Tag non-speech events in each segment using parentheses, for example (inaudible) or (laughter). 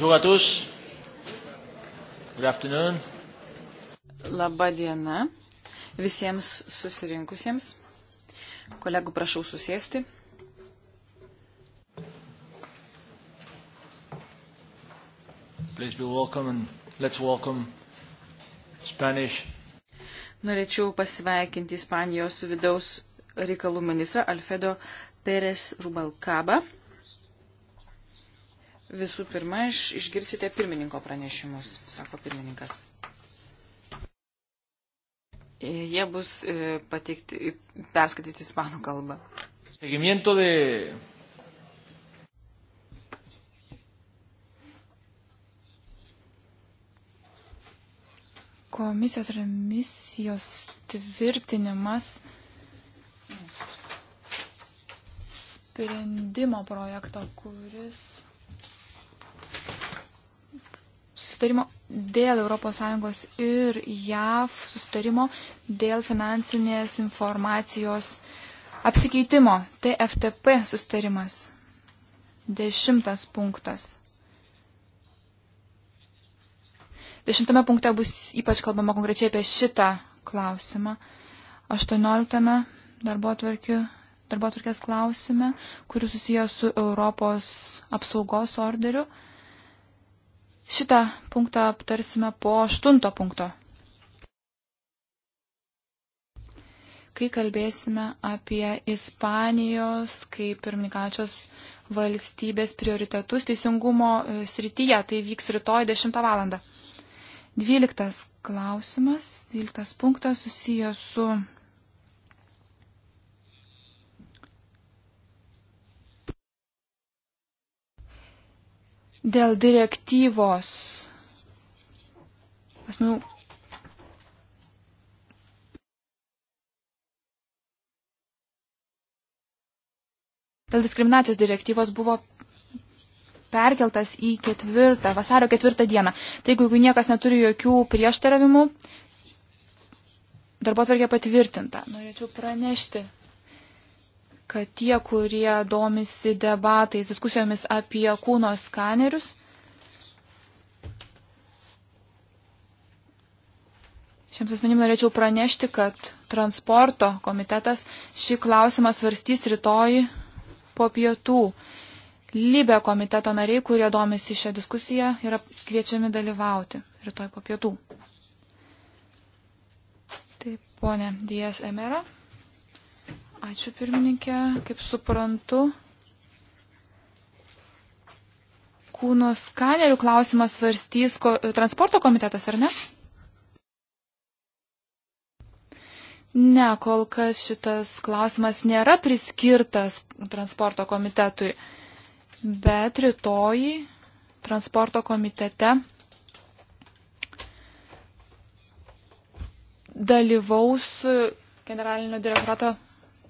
Bonjour à tous. Good afternoon. Labą dieną visiems susirinkusiems. Kolegų prašau susėsti. Please be welcome and let's welcome Spanish. Norėčiau pasveikinti Ispanijos vidaus reikalų ministrą Alfredo Pérez Rubalcaba Visų pirma, išgirsite pirmininko pranešimus, sako pirmininkas. E, jie bus e, pateikti, perskaityti ispanų kalbą. Seguimiento de komisijos ir misijos tvirtinimas sprendimo projekto, kuris susitarimo dėl ES ir JAV susitarimo dėl finansinės informacijos apsikeitimo. Tai FTP susitarimas. Dešimtas punktas. Dešimtame punkte bus ypač kalbama konkrečiai apie šitą klausimą. Aštuonioliktame darbo atvarkės klausime, kuris susijęs su Europos apsaugos orderiu. Šitą punktą aptarsime po aštunto punkto. Kai kalbėsime apie Ispanijos kaip pirmininkačios valstybės prioritetus teisingumo e, srityje, tai vyks rytoj 10 val. 12 klausimas, 12 punktas susijęs su Dėl direktyvos asmenų. Dėl diskriminacijos direktyvos buvo perkeltas į ketvirtą, vasario ketvirtą dieną. Tai jeigu niekas neturi jokių prieštaravimų, darbo tvarkė patvirtinta. Norėčiau pranešti kad tie, kurie domisi debatais, diskusijomis apie kūno skanerius, Šiems asmenim norėčiau pranešti, kad transporto komitetas šį klausimą svarstys rytoj po pietų. Libė komiteto nariai, kurie domisi šią diskusiją, yra kviečiami dalyvauti rytoj po pietų. Taip, ponė Dijas Emera. Ačiū pirmininkė, kaip suprantu. Kūno skanerių klausimas svarstys ko, transporto komitetas, ar ne? Ne, kol kas šitas klausimas nėra priskirtas transporto komitetui, bet rytoj transporto komitete dalyvaus generalinio direktorato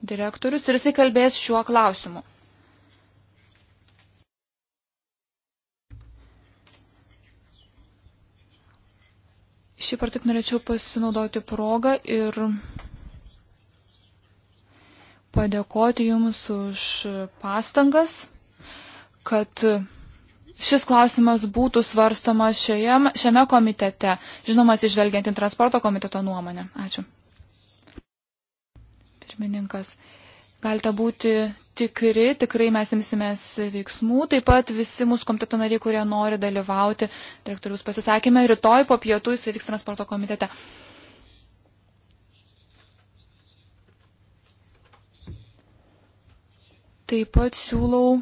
direktorius ir jisai kalbės šiuo klausimu. Šiaip ar taip norėčiau pasinaudoti progą ir padėkoti Jums už pastangas, kad šis klausimas būtų svarstomas šioje, šiame komitete, žinoma, atsižvelgiant į transporto komiteto nuomonę. Ačiū. Pirmininkas. Galite būti tikri, tikrai mes imsimės veiksmų. Taip pat visi mūsų komiteto nariai, kurie nori dalyvauti direktorius pasisakymę, rytoj po pietų jis vyks transporto komitete. Taip pat siūlau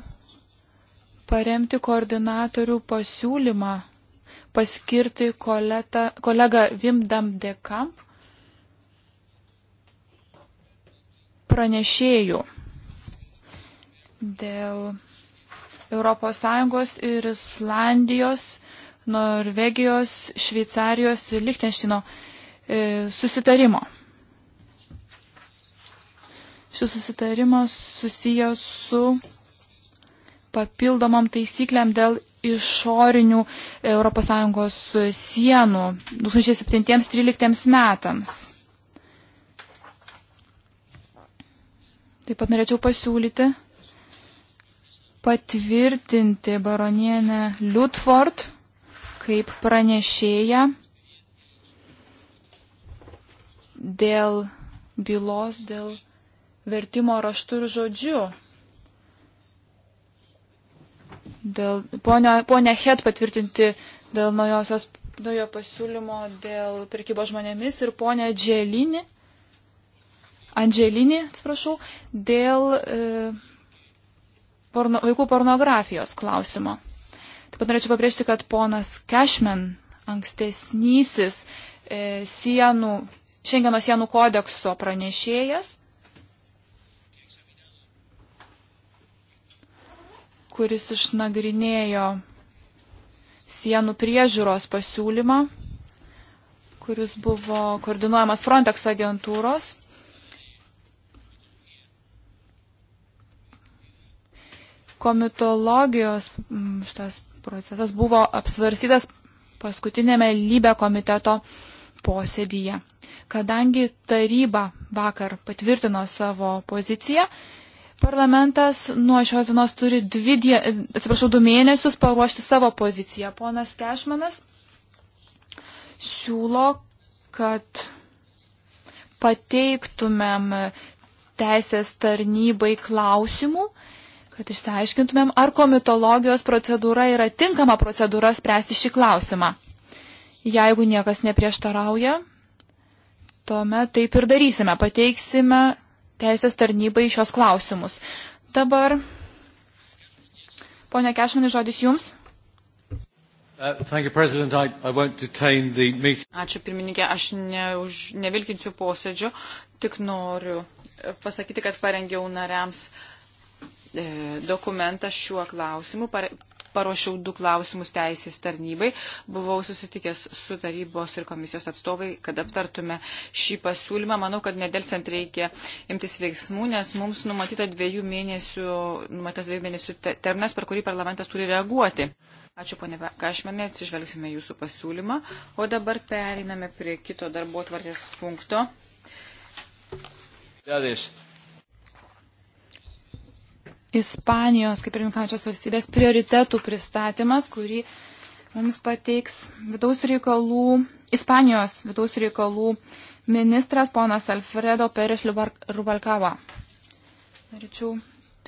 paremti koordinatorių pasiūlymą paskirti koletą, kolegą Vimdam Dekamp pranešėjų dėl ES ir Islandijos, Norvegijos, Šveicarijos ir Lichtenštino e, susitarimo. Šis susitarimas susijęs su papildomam taisyklėm dėl išorinių ES sienų 2007-2013 metams. Taip pat norėčiau pasiūlyti patvirtinti baronienę Liutford kaip pranešėją dėl bylos, dėl vertimo raštų ir žodžių. Dėl, ponia, ponia Het patvirtinti dėl naujosios naujo pasiūlymo dėl prekybos žmonėmis ir ponia Dželinį Andželinį, atsiprašau, dėl e, porno, vaikų pornografijos klausimo. Taip pat norėčiau pabrėžti, kad ponas Cashman, ankstesnysis e, sienų, Šengeno sienų kodekso pranešėjas, kuris išnagrinėjo sienų priežiūros pasiūlymą, kuris buvo koordinuojamas Frontex agentūros komitologijos šitas procesas buvo apsvarstytas paskutinėme lybe komiteto posėdyje. Kadangi taryba vakar patvirtino savo poziciją, parlamentas nuo šios dienos turi dvi, die, atsiprašau, du mėnesius paruošti savo poziciją. Ponas Kešmanas siūlo, kad pateiktumėm teisės tarnybai klausimų kad išsiaiškintumėm, ar komitologijos procedūra yra tinkama procedūra spręsti šį klausimą. Jeigu niekas neprieštarauja, tuomet taip ir darysime, pateiksime teisės tarnybai šios klausimus. Dabar, ponia Kešmanai, žodis jums. Uh, you, I, I Ačiū pirmininkė, aš neuž, nevilkinsiu posėdžio, tik noriu uh, pasakyti, kad parengiau nariams uh, E, dokumentą šiuo klausimu. Paruošiau du klausimus teisės tarnybai. Buvau susitikęs su tarybos ir komisijos atstovai, kad aptartume šį pasiūlymą. Manau, kad nedelsiant reikia imtis veiksmų, nes mums numatyta dviejų mėnesių, numatytas dviejų mėnesių terminas, per kurį parlamentas turi reaguoti. Ačiū, ponė Kašmenė, atsižvelgsime jūsų pasiūlymą. O dabar periname prie kito darbo tvarkės punkto. Dėdės. Ispanijos, kaip ir minkančios valstybės, prioritetų pristatymas, kurį mums pateiks vidaus reikalų, Ispanijos vidaus reikalų ministras ponas Alfredo Pereš Rubalkava. Norėčiau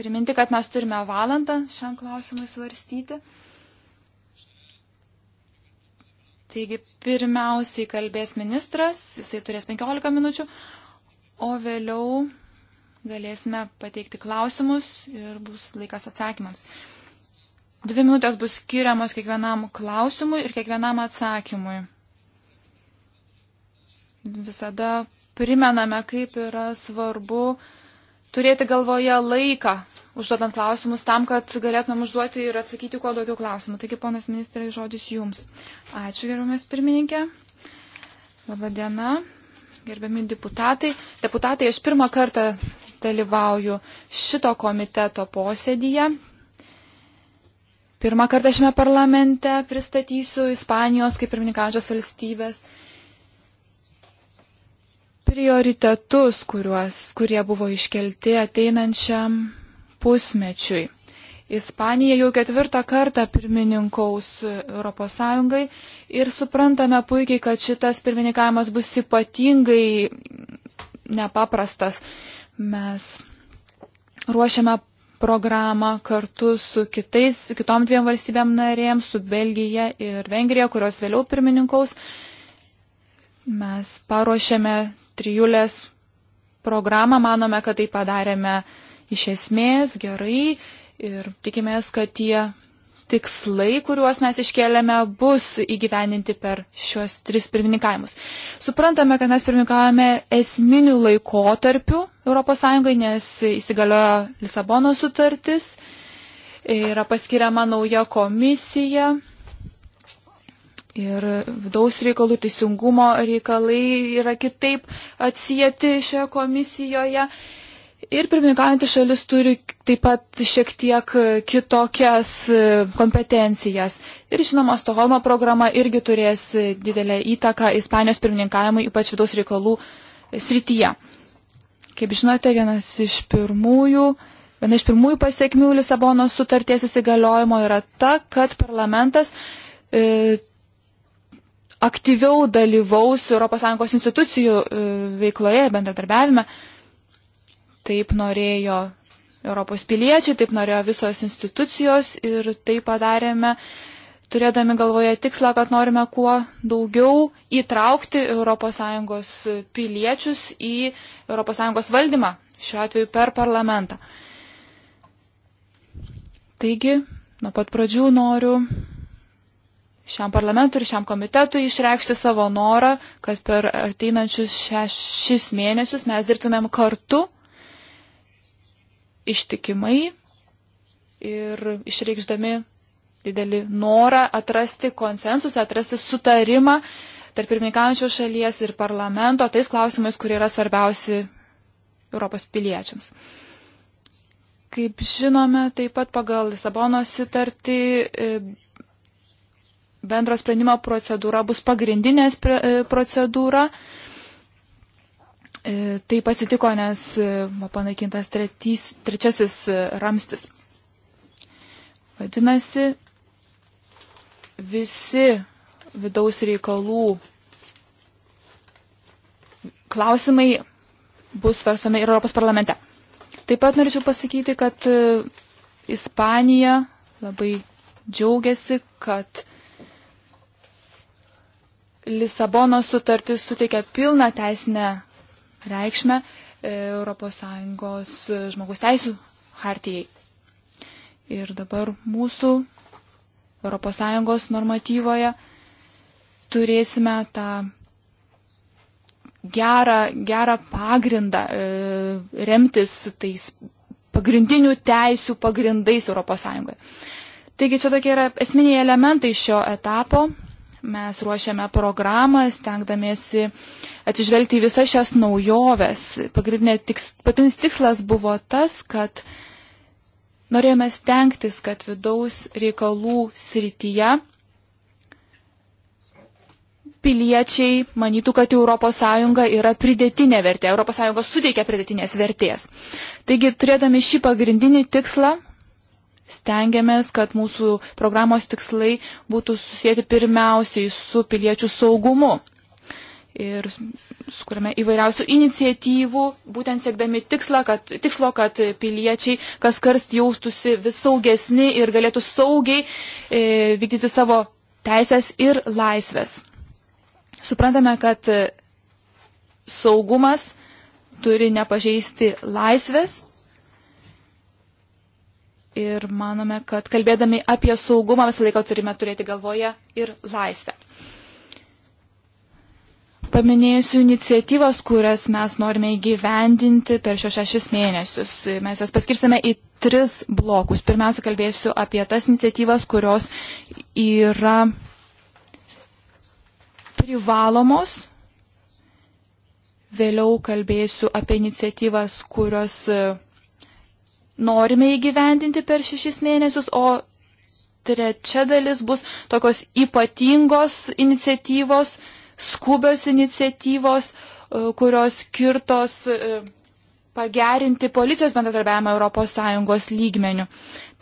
priminti, kad mes turime valandą šiam klausimui svarstyti. Taigi pirmiausiai kalbės ministras, jisai turės 15 minučių, o vėliau galėsime pateikti klausimus ir bus laikas atsakymams. Dvi minutės bus skiriamos kiekvienam klausimui ir kiekvienam atsakymui. Visada primename, kaip yra svarbu turėti galvoje laiką, užduodant klausimus tam, kad galėtumėm užduoti ir atsakyti kuo daugiau klausimų. Taigi, ponas ministrai, žodis jums. Ačiū, gerumės pirmininkė. Labadiena, gerbiami deputatai. Deputatai, aš pirmą kartą dalyvauju šito komiteto posėdyje. Pirmą kartą šiame parlamente pristatysiu Ispanijos kaip pirmininkančios valstybės prioritetus, kuriuos, kurie buvo iškelti ateinančiam pusmečiui. Ispanija jau ketvirtą kartą pirmininkaus ES ir suprantame puikiai, kad šitas pirmininkavimas bus ypatingai nepaprastas. Mes ruošiame programą kartu su kitais, kitom dviem valstybėm narėm, su Belgija ir Vengrija, kurios vėliau pirmininkaus. Mes paruošėme trijulės programą, manome, kad tai padarėme iš esmės gerai ir tikimės, kad tie tikslai, kuriuos mes iškėlėme, bus įgyveninti per šios tris pirmininkavimus. Suprantame, kad mes pirmininkavome esminių laikotarpių ES, nes įsigaliojo Lisabono sutartis, yra paskiriama nauja komisija. Ir vidaus reikalų teisingumo reikalai yra kitaip atsijėti šioje komisijoje. Uh, Ir pirmininkaujantis šalis turi taip pat šiek tiek e, kitokias e, kompetencijas. Ir žinoma, Stoholmo programa irgi turės e, didelę įtaką Ispanijos pirmininkavimui, ypač vidaus reikalų srityje. Kaip žinote, vienas iš pirmųjų, viena iš pirmųjų pasiekmių Lisabonos sutarties įsigaliojimo yra ta, kad parlamentas e, aktyviau dalyvaus ES institucijų e, veikloje, bendradarbiavime. E, Taip norėjo Europos piliečiai, taip norėjo visos institucijos ir tai padarėme, turėdami galvoje tikslą, kad norime kuo daugiau įtraukti ES piliečius į ES valdymą, šiuo atveju per parlamentą. Taigi, nuo pat pradžių noriu šiam parlamentui ir šiam komitetui išreikšti savo norą, kad per arteinančius šešis mėnesius mes dirbtumėm kartu ištikimai ir išreikšdami didelį norą atrasti konsensusą, atrasti sutarimą tarp pirmininkaujančios šalies ir parlamento tais klausimais, kurie yra svarbiausi Europos piliečiams. Kaip žinome, taip pat pagal Lisabono sutartį e, bendro sprendimo procedūra bus pagrindinė e, procedūra E, taip atsitiko, nes e, buvo panaikintas tretys, trečiasis e, ramstis. Vadinasi, visi vidaus reikalų klausimai bus svarstomi ir Europos parlamente. Taip pat norėčiau pasakyti, kad Ispanija labai džiaugiasi, kad Lisabono sutartis suteikia pilną teisinę reikšmę ES žmogus teisų hartijai. Ir dabar mūsų ES normatyvoje turėsime tą gerą, gerą pagrindą e, remtis tais pagrindinių teisių pagrindais ES. Taigi čia tokie yra esminiai elementai šio etapo Mes ruošiame programą, stengdamiesi atsižvelgti į visas šias naujoves. Tiks, pagrindinis tikslas buvo tas, kad norėjome stengtis, kad vidaus reikalų srityje piliečiai manytų, kad ES yra pridėtinė vertė, ES suteikia pridėtinės vertės. Taigi, turėdami šį pagrindinį tikslą, stengiamės, kad mūsų programos tikslai būtų susijęti pirmiausiai su piliečių saugumu. Ir sukūrėme įvairiausių iniciatyvų, būtent siekdami tikslo, kad, tikslo, kad piliečiai kas karst jaustųsi vis saugesni ir galėtų saugiai e, vykdyti savo teisės ir laisvės. Suprantame, kad saugumas turi nepažeisti laisvės ir manome, kad kalbėdami apie saugumą visą laiką turime turėti galvoje ir laisvę. Paminėsiu iniciatyvas, kurias mes norime įgyvendinti per šios šešis mėnesius. Mes juos paskirstame į tris blokus. Pirmiausia, kalbėsiu apie tas iniciatyvas, kurios yra privalomos. Vėliau kalbėsiu apie iniciatyvas, kurios norime įgyvendinti per šešis mėnesius, o trečia dalis bus tokios ypatingos iniciatyvos, skubios iniciatyvos, e, kurios skirtos e, pagerinti policijos bendradarbiavimą ES lygmenių.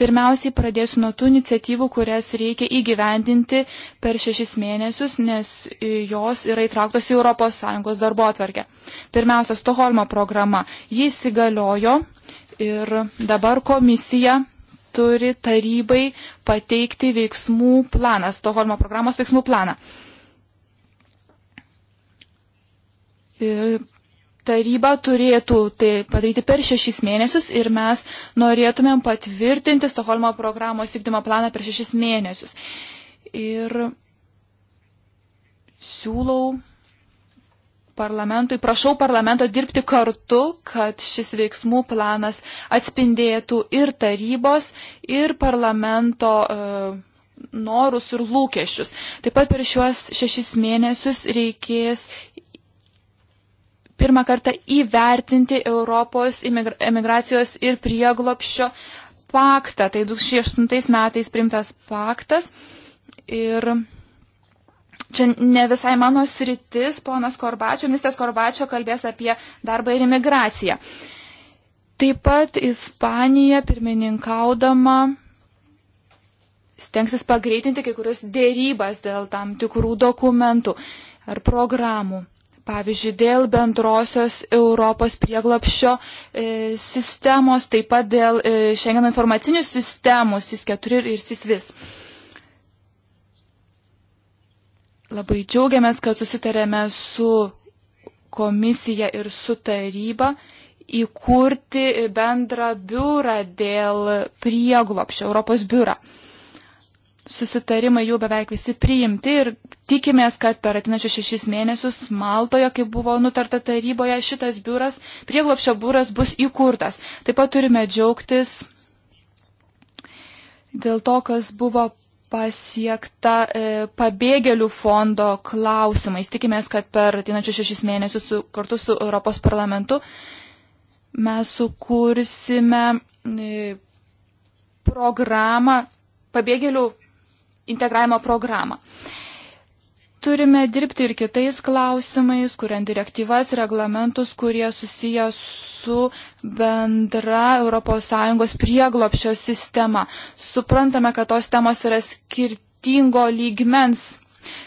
Pirmiausiai pradėsiu nuo tų iniciatyvų, kurias reikia įgyvendinti per šešis mėnesius, nes e, jos yra įtrauktos į ES darbo atvarkę. Pirmiausia, Stoholmo programa. Jis įgaliojo Ir dabar komisija turi tarybai pateikti veiksmų planą, Stoholmo programos veiksmų planą. Ir taryba turėtų tai padaryti per šešis mėnesius ir mes norėtumėm patvirtinti Stoholmo programos vykdymo planą per šešis mėnesius. Ir siūlau parlamentui, prašau parlamento dirbti kartu, kad šis veiksmų planas atspindėtų ir tarybos, ir parlamento e, norus ir lūkesčius. Taip pat per šiuos šešis mėnesius reikės pirmą kartą įvertinti Europos imigracijos ir prieglopščio paktą. Tai 2008 metais primtas paktas. Ir Čia ne visai mano sritis, ponas Korbačio, ministras Korbačio kalbės apie darbą ir imigraciją. Taip pat Ispanija pirmininkaudama stengsis pagreitinti kai kurios dėrybas dėl tam tikrų dokumentų ar programų. Pavyzdžiui, dėl bendrosios Europos prieglapšio e, sistemos, taip pat dėl e, šiandien informacinių sistemų SIS4 ir SISVIS. E, Labai džiaugiamės, kad susitarėme su komisija ir su taryba įkurti bendrą biurą dėl prieglopščio, Europos biurą. Susitarimai jau beveik visi priimti ir tikimės, kad per atinačius šešis mėnesius Maltoje, kaip buvo nutarta taryboje, šitas biuras, prieglopščio biuras bus įkurtas. Taip pat turime džiaugtis dėl to, kas buvo pasiekta e, pabėgėlių fondo klausimais. Tikimės, kad per atinačius šešis mėnesius su, kartu su Europos parlamentu mes sukursime e, programą, pabėgėlių integravimo programą. E, turime dirbti ir kitais klausimais, kuriant direktyvas, reglamentus, kurie susiję su bendra ES prieglopšio sistema. Suprantame, kad tos temos yra skirtingo lygmens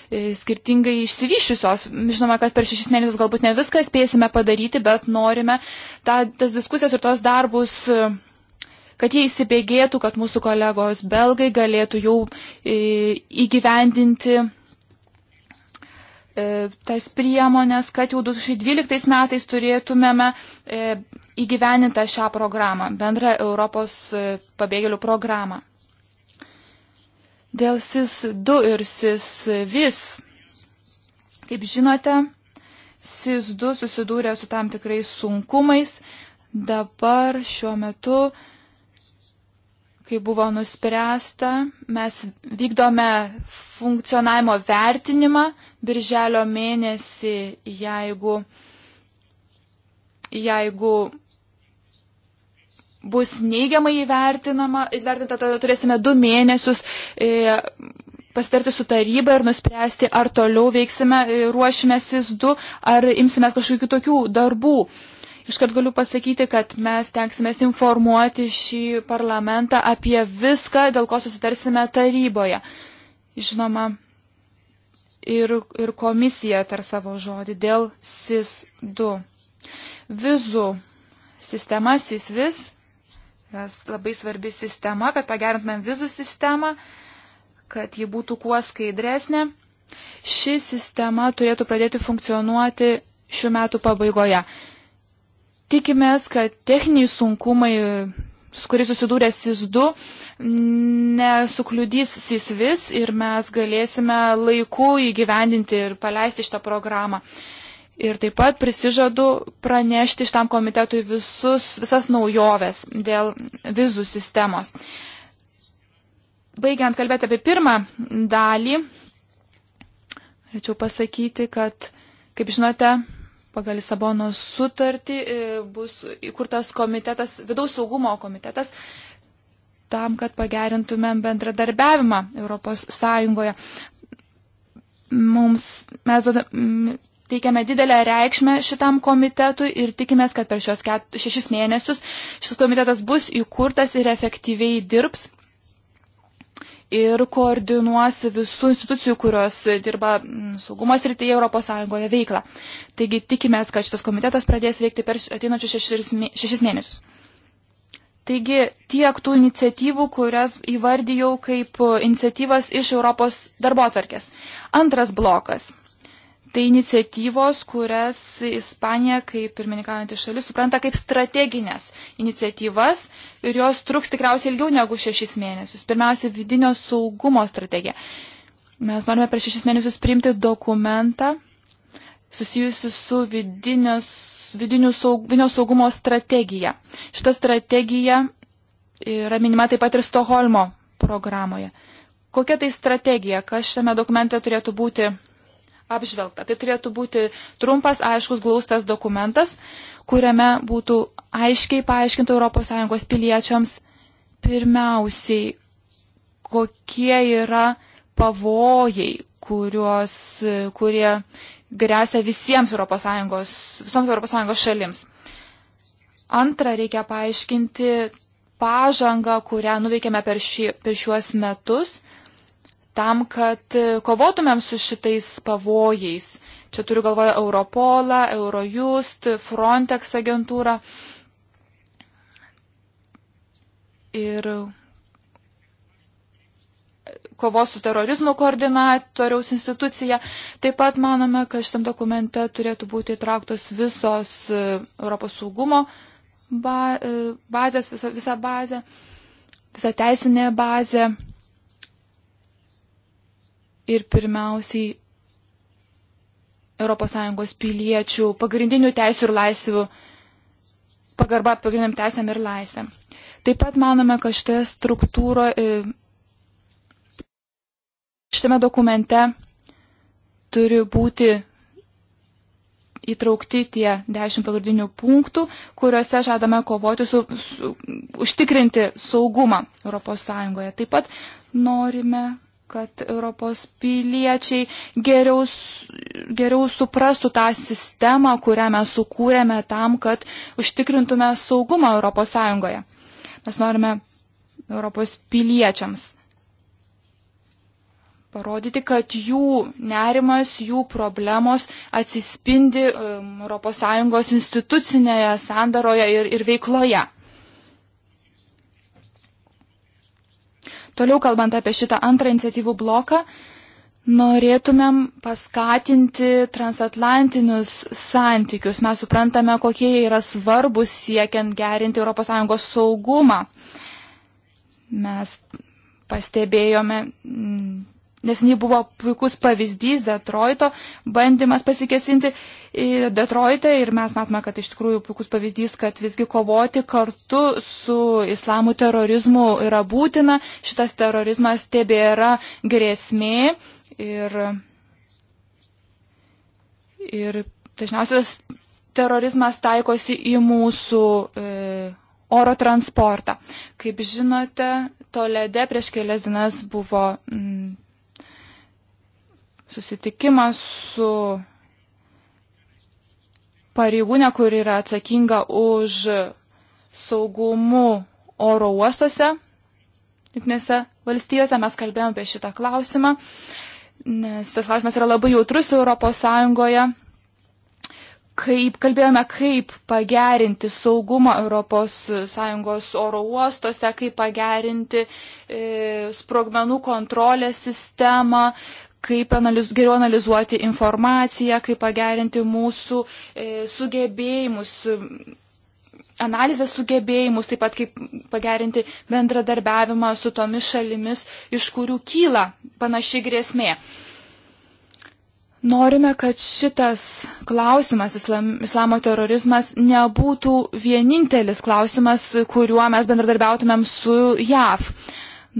e, skirtingai išsivyščiusios. Žinoma, kad per šešis mėnesius galbūt ne viską spėsime padaryti, bet norime ta, tas diskusijas ir tos darbus, e, kad jie įsibėgėtų, kad mūsų kolegos belgai galėtų jau e, įgyvendinti E, tas priemonės, kad jau 2012 metais turėtumėme e, įgyvenintą šią programą, bendrą Europos e, pabėgėlių programą. Dėl SIS 2 ir SIS vis, kaip žinote, SIS 2 susidūrė su tam tikrais sunkumais. Dabar šiuo metu, kai buvo nuspręsta, mes vykdome funkcionavimo vertinimą birželio mėnesį, jeigu, jeigu bus neigiamai įvertinama, įvertinta, tada turėsime du mėnesius e, pasitarti su taryba ir nuspręsti, ar toliau veiksime, e, ruošime SIS2, ar imsime kažkokių kitokių darbų. Iškart galiu pasakyti, kad mes tenksime informuoti šį parlamentą apie viską, dėl ko susitarsime taryboje. Žinoma, ir, ir komisija tar savo žodį dėl SIS-2. Vizų sistema SIS-VIS yra labai svarbi sistema, kad pagerintumėm vizų sistemą, kad ji būtų kuo skaidresnė. Ši sistema turėtų pradėti funkcionuoti šių metų pabaigoje. Tikimės, kad techniniai sunkumai su kuris susidūrė SIS2, nesukliudys SIS-vis ir mes galėsime laiku įgyvendinti ir paleisti šitą programą. Ir taip pat prisižadu pranešti šitam komitetui visus, visas naujoves dėl vizų sistemos. Baigiant kalbėti apie pirmą dalį, norėčiau pasakyti, kad, kaip žinote, pagal Lisabonos sutartį e, bus įkurtas komitetas, vidaus saugumo komitetas, tam, kad pagerintumėm bendradarbiavimą Europos Sąjungoje. Mums, mes teikiame didelę reikšmę šitam komitetui ir tikimės, kad per šios ket, šešis mėnesius šis komitetas bus įkurtas ir efektyviai dirbs ir koordinuos visų institucijų, kurios dirba mm, saugumo srityje ES veiklą. Taigi tikimės, kad šitas komitetas pradės veikti per ateinančius šešis, šešis mėnesius. Taigi tiek tų iniciatyvų, kurias įvardyjau kaip iniciatyvas iš Europos darbo atvarkės. Antras blokas Tai iniciatyvos, kurias Ispanija, kaip pirmininkaujantys šalis, supranta kaip strateginės iniciatyvas ir jos truks tikriausiai ilgiau negu šešis mėnesius. Pirmiausia, vidinio saugumo strategija. Mes norime per šešis mėnesius priimti dokumentą susijusi su vidinio, saug, vidinio saugumo strategija. Šita strategija yra minima taip pat ir Stoholmo programoje. Kokia tai strategija, kas šiame dokumente turėtų būti apžvelgta. Tai turėtų būti trumpas, aiškus, glaustas dokumentas, kuriame būtų aiškiai paaiškinta ES piliečiams pirmiausiai, kokie yra pavojai, kurios, kurie grėsia visiems ES, visoms ES šalims. Antra, reikia paaiškinti pažangą, kurią nuveikėme per, šį, per šiuos metus tam, kad e, kovotumėm su šitais pavojais. Čia turiu galvoje Europolą, Eurojust, Frontex agentūrą. Ir e, kovos su terorizmu koordinatoriaus institucija. Taip pat manome, kad šitam dokumente turėtų būti įtrauktos visos e, Europos saugumo bazės, visa, visa bazė, visa teisinė bazė ir pirmiausiai ES piliečių pagrindinių teisų ir laisvių pagarba pagrindiniam teisėm ir laisvėm. Taip pat manome, kad šitoje struktūroje, šitame dokumente turi būti įtraukti tie dešimt pagrindinių punktų, kuriuose žadame kovoti su, su užtikrinti saugumą ES. Taip pat norime, kad Europos piliečiai geriau, geriau suprastų tą sistemą, kurią mes sukūrėme tam, kad užtikrintume saugumą Europos Sąjungoje. Mes norime Europos piliečiams parodyti, kad jų nerimas, jų problemos atsispindi um, ES institucinėje sandaroje ir, ir veikloje. Toliau kalbant apie šitą antrą iniciatyvų bloką, norėtumėm paskatinti transatlantinius santykius. Mes suprantame, kokie jie yra svarbus siekiant gerinti ES saugumą. Mes pastebėjome nes jį buvo puikus pavyzdys Detroito bandymas pasikesinti Detroitą ir mes matome, kad iš tikrųjų puikus pavyzdys, kad visgi kovoti kartu su islamų terorizmu yra būtina, šitas terorizmas tebėra grėsmė ir, ir dažniausias terorizmas taikosi į mūsų e, oro transportą. Kaip žinote, Tolede prieš kelias dienas buvo. Mm, susitikimas su pareigūne, kur yra atsakinga už saugumu oro uostuose, jungtinėse valstijose. Mes kalbėjome apie šitą klausimą, nes šitas klausimas yra labai jautrus Europos Sąjungoje. Kaip kalbėjome, kaip pagerinti saugumą ES oro uostuose, kaip pagerinti e, sprogmenų kontrolės sistemą, kaip analiz, geriau analizuoti informaciją, kaip pagerinti mūsų e, sugebėjimus, analizės sugebėjimus, taip pat kaip pagerinti bendradarbiavimą su tomis šalimis, iš kurių kyla panaši grėsmė. Norime, kad šitas klausimas, islam, islamo terorizmas, nebūtų vienintelis klausimas, kuriuo mes bendradarbiautumėm su JAV.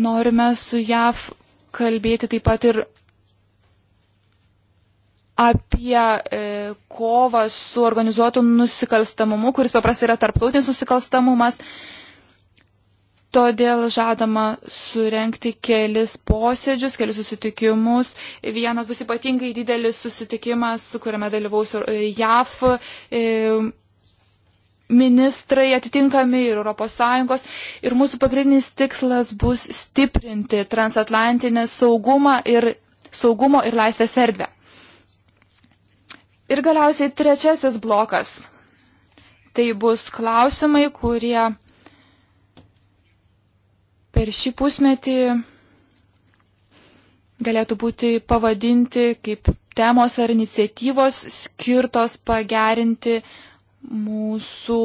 Norime su JAV kalbėti taip pat ir apie e, kovą su organizuotu nusikalstamumu, kuris paprastai yra tarptautinis nusikalstamumas. Todėl žadama surenkti kelis posėdžius, kelis susitikimus. Vienas bus ypatingai didelis susitikimas, kuriame dalyvaus e, JAF e, ministrai atitinkami ir ES. Ir mūsų pagrindinis tikslas bus stiprinti transatlantinę saugumą ir saugumo ir laisvės erdvę. Ir galiausiai trečiasis blokas. Tai bus klausimai, kurie per šį pusmetį galėtų būti pavadinti kaip temos ar iniciatyvos skirtos pagerinti mūsų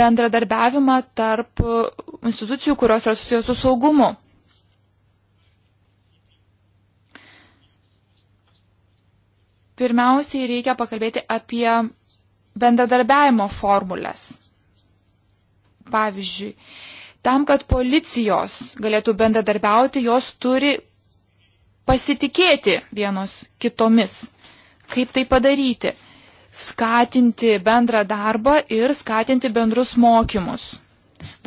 bendradarbiavimą tarp institucijų, kurios yra susijęs su saugumu. Pirmiausiai reikia pakalbėti apie bendradarbiavimo formulės. Pavyzdžiui, tam, kad policijos galėtų bendradarbiauti, jos turi pasitikėti vienos kitomis. Kaip tai padaryti? Skatinti bendrą darbą ir skatinti bendrus mokymus.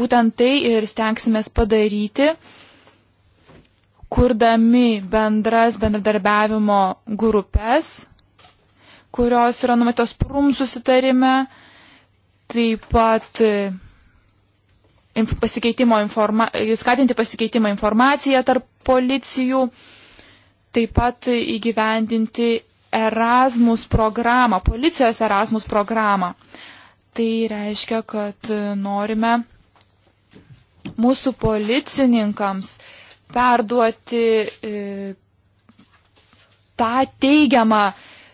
Būtent tai ir stengsime padaryti, kurdami bendras bendradarbiavimo grupės kurios yra numatytos prum susitarime, taip pat e, pasikeitimo informa skatinti pasikeitimą informaciją tarp policijų, taip pat įgyvendinti Erasmus programą, policijos Erasmus programą. Tai reiškia, kad e, norime mūsų policininkams perduoti e, tą teigiamą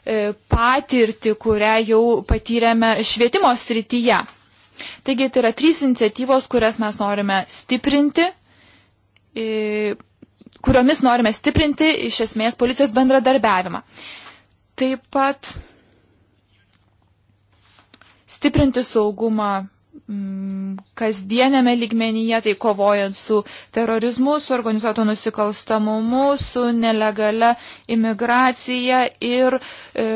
E, patirtį, kurią jau patyrėme švietimo srityje. Taigi tai yra trys iniciatyvos, kurias mes norime stiprinti, e, kuriomis norime stiprinti iš esmės policijos bendradarbiavimą. Taip pat stiprinti saugumą Mm, kasdienėme lygmenyje, tai kovojant su terorizmu, su organizuotu nusikalstamumu, su nelegale imigracija ir e,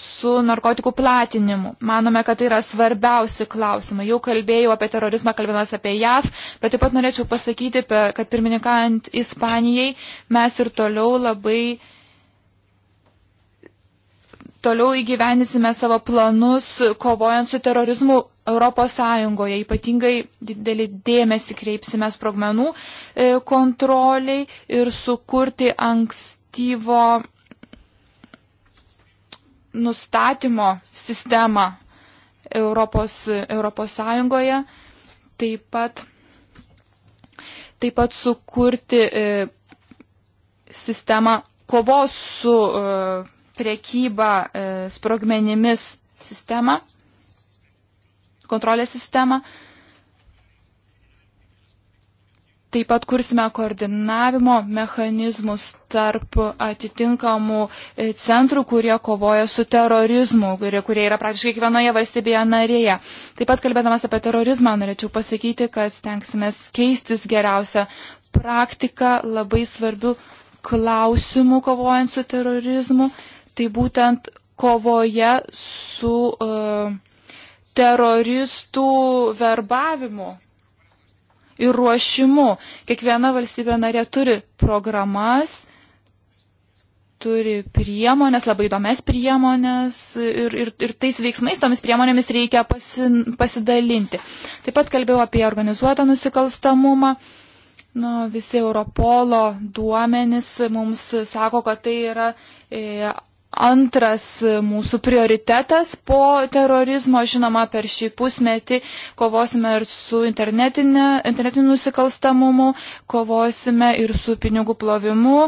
su narkotikų platinimu. Manome, kad tai yra svarbiausi klausimai. Jau kalbėjau apie terorizmą, kalbėdamas apie JAV, bet taip pat norėčiau pasakyti, kad pirmininkant Ispanijai mes ir toliau labai toliau įgyvenysime savo planus kovojant su terorizmu Europos Sąjungoje ypatingai didelį dėmesį kreipsime sprogmenų e, kontroliai ir sukurti ankstyvo nustatymo sistemą Europos, Europos Sąjungoje. Taip pat, taip pat sukurti e, sistemą kovos su e, prekyba sprogmenimis sistemą kontrolės sistemą. Taip pat kursime koordinavimo mechanizmus tarp atitinkamų e, centrų, kurie kovoja su terorizmu, kurie, kurie yra praktiškai kiekvienoje valstybėje narėje. Taip pat kalbėdamas apie terorizmą, norėčiau pasakyti, kad stengsime keistis geriausią praktiką labai svarbių klausimų kovojant su terorizmu. Tai būtent kovoje su. Uh, teroristų verbavimu ir ruošimu. Kiekviena valstybė narė turi programas, turi priemonės, labai įdomias priemonės ir, ir, ir tais veiksmais, tomis priemonėmis reikia pasi, pasidalinti. Taip pat kalbėjau apie organizuotą nusikalstamumą. Nu, visi Europolo duomenys mums sako, kad tai yra e, antras e, mūsų prioritetas po terorizmo. Žinoma, per šį pusmetį kovosime ir su internetiniu nusikalstamumu, kovosime ir su pinigų plovimu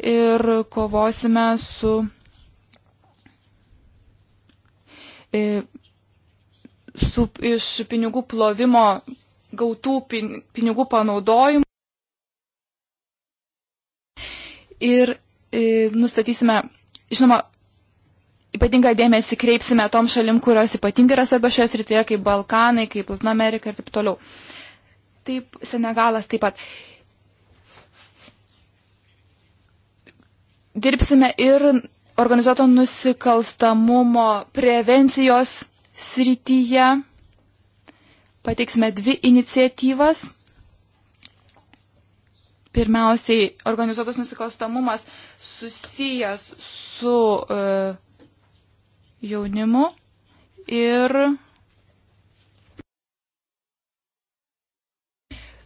ir kovosime su. E, su iš pinigų plovimo gautų pin, pinigų panaudojimu. Ir, ir e, nustatysime Žinoma, ypatingą dėmesį kreipsime tom šalim, kurios ypatingai yra svarbios šioje srityje, kaip Balkanai, kaip Latino Amerika ir taip toliau. Taip, Senegalas taip pat. Dirbsime ir organizuoto nusikalstamumo prevencijos srityje. Pateiksime dvi iniciatyvas Pirmiausiai, organizuotas nusikalstamumas susijęs su uh, jaunimu ir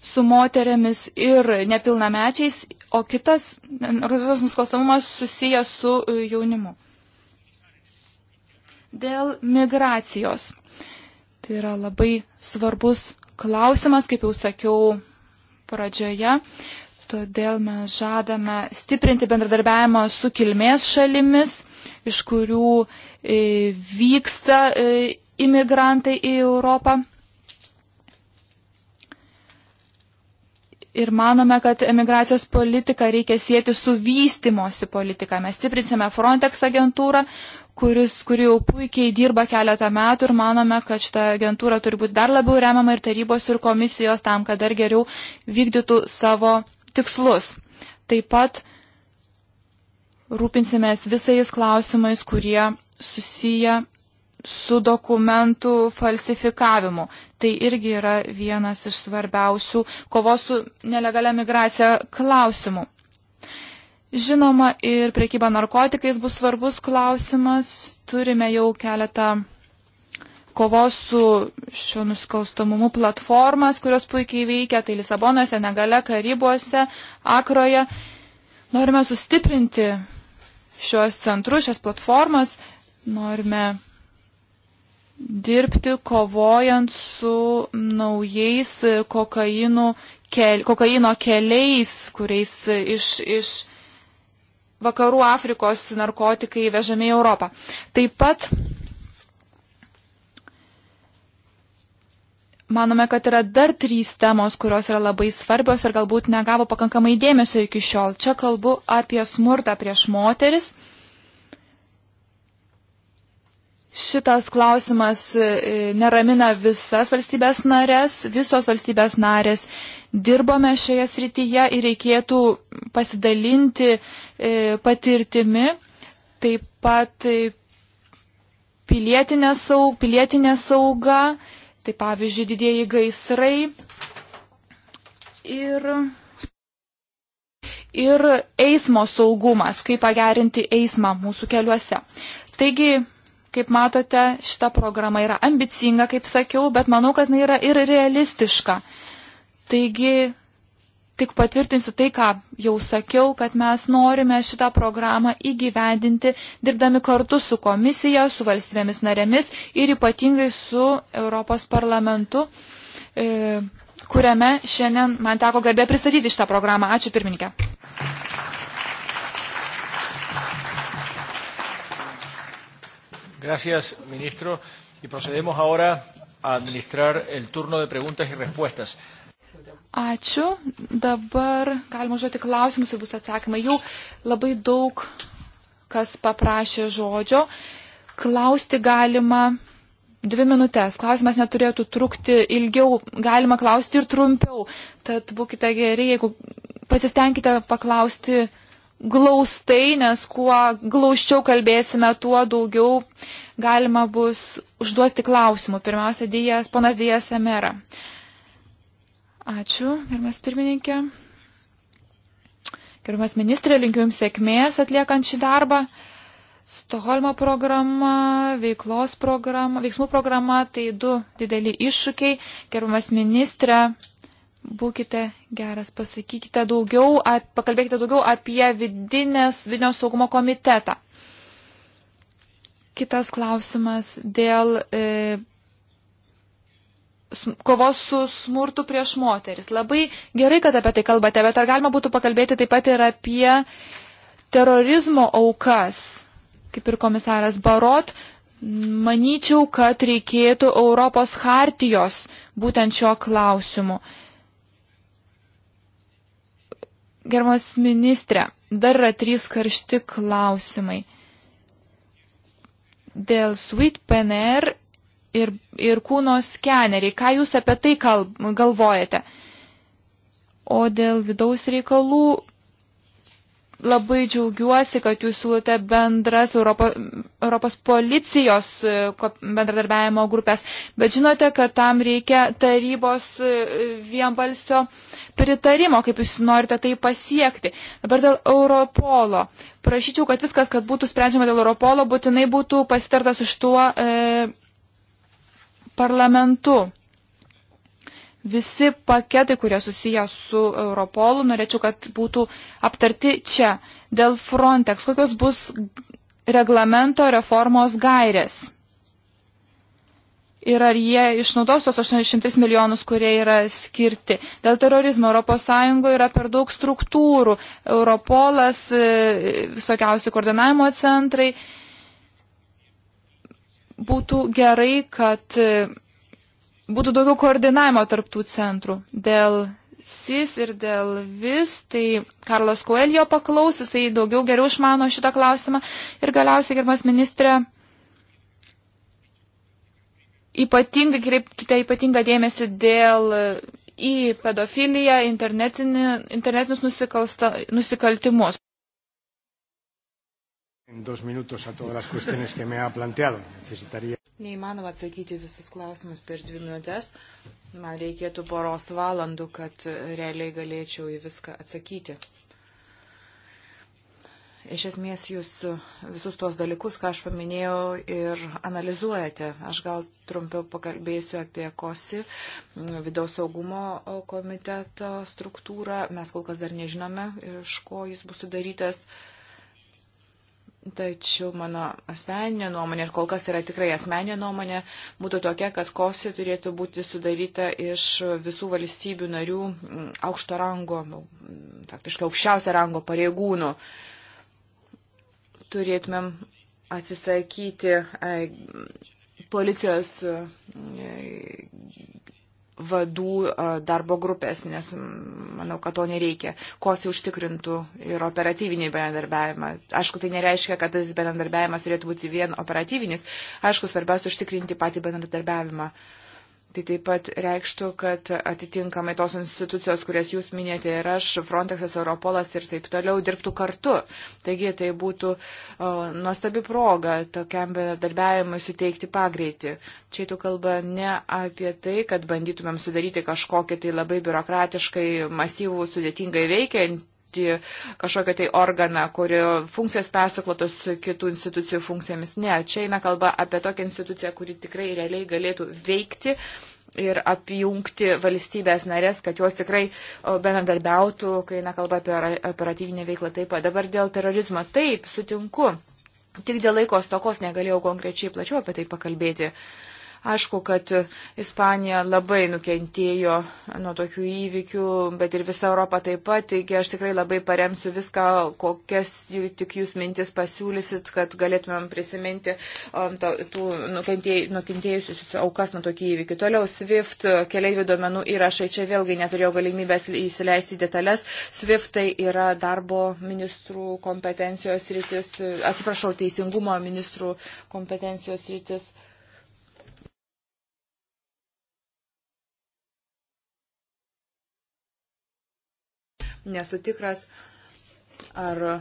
su moteriamis ir nepilnamečiais, o kitas organizuotas nusikalstamumas susijęs su uh, jaunimu. Dėl migracijos. Tai yra labai svarbus klausimas, kaip jau sakiau pradžioje. Todėl mes žadame stiprinti bendradarbiavimą su kilmės šalimis, iš kurių e, vyksta e, imigrantai į Europą. ir manome, kad emigracijos politiką reikia sieti su vystimosi politika. Mes stiprinsime Frontex agentūrą, kuris, kuri jau puikiai dirba keletą metų ir manome, kad šita agentūra turi būti dar labiau remiama ir tarybos ir komisijos tam, kad dar geriau vykdytų savo tikslus. Taip pat rūpinsimės visais klausimais, kurie susiję su dokumentų falsifikavimu. Tai irgi yra vienas iš svarbiausių kovos su nelegalia migracija klausimų. Žinoma, ir priekyba narkotikais bus svarbus klausimas. Turime jau keletą kovos su šio nusikalstamumu platformas, kurios puikiai veikia, tai Lisabonuose, Negale, Karibuose, Akroje. Norime sustiprinti šios centrus, šias platformas, norime dirbti kovojant su naujais kokainų, kel, kokaino keliais, kuriais iš, iš vakarų Afrikos narkotikai vežami į Europą. Taip pat Manome, kad yra dar trys temos, kurios yra labai svarbios ir galbūt negavo pakankamai dėmesio iki šiol. Čia kalbu apie smurtą prieš moteris. Šitas klausimas e, neramina visas valstybės narės, visos valstybės narės dirbome šioje srityje ir reikėtų pasidalinti e, patirtimi, taip pat e, pilietinė, saug, pilietinė sauga Tai pavyzdžiui, didieji gaisrai ir, ir eismo saugumas, kaip pagerinti eismą mūsų keliuose. Taigi, kaip matote, šita programa yra ambicinga, kaip sakiau, bet manau, kad jinai yra ir realistiška. Taigi, tik patvirtinsiu tai, ką jau sakiau, kad mes norime šitą programą įgyvendinti, dirbdami kartu su komisija, su valstybėmis narėmis ir ypatingai su Europos parlamentu, e, kuriame šiandien man teko garbė pristatyti šitą programą. Ačiū pirmininkė. Gracias, ministro. Y procedemos ahora a administrar el turno de preguntas y respuestas. Ačiū. Dabar galima žodžiu klausimus, jeigu bus atsakymai. Jau labai daug kas paprašė žodžio. Klausti galima dvi minutės. Klausimas neturėtų trukti ilgiau. Galima klausti ir trumpiau. Tad būkite geri, jeigu pasistengkite paklausti glaustai, nes kuo glaučiau kalbėsime, tuo daugiau galima bus užduoti klausimų. Pirmiausia, dijas, ponas Dijas Emera. Uh, Ačiū, gerbiamas pirmininkė. Gerbiamas ministrė, linkiu Jums sėkmės atliekant šį darbą. Stoholmo programa, veiklos programa, veiksmų programa - tai du dideli iššūkiai. Gerbiamas ministrė, būkite geras, pasakykite daugiau, ap, pakalbėkite daugiau apie vidinės, vidinio saugumo komitetą. Kitas klausimas dėl e, kovos su smurtu prieš moteris. Labai gerai, kad apie tai kalbate, bet ar galima būtų pakalbėti taip pat ir apie terorizmo aukas, kaip ir komisaras Barot, manyčiau, kad reikėtų Europos hartijos būtent šio klausimu. Germas ministrė, dar yra trys karšti klausimai. Dėl SWIT PNR ir, ir kūno skeneriai. Ką jūs apie tai kalb, galvojate? O dėl vidaus reikalų labai džiaugiuosi, kad jūs siūlote bendras Europo, Europos policijos e, bendradarbiavimo grupės, bet žinote, kad tam reikia tarybos e, vienbalsio pritarimo, kaip jūs norite tai pasiekti. Dabar dėl Europolo. Prašyčiau, kad viskas, kad būtų sprendžiama dėl Europolo, būtinai būtų pasitarta su šituo. E, parlamentu. Visi paketai, kurie susiję su Europolu, norėčiau, kad būtų aptarti čia. Dėl Frontex, kokios bus reglamento reformos gairės? Ir ar jie išnaudos tos 800 milijonus, kurie yra skirti? Dėl terorizmo ES yra per daug struktūrų. Europolas, e, visokiausi koordinavimo centrai būtų gerai, kad e, būtų daugiau koordinavimo tarptų centrų. Dėl SIS ir dėl vis, tai Karlos Koelio paklaus, jisai daugiau geriau išmano šitą klausimą. Ir galiausiai, gerbiamas ministrė, ypatingai, kreipkite ypatingą dėmesį dėl e, į pedofiliją, internetinius nusikaltimus. Neįmanoma atsakyti visus klausimus per dvi minutės. Man reikėtų poros valandų, kad realiai galėčiau į viską atsakyti iš esmės jūs visus tuos dalykus, ką aš paminėjau, ir analizuojate. Aš gal trumpiau pakalbėsiu apie KOSI, vidaus saugumo komiteto struktūrą. Mes kol kas dar nežinome, iš ko jis bus sudarytas. Uh, Tačiau mano asmeninė nuomonė, ir kol kas yra tikrai asmeninė nuomonė, būtų tokia, kad kosi turėtų būti sudaryta iš visų valstybių narių aukšto rango, faktiškai aukščiausio rango pareigūnų. Turėtumėm atsisakyti e, policijos e, vadų darbo grupės, nes manau, kad to nereikia. Kosi užtikrintų ir operatyvinį bendarbiavimą. Aišku, tai nereiškia, kad tas bendarbiavimas turėtų būti vien operatyvinis. Aišku, svarbiausia užtikrinti patį bendarbiavimą. Uh, Tai taip pat reikštų, kad atitinkamai tos institucijos, kurias jūs minėjote ir aš, Frontexas, Europolas ir taip toliau dirbtų kartu. Taigi tai būtų o, nuostabi proga tokiam bendradarbiavimui suteikti pagreitį. Čia tu kalba ne apie tai, kad bandytumėm sudaryti kažkokį tai labai biurokratiškai, masyvų, sudėtingai veikiant turėti kažkokią tai organą, kurio funkcijos persiklotos kitų institucijų funkcijomis. Ne, čia eina kalba apie tokią instituciją, kuri tikrai realiai galėtų veikti ir apjungti valstybės narės, kad jos tikrai bendradarbiautų, kai eina kalba apie operatyvinę veiklą. Taip pat dabar dėl terorizmo. Taip, sutinku. Tik dėl laiko stokos negalėjau konkrečiai plačiau apie tai pakalbėti. Uh, Aišku, kad Ispanija labai nukentėjo nuo tokių įvykių, bet ir visa Europa taip pat, taigi aš tikrai labai paremsiu viską, kokias tik jūs mintis pasiūlysit, kad galėtumėm prisiminti um, tų nukentėjusius aukas nuo tokių įvykių. Toliau SWIFT keliaivių duomenų įrašai, čia vėlgi neturėjau galimybės įsileisti detalės. SWIFT tai yra darbo ministrų kompetencijos rytis, atsiprašau, teisingumo ministrų kompetencijos rytis. nesu tikras, ar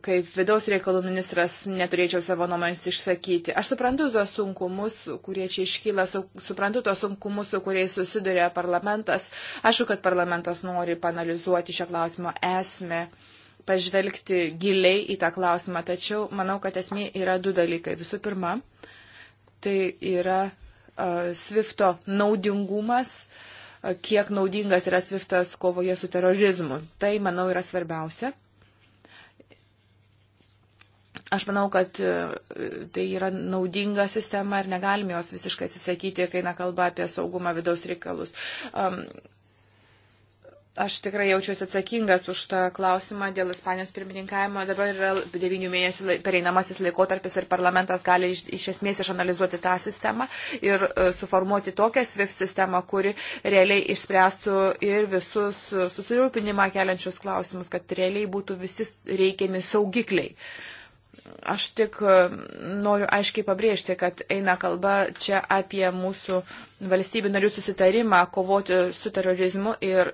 kaip vidaus reikalų ministras neturėčiau savo nuomonės išsakyti. Aš suprantu tos sunkumus, kurie čia iškyla, su, suprantu tos sunkumus, su kuriais susiduria parlamentas. Ašku, kad parlamentas nori panalizuoti šio klausimo esmę, pažvelgti giliai į tą klausimą, tačiau manau, kad esmė yra du dalykai. Visų pirma, tai yra Svifto naudingumas, kiek naudingas yra Sviftas kovoje su terorizmu. Tai, manau, yra svarbiausia. Aš manau, kad e, tai yra naudinga sistema ir negalime jos visiškai atsisakyti, kai na kalba apie saugumą vidaus reikalus. Um, Aš tikrai jaučiuosi atsakingas už tą klausimą dėl Ispanijos pirmininkavimo. Dabar yra devynių mėnesių pereinamasis laikotarpis ir parlamentas gali iš, iš esmės išanalizuoti tą sistemą ir e, suformuoti tokią SWIFT sistemą, kuri realiai išspręstų ir visus susirūpinimą keliančius klausimus, kad realiai būtų visi reikiami saugikliai. Uh, Aš tik e, noriu aiškiai pabrėžti, kad eina kalba čia apie mūsų valstybių narių susitarimą kovoti su terorizmu ir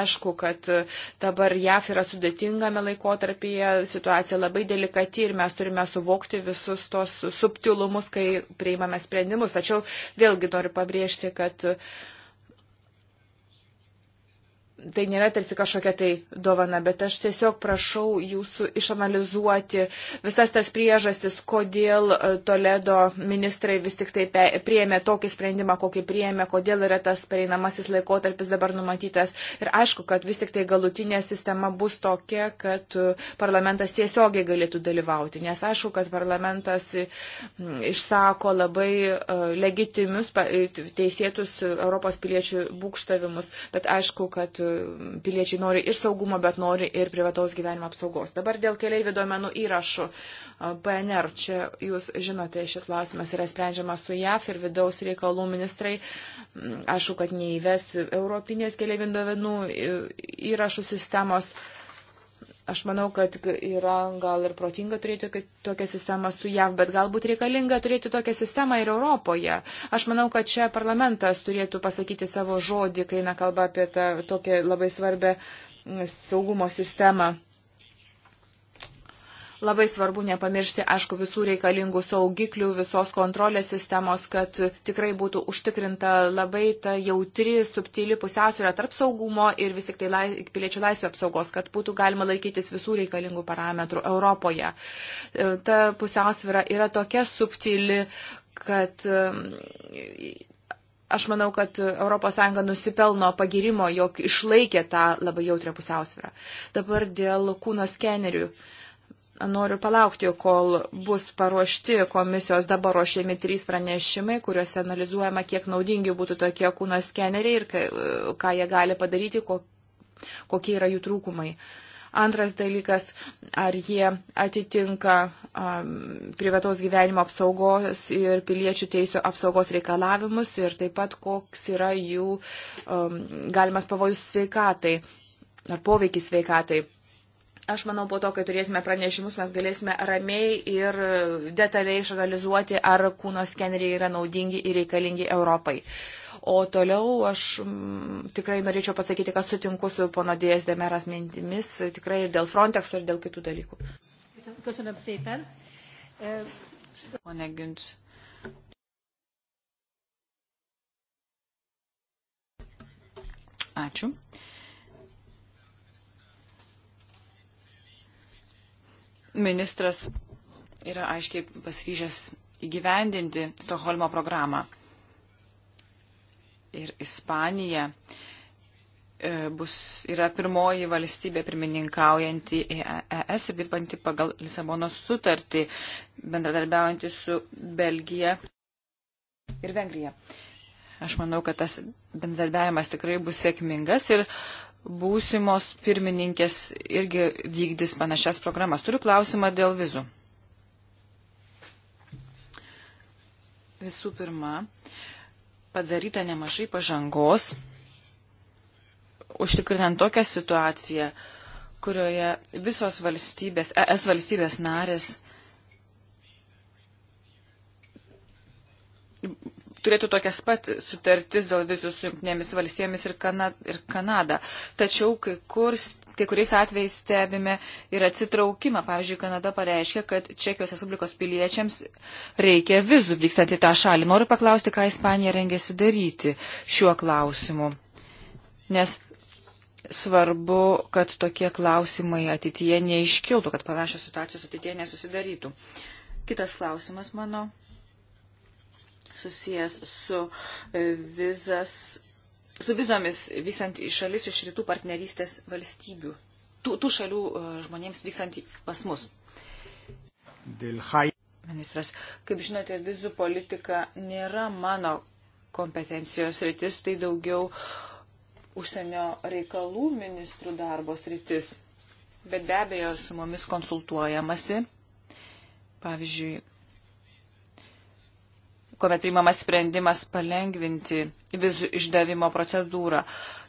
aišku, kad e, dabar JAF yra sudėtingame laikotarpyje, situacija labai delikati ir mes turime suvokti visus tos subtilumus, kai priimame sprendimus. Tačiau vėlgi noriu pabrėžti, kad uh, tai nėra tarsi kažkokia tai dovana, bet aš tiesiog prašau jūsų išanalizuoti visas tas priežastis, kodėl e, Toledo ministrai vis tik tai prieėmė tokį sprendimą, kokį prieėmė, kodėl yra tas pereinamasis laikotarpis dabar numatytas. Ir aišku, kad vis tik tai galutinė sistema bus tokia, kad e, parlamentas tiesiogiai galėtų dalyvauti, nes aišku, kad parlamentas e, išsako labai legitimius teisėtus Europos piliečių būkštavimus, bet aišku, kad piliečiai nori ir saugumo, bet nori ir privataus gyvenimo apsaugos. Dabar dėl keliaivių duomenų įrašų PNR. Čia jūs žinote, šis klausimas yra sprendžiamas su JAF ir vidaus reikalų ministrai. Mm, Ašku, kad neįves Europinės keliaivių duomenų įrašų sistemos. Aš manau, kad yra gal ir protinga turėti tokią sistemą su JAV, bet galbūt reikalinga turėti tokią sistemą ir Europoje. Aš manau, kad čia parlamentas turėtų pasakyti savo žodį, kai eina kalba apie tą tokią labai svarbę mm, saugumo sistemą. Labai svarbu nepamiršti, aišku, visų reikalingų saugiklių, visos kontrolės sistemos, kad tikrai būtų užtikrinta labai ta jautri, subtili pusiausvyrą tarp saugumo ir vis tik tai lai, piliečių laisvė apsaugos, kad būtų galima laikytis visų reikalingų parametrų Europoje. E, ta pusiausvyrą yra tokia subtili, kad e, aš manau, kad ES nusipelno pagirimo, jog išlaikė tą labai jautrią pusiausvyrą. Dabar dėl kūno skenerių. Uh, Noriu palaukti, kol bus paruošti komisijos dabar ruošiami trys pranešimai, kuriuose analizuojama, kiek naudingi būtų tokie kūno skeneriai ir ką jie gali padaryti, kokie yra jų trūkumai. Antras dalykas, ar jie atitinka um, privataus gyvenimo apsaugos ir piliečių teisų apsaugos reikalavimus ir taip pat koks yra jų um, galimas pavojus sveikatai ar poveikis sveikatai. Aš manau, po to, kai turėsime pranešimus, mes galėsime ramiai ir detaliai išanalizuoti, ar kūno skeneriai yra naudingi ir reikalingi Europai. O toliau aš m, mm, tikrai norėčiau pasakyti, kad sutinku su pono Dėjas Demeras mintimis, tikrai ir dėl Frontexo, ir dėl kitų dalykų. Köszönöm szépen. Pone Günc. Ačiū. ministras yra aiškiai pasiryžęs įgyvendinti Stoholmo programą. Ir Ispanija e, bus, yra pirmoji valstybė pirmininkaujanti ES e ir dirbanti pagal Lisabonos sutartį, bendradarbiaujanti su Belgija ir Vengrija. Aš manau, kad tas bendradarbiavimas tikrai bus sėkmingas ir būsimos pirmininkės irgi vykdys panašias programas. Turiu klausimą dėl vizų. Visų pirma, padaryta nemažai pažangos, užtikrinant tokią situaciją, kurioje visos valstybės, ES valstybės narės turėtų tokias pat sutartis dėl vizų su Junktinėmis valstybėmis ir, Kana, ir Kanada. Tačiau kai, kur, kai kuriais atvejais stebime ir atsitraukimą. Pavyzdžiui, Kanada pareiškia, kad Čekijos Respublikos piliečiams reikia vizų vykstant į tą šalį. Noriu paklausti, ką Ispanija rengėsi daryti šiuo klausimu. Nes svarbu, kad tokie klausimai ateityje neiškiltų, kad panašios situacijos ateityje nesusidarytų. Kitas klausimas mano susijęs su e, vizas, su vizomis vykstant į šalis iš rytų partnerystės valstybių, tų, tų šalių e, žmonėms vykstant pas mus. Ministras, kaip žinote, vizų politika nėra mano kompetencijos rytis, tai daugiau užsienio reikalų ministrų darbos rytis. Bet be abejo, su mumis konsultuojamasi. Pavyzdžiui, kuomet priimamas sprendimas palengvinti vizų išdavimo procedūrą.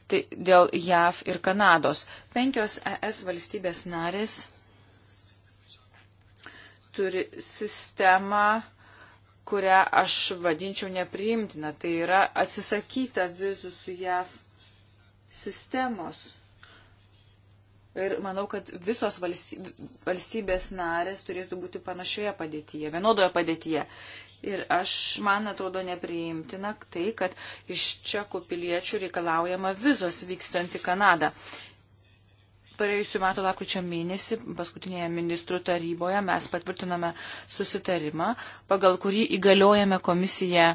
Tai dėl JAV ir Kanados. Penkios ES valstybės narės turi sistemą, kurią aš vadinčiau nepriimtina. Tai yra atsisakyta vizų su JAV sistemos. Ir manau, kad visos valstybės narės turėtų būti panašioje padėtyje, vienodoje padėtyje. Ir aš, man atrodo, nepriimtina tai, kad iš čekų piliečių reikalaujama vizos vykstant į Kanadą. Praėjusiu metu lakryčio mėnesį paskutinėje ministrų taryboje mes patvirtiname susitarimą, pagal kurį įgaliojame komisiją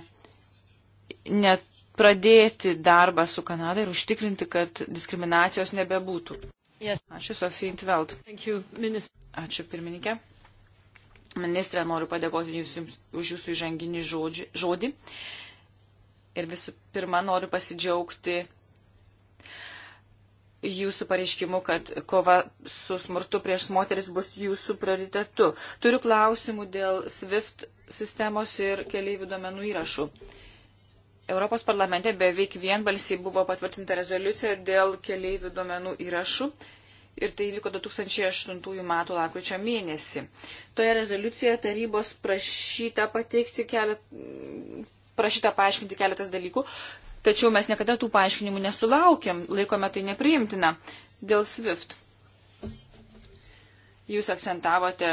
net pradėti darbą su Kanada ir užtikrinti, kad diskriminacijos nebebūtų. Yes. Ačiū, Sofija Intveld. Ačiū, pirmininkė. Ministrė, noriu padėkoti jums už jūsų įžanginį žodži, žodį. Ir visų pirma, noriu pasidžiaugti jūsų pareiškimu, kad kova su smurtu prieš moteris bus jūsų prioritetu. Turiu klausimų dėl SWIFT sistemos ir keliaivių domenų įrašų. Europos parlamente beveik vienbalsiai buvo patvirtinta rezoliucija dėl keliaivių domenų įrašų ir tai vyko 2008 m. lakryčio mėnesį. Toje rezoliucijoje tarybos prašyta pateikti keletą, prašyta paaiškinti keletas dalykų, tačiau mes niekada tų paaiškinimų nesulaukėm, laikome tai nepriimtina dėl SWIFT. Jūs akcentavote,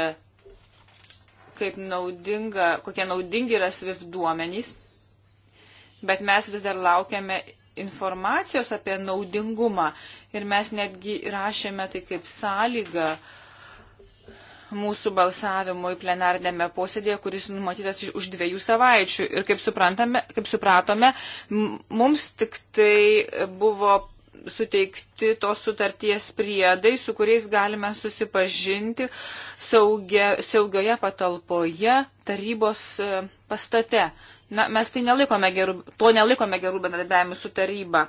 kaip naudinga, kokie naudingi yra SWIFT duomenys, bet mes vis dar laukiame informacijos apie naudingumą ir mes netgi rašėme tai kaip sąlygą mūsų balsavimui plenardėme posėdėje, kuris numatytas už dviejų savaičių. Ir kaip, kaip supratome, mums tik tai buvo suteikti tos sutarties priedai, su kuriais galime susipažinti saugia, saugioje patalpoje tarybos e, pastate. Na, mes tai nelikome gerų, to nelikome gerų bendradarbiavimų su taryba.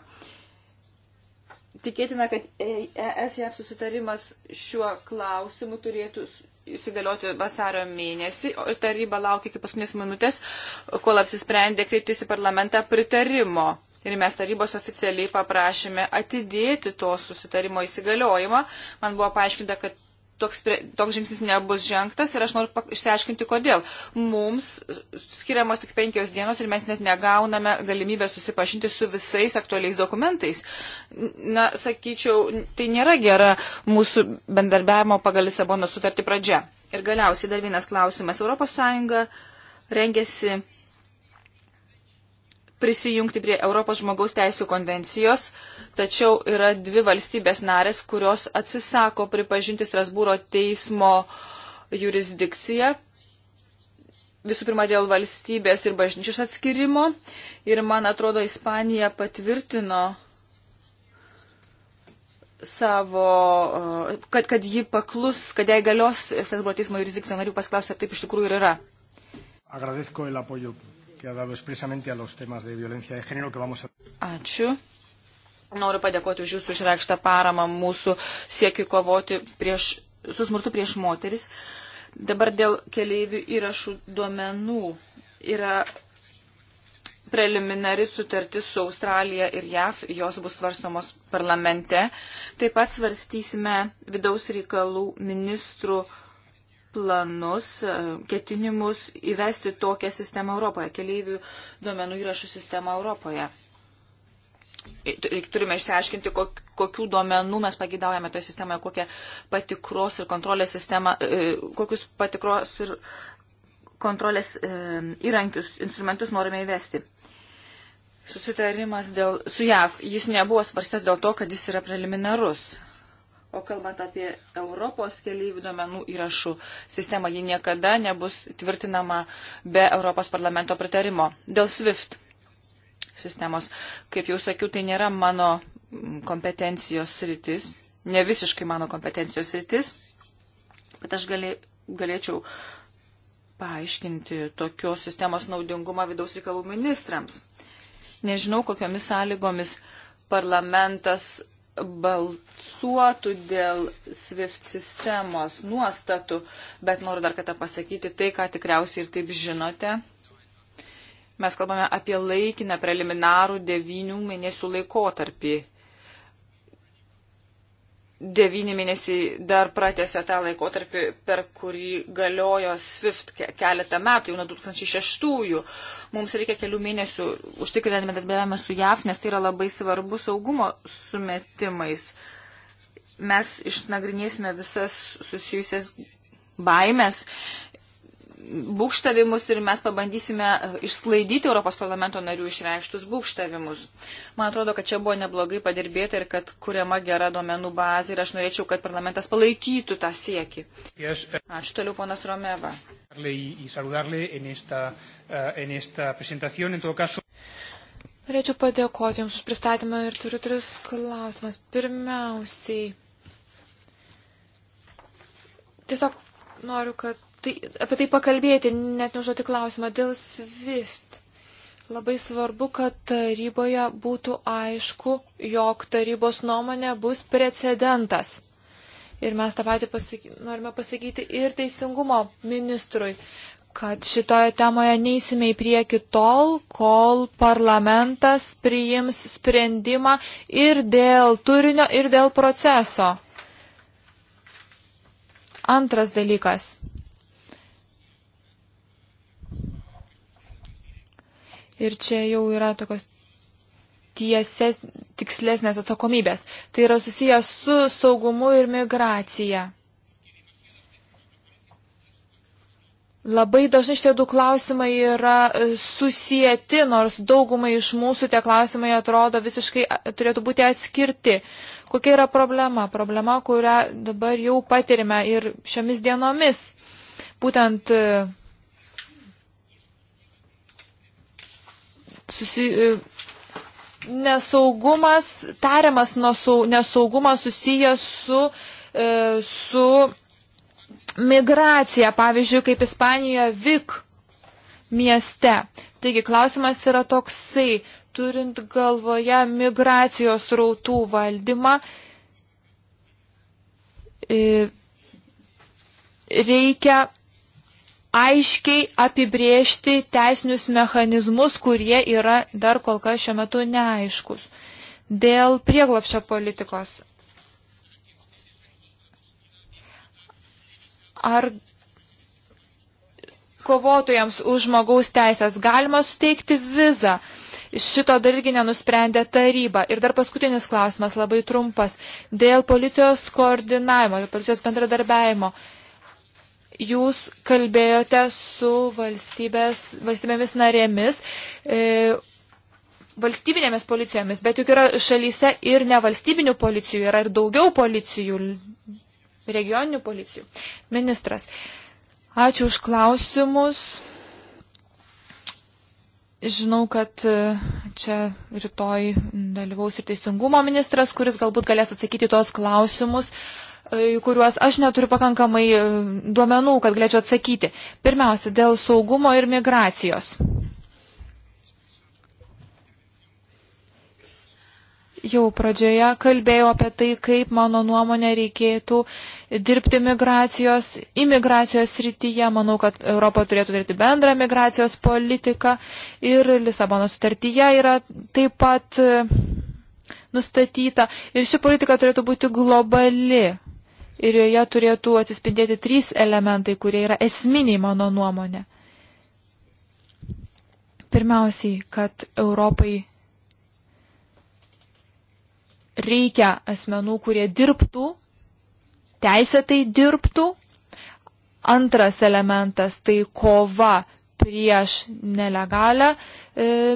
Tikėtina, kad ES-JAF e susitarimas šiuo klausimu turėtų įsigalioti vasario mėnesį, o taryba laukia iki paskutinės minutės, kol apsisprendė kreiptis į parlamentą pritarimo. Ir mes tarybos oficialiai paprašėme atidėti to susitarimo įsigaliojimą. Man buvo paaiškinta, kad toks, toks žingsnis nebus žengtas ir aš noriu išsiaiškinti, kodėl. Mums skiriamos tik penkios dienos ir mes net negauname galimybę susipažinti su visais aktualiais dokumentais. Na, sakyčiau, tai nėra gera mūsų bendarbiavimo pagal Lisabono sutartį pradžia. Ir galiausiai dar vienas klausimas. ES rengėsi prisijungti prie Europos žmogaus teisų konvencijos, tačiau yra dvi valstybės narės, kurios atsisako pripažinti Strasbūro teismo jurisdikciją. Visų pirma, dėl valstybės ir bažnyčios atskirimo. Ir, man atrodo, Ispanija patvirtino savo, kad, kad ji paklus, kad jai galios Strasbūro teismo jurisdikcija narių pasklausė, ar taip iš tikrųjų ir yra. Agradezco el apoyo que ha dado expresamente a los temas de violencia de género que vamos a. Ačiū. Noriu padėkoti už jūsų išreikštą paramą mūsų siekiui kovoti prieš, su smurtu prieš moteris. Dabar dėl keleivių įrašų duomenų yra preliminari sutartis su Australija ir JAV, jos bus svarstomos parlamente. Taip pat svarstysime vidaus reikalų ministrų uh, planus, e, ketinimus įvesti tokią sistemą Europoje, keleivių duomenų įrašų sistemą Europoje. E, turime išsiaiškinti, kokių duomenų mes pagidaujame toje sistemoje, kokią patikros ir kontrolės sistemą, e, kokius patikros ir kontrolės įrankius, instrumentus norime įvesti. Susitarimas dėl, su JAV, jis nebuvo svarstęs dėl to, kad jis yra preliminarus O kalbant apie Europos keliaivių duomenų įrašų sistemą, ji niekada nebus tvirtinama be Europos parlamento pritarimo. Dėl SWIFT sistemos, kaip jau sakiau, tai nėra mano kompetencijos rytis, ne visiškai mano kompetencijos rytis, bet aš galė, galėčiau paaiškinti tokios sistemos naudingumą vidaus reikalų ministrams. Nežinau, kokiomis sąlygomis parlamentas balsuotų dėl SWIFT sistemos nuostatų, bet noriu dar kartą pasakyti tai, ką tikriausiai ir taip žinote. Mes kalbame apie laikiną preliminarų devynių mėnesių laikotarpį devyni mėnesiai dar pratęsė tą laikotarpį, per kurį galiojo SWIFT keletą metų, jau nuo 2006-ųjų. Mums reikia kelių mėnesių užtikrinami darbėvėme su JAF, nes tai yra labai svarbu saugumo sumetimais. Mes išnagrinėsime visas susijusias baimės būkštavimus ir mes pabandysime e, išsklaidyti Europos parlamento narių išreikštus būkštavimus. Man atrodo, kad čia buvo neblogai padirbėta ir kad kuriama gera duomenų bazė ir aš norėčiau, kad parlamentas palaikytų tą siekį. Eh. Ačiū toliau, ponas Romeva. Eh, norėčiau padėkoti Jums už pristatymą ir turiu tris klausimas. Pirmiausiai, tiesiog noriu, kad tai, apie tai pakalbėti, net neužduoti klausimą dėl SWIFT. Labai svarbu, kad taryboje būtų aišku, jog tarybos nuomonė bus precedentas. Ir mes tą patį pasaky, norime pasakyti ir teisingumo ministrui, kad šitoje temoje neįsime į priekį tol, kol parlamentas priims sprendimą ir dėl turinio, ir dėl proceso. Antras dalykas. Ir čia jau yra tokios tieses, tikslesnės atsakomybės. Tai yra susijęs su saugumu ir migracija. Labai dažnai šitie du klausimai yra e, susijęti, nors daugumai iš mūsų tie klausimai atrodo visiškai turėtų būti atskirti. Kokia yra problema? Problema, kurią dabar jau patirime ir šiomis dienomis. Būtent e, susi, e, nesaugumas, tariamas nesaugumas susijęs su, e, su migracija, pavyzdžiui, kaip Ispanijoje Vik mieste. Taigi klausimas yra toksai, turint galvoje migracijos rautų valdymą, e, reikia aiškiai apibriežti teisinius mechanizmus, kurie yra dar kol kas šiuo metu neaiškus. Dėl prieglopščio politikos. Ar kovotojams už žmogaus teisės galima suteikti vizą? Šito dar irgi nenusprendė taryba. Ir dar paskutinis klausimas, labai trumpas. Dėl policijos koordinavimo, dėl policijos bendradarbiavimo. Uh, jūs kalbėjote su valstybėmis narėmis, e, valstybinėmis policijomis, bet juk yra šalyse ir nevalstybinių policijų, yra ir daugiau policijų, regioninių policijų. Ministras, ačiū už klausimus. Žinau, kad e, čia rytoj dalyvaus ir teisingumo ministras, kuris galbūt galės atsakyti tuos klausimus. Uh, kuriuos aš neturiu pakankamai e, duomenų, kad galėčiau atsakyti. Pirmiausia, dėl saugumo ir migracijos. Jau pradžioje kalbėjau apie tai, kaip mano nuomonė reikėtų dirbti migracijos, imigracijos srityje. Manau, kad Europa turėtų turėti bendrą migracijos politiką ir Lisabono sutartyje yra taip pat e, nustatyta. Ir ši politika turėtų būti globali ir joje turėtų atsispindėti trys elementai, kurie yra esminiai mano nuomonė. Pirmiausiai, kad Europai reikia asmenų, kurie dirbtų, teisėtai dirbtų. Antras elementas - tai kova prieš nelegalę e,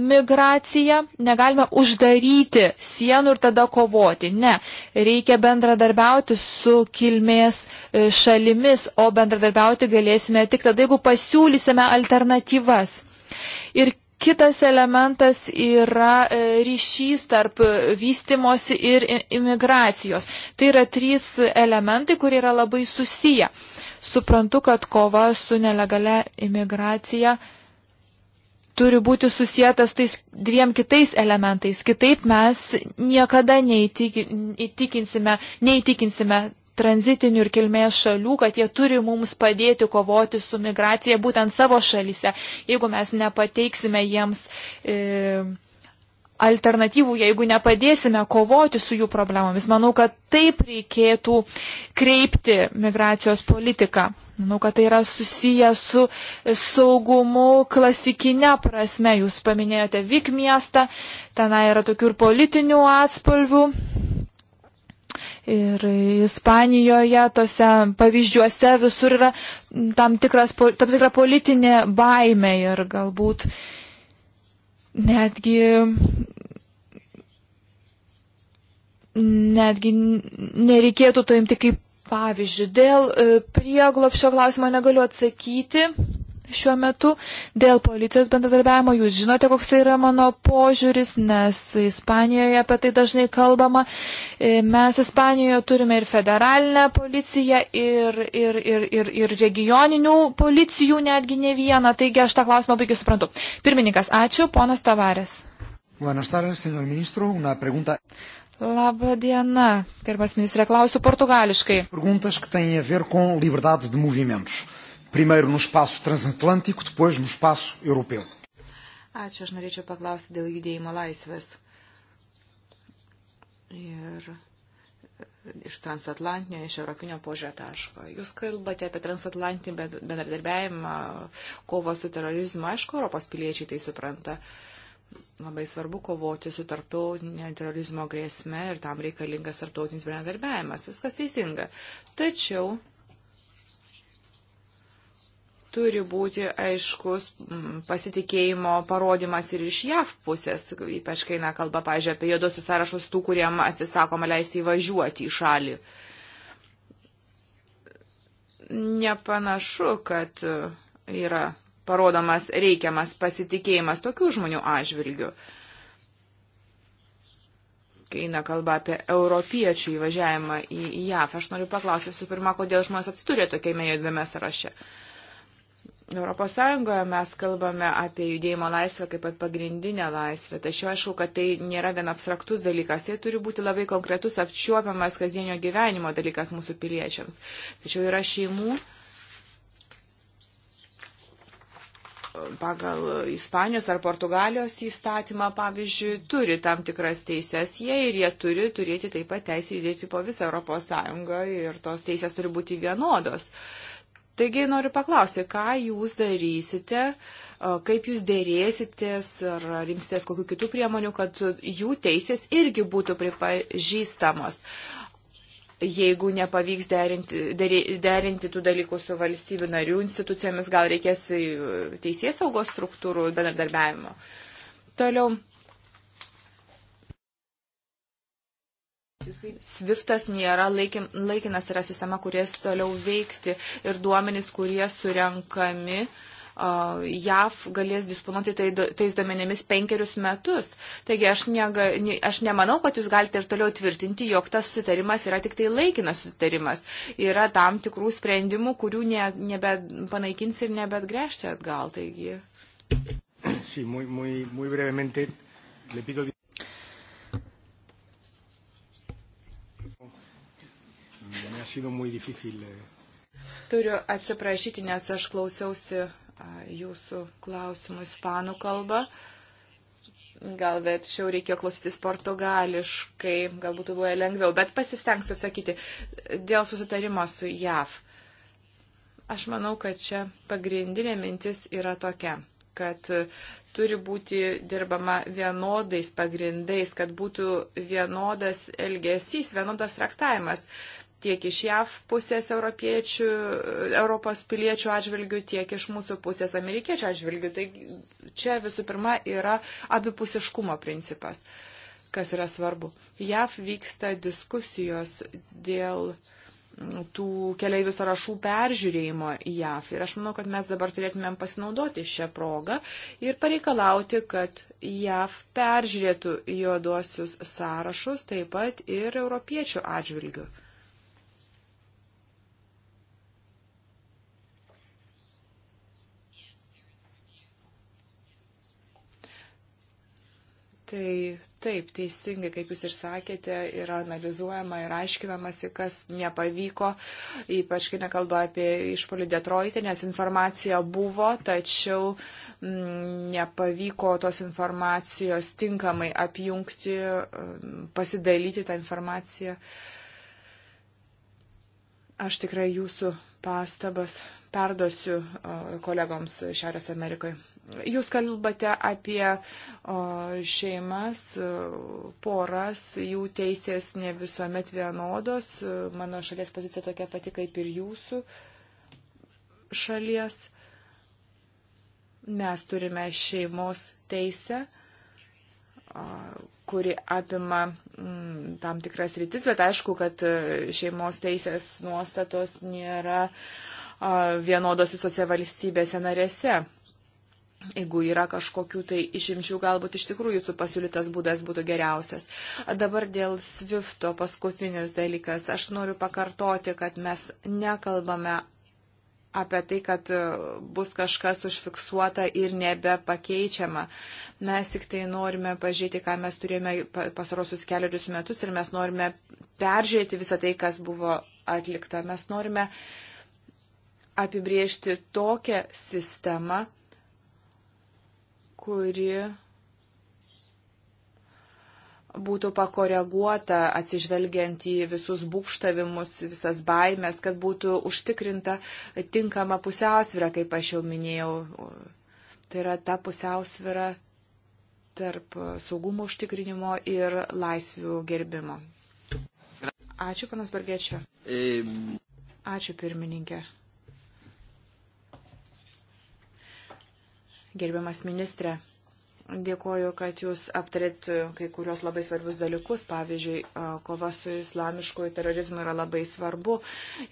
migraciją, negalime uždaryti sienų ir tada kovoti. Ne, reikia bendradarbiauti su kilmės e, šalimis, o bendradarbiauti galėsime tik tada, jeigu pasiūlysime alternatyvas. Ir Kitas elementas yra e, ryšys tarp vystimosi ir imigracijos. Tai yra trys elementai, kurie yra labai susiję suprantu, kad kova su nelegale imigracija turi būti susijęs su tais dviem kitais elementais. Kitaip mes niekada neįtikinsime, neįtikinsime tranzitinių ir kilmės šalių, kad jie turi mums padėti kovoti su migracija būtent savo šalyse, jeigu mes nepateiksime jiems e, alternatyvų, jeigu nepadėsime kovoti su jų problemomis. Manau, kad taip reikėtų kreipti migracijos politiką. Manau, kad tai yra susiję su saugumu klasikinė prasme. Jūs paminėjote Vik miestą, tenai yra tokių ir politinių atspalvių. Ir Ispanijoje tose pavyzdžiuose visur yra tam, tikras, tam tikra politinė baime ir galbūt uh, netgi netgi nereikėtų to imti kaip pavyzdžių. Dėl e, prieglopšio klausimo negaliu atsakyti šiuo metu dėl policijos bendradarbiavimo. Jūs žinote, koks tai yra mano požiūris, nes Ispanijoje apie tai dažnai kalbama. E, mes Ispanijoje turime ir federalinę policiją, ir, ir, ir, ir, ir regioninių policijų netgi ne vieną. Taigi aš tą klausimą puikiai suprantu. Pirmininkas, ačiū, ponas Tavarės. Buenas tardes, señor ministro. Una pregunta. Labą dieną, gerbas ministrė, klausiu portugališkai. Perguntas, que tem a ver com liberdade de movimentos primeiro no espaço transatlântico, depois no espaço europeu. Ačiū, aš norėčiau paklausti dėl judėjimo laisvės. Ir e, iš transatlantinio, iš europinio požiūrio taško. Jūs kalbate apie transatlantinį bendradarbiavimą, kovą su terorizmu. Aišku, Europos piliečiai tai supranta. Labai svarbu kovoti su tarptautinio terorizmo grėsme ir tam reikalingas tarptautinis bendradarbiavimas. Viskas teisinga. Tačiau turi būti aiškus mm, pasitikėjimo parodimas ir iš JAV pusės, ypač kai eina kalba, pažiūrėjau, apie juodosius sąrašus tų, kuriem atsisakoma leisti įvažiuoti į šalį. Nepanašu, kad yra parodomas reikiamas pasitikėjimas tokių žmonių atžvilgių. Kai eina kalba apie europiečių įvažiavimą į JAF, aš noriu paklausyti su pirma, kodėl žmonės atsidūrė tokiame juodame sąraše. Uh, ES mes kalbame apie judėjimo laisvę kaip pagrindinę laisvę. Tačiau aišku, kad tai nėra vien abstraktus dalykas, tai turi būti labai konkretus, apčiuopiamas kasdienio gyvenimo dalykas mūsų piliečiams. Tačiau yra šeimų pagal Ispanijos ar Portugalijos įstatymą, pavyzdžiui, turi tam tikras teises jie ir jie turi turėti taip pat teisę judėti po visą ES ir tos teisės turi būti vienodos. Uh, Taigi noriu paklausti, ką jūs darysite, kaip jūs dėrėsitės ar rimsitės kokiu kitų priemonių, kad jų teisės irgi būtų pripažįstamos jeigu nepavyks derinti, derinti tų dalykų su valstybių narių institucijomis, gal reikės teisės saugos struktūrų bendradarbiavimo. Toliau, jisai... Sviftas nėra laikin, laikinas, yra sistema, kuris toliau veikti ir duomenys, kurie surenkami. Uh, JAV galės disponuoti tai, tais duomenimis penkerius metus. Taigi aš, nega, ne, aš nemanau, kad jūs galite ir toliau tvirtinti, jog tas sutarimas yra tik tai laikinas sutarimas. Yra tam tikrų sprendimų, kurių ne, nebe panaikins ir nebetgręžti atgal. Taigi. Sí, muy, muy, muy brevemente. Le pido... ha sido muy difícil. Eh. Turiu atsiprašyti, nes aš klausiausi jūsų klausimų ispanų kalbą. Gal verčiau reikėjo klausytis portugališkai, galbūt buvo lengviau, bet pasistengsiu atsakyti dėl susitarimo su JAV. Aš manau, kad čia pagrindinė mintis yra tokia, kad turi būti dirbama vienodais pagrindais, kad būtų vienodas elgesys, vienodas traktavimas tiek iš JAV pusės europiečių, Europos piliečių atžvilgių, tiek iš mūsų pusės amerikiečių atžvilgių. Tai čia visų pirma yra abipusiškumo principas, kas yra svarbu. JAV vyksta diskusijos dėl tų keliaivių sąrašų peržiūrėjimo į JAF. Ir aš manau, kad mes dabar turėtumėm pasinaudoti šią progą ir pareikalauti, kad JAF peržiūrėtų juoduosius sąrašus taip pat ir europiečių atžvilgių. Tai taip, teisingai, kaip jūs ir sakėte, yra analizuojama ir aiškinamasi, kas nepavyko, ypač kai nekalba apie išpolių Detroitį, nes informacija buvo, tačiau m, mm, nepavyko tos informacijos tinkamai apjungti, mm, pasidalyti tą informaciją. Aš tikrai jūsų pastabas perdosiu kolegoms Šiaurės Amerikoje. Jūs kalbate apie šeimas, poras, jų teisės ne visuomet vienodos. Mano šalies pozicija tokia pati kaip ir jūsų šalies. Mes turime šeimos teisę, kuri apima mm, tam tikras rytis, bet aišku, kad šeimos teisės nuostatos nėra uh, vienodos visose valstybėse narėse. Jeigu yra kažkokių tai išimčių, galbūt iš tikrųjų jūsų pasiūlytas būdas būtų geriausias. Dabar dėl Swifto paskutinis dalykas. Aš noriu pakartoti, kad mes nekalbame apie tai, kad e, bus kažkas užfiksuota ir nebepakeičiama. Mes tik tai norime pažiūrėti, ką mes turėjome pasarosius keliarius metus ir mes norime peržiūrėti visą tai, kas buvo atlikta. Mes norime uh, apibriežti tokią sistemą, kuri būtų pakoreguota atsižvelgiant į visus būkštavimus, visas baimės, kad būtų užtikrinta tinkama pusiausvyrą, kaip aš jau minėjau. Tai yra ta pusiausvyrą tarp saugumo užtikrinimo ir laisvių gerbimo. Ačiū, panas Bargėčio. Ačiū, pirmininkė. Gerbiamas ministrė, dėkoju, kad jūs aptarėt kai kurios labai svarbius dalykus. Pavyzdžiui, kova su islamišku terorizmu yra labai svarbu.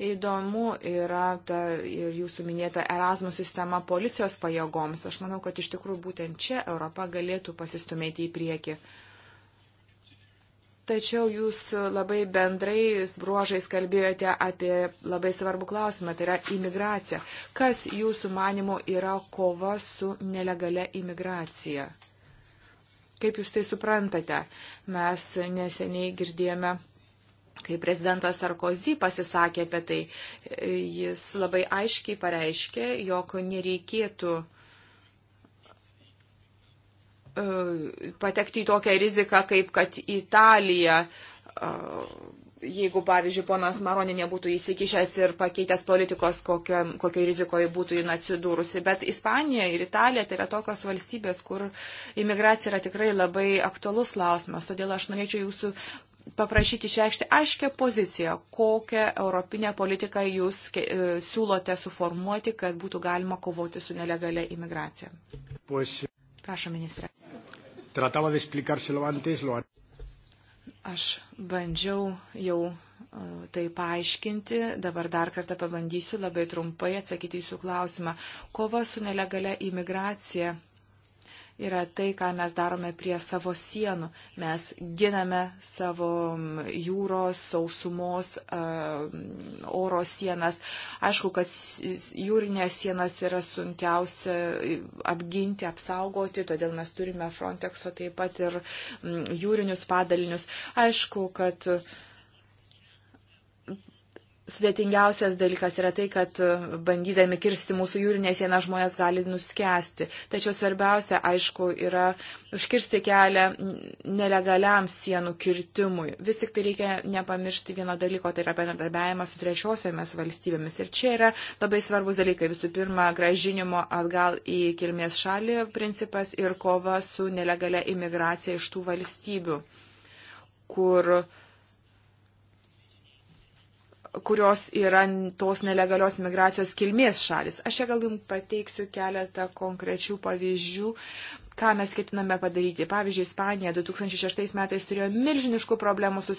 Įdomu yra ta ir jūsų minėta Erasmus sistema policijos pajėgoms. Aš manau, kad iš tikrųjų būtent čia Europa galėtų pasistumėti į priekį. Tačiau jūs labai bendrais bruožais kalbėjote apie labai svarbų klausimą, tai yra imigracija. Kas jūsų manimo yra kova su nelegale imigracija? Kaip jūs tai suprantate? Mes neseniai girdėjome, kai prezidentas Sarkozy pasisakė apie tai, jis labai aiškiai pareiškė, jog nereikėtų E, patekti į tokią riziką, kaip kad Italija e, jeigu, pavyzdžiui, ponas Maronė nebūtų įsikišęs ir pakeitęs politikos, kokio, kokio rizikoje būtų jin atsidūrusi. Bet Ispanija ir Italija tai yra tokios valstybės, kur imigracija yra tikrai labai aktualus klausimas. Todėl aš norėčiau jūsų paprašyti išreikšti aiškę poziciją, kokią europinę politiką jūs e, siūlote suformuoti, kad būtų galima kovoti su nelegalia imigracija. Prašom, ministrė. Trataba de explicárselo antes, lo haré. Aš bandžiau jau e, tai paaiškinti, dabar dar kartą pabandysiu labai trumpai atsakyti jūsų klausimą. Kova su nelegalia imigracija yra tai, ką mes darome prie savo sienų. Mes giname savo jūros, sausumos, oro sienas. Aišku, kad jūrinės sienas yra sunkiausia apginti, apsaugoti, todėl mes turime Frontexo taip pat ir jūrinius padalinius. Aišku, kad Sudėtingiausias dalykas yra tai, kad e, bandydami kirsti mūsų jūrinę sieną žmonės gali nuskesti. Tačiau svarbiausia, aišku, yra užkirsti kelią nelegaliam sienų kirtimui. Vis tik tai reikia nepamiršti vieno dalyko, tai yra bendradarbiavimas su trečiosiomis valstybėmis. Ir čia yra labai svarbus dalykai. Visų pirma, gražinimo atgal į kilmės šalį principas ir kova su nelegalia imigracija iš tų valstybių, kur uh, kurios yra tos nelegalios migracijos kilmės šalis. Aš čia gal jums pateiksiu keletą konkrečių pavyzdžių, ką mes ketiname padaryti. Pavyzdžiui, Ispanija 2006 metais turėjo milžiniškų problemų su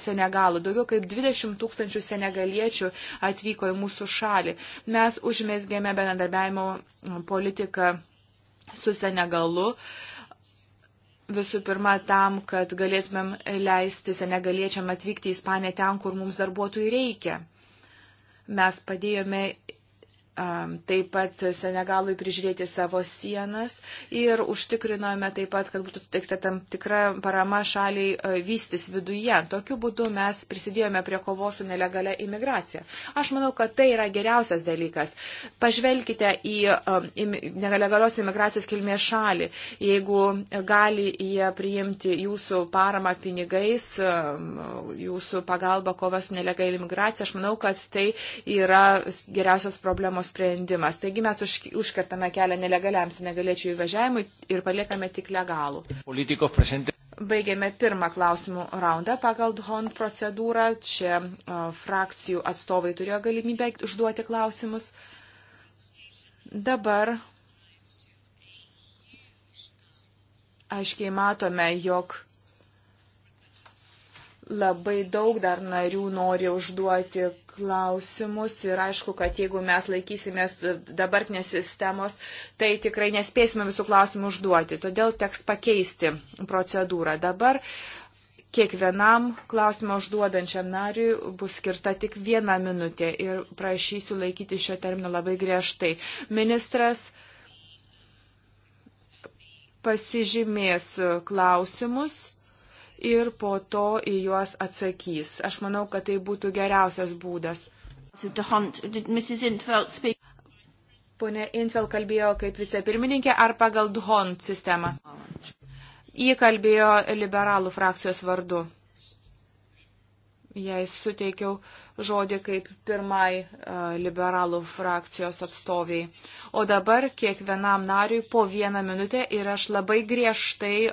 Senegalu. Daugiau kaip 20 tūkstančių senegaliečių atvyko į mūsų šalį. Mes užmėsgėme bendradarbiavimo politiką su Senegalu. Uh, Visų pirma, tam, kad galėtumėm leisti senegaliečiam atvykti į Ispaniją ten, kur mums darbuotojų reikia. Mes padėjome taip pat Senegalui prižiūrėti savo sienas ir užtikrinome taip pat, kad būtų suteikta tam tikra parama šaliai e, vystis viduje. Tokiu būdu mes prisidėjome prie kovos su nelegalia imigracija. Aš manau, kad tai yra geriausias dalykas. Pažvelkite į nelegalios imigracijos kilmės šalį. Jeigu gali jie priimti jūsų paramą pinigais, jūsų pagalbą kovas su nelegalia imigracija, aš manau, kad tai yra geriausios problemos problemų sprendimas. Taigi mes už, užkartame kelią nelegaliams ir negalėčiau įvažiavimui ir paliekame tik legalų. Baigėme pirmą klausimų raundą pagal DHON procedūrą. Čia o, frakcijų atstovai turėjo galimybę užduoti klausimus. Dabar aiškiai matome, jog Labai daug dar narių nori užduoti klausimus ir aišku, kad jeigu mes laikysimės dabartinės sistemos, tai tikrai nespėsime visų klausimų užduoti. Todėl teks pakeisti procedūrą. Dabar kiekvienam klausimą užduodančiam nariui bus skirta tik viena minutė ir prašysiu laikyti šio termino labai griežtai. Ministras pasižymės klausimus ir po to į juos atsakys. Aš manau, kad tai būtų geriausias būdas. Pone Intvel kalbėjo kaip vicepirmininkė ar pagal DHON sistemą. Jį kalbėjo liberalų frakcijos vardu jai suteikiau žodį kaip pirmai liberalų frakcijos atstoviai. O dabar kiekvienam nariui po vieną minutę ir aš labai griežtai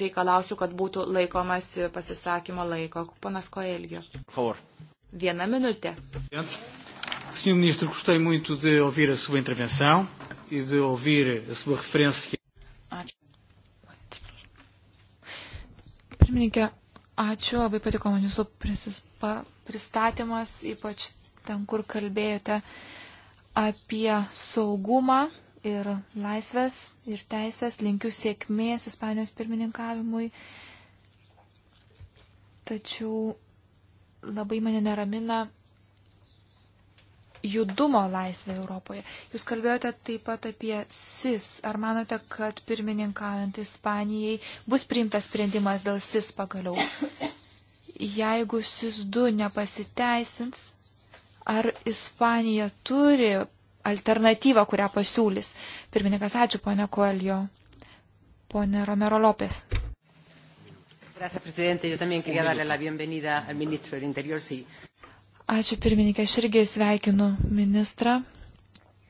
reikalausiu, kad būtų laikomas pasisakymo laiko. Panas Koelgio. Favor. Viena minutė. Senhor Ministro, gostei muito de ouvir a sua intervenção e de ouvir a sua referência. Ačiū. Pirmininkė, Ačiū, labai patiko man jūsų pristatymas, ypač ten, kur kalbėjote apie saugumą ir laisvės ir teisės. Linkiu sėkmės Ispanijos pirmininkavimui. Tačiau labai mane neramina judumo laisvę Europoje. Jūs kalbėjote taip pat apie SIS. Ar manote, kad pirmininkaujant Ispanijai bus priimtas sprendimas dėl SIS pagaliau? Jeigu SIS 2 nepasiteisins, ar Ispanija turi alternatyvą, kurią pasiūlys? Pirmininkas, ačiū, pone Koelio. Pone Romero Lopes. Gracias, presidente. Yo también quería darle la bienvenida al ministro del Interior. Sí. Ačiū pirmininkė, aš irgi sveikinu ministrą.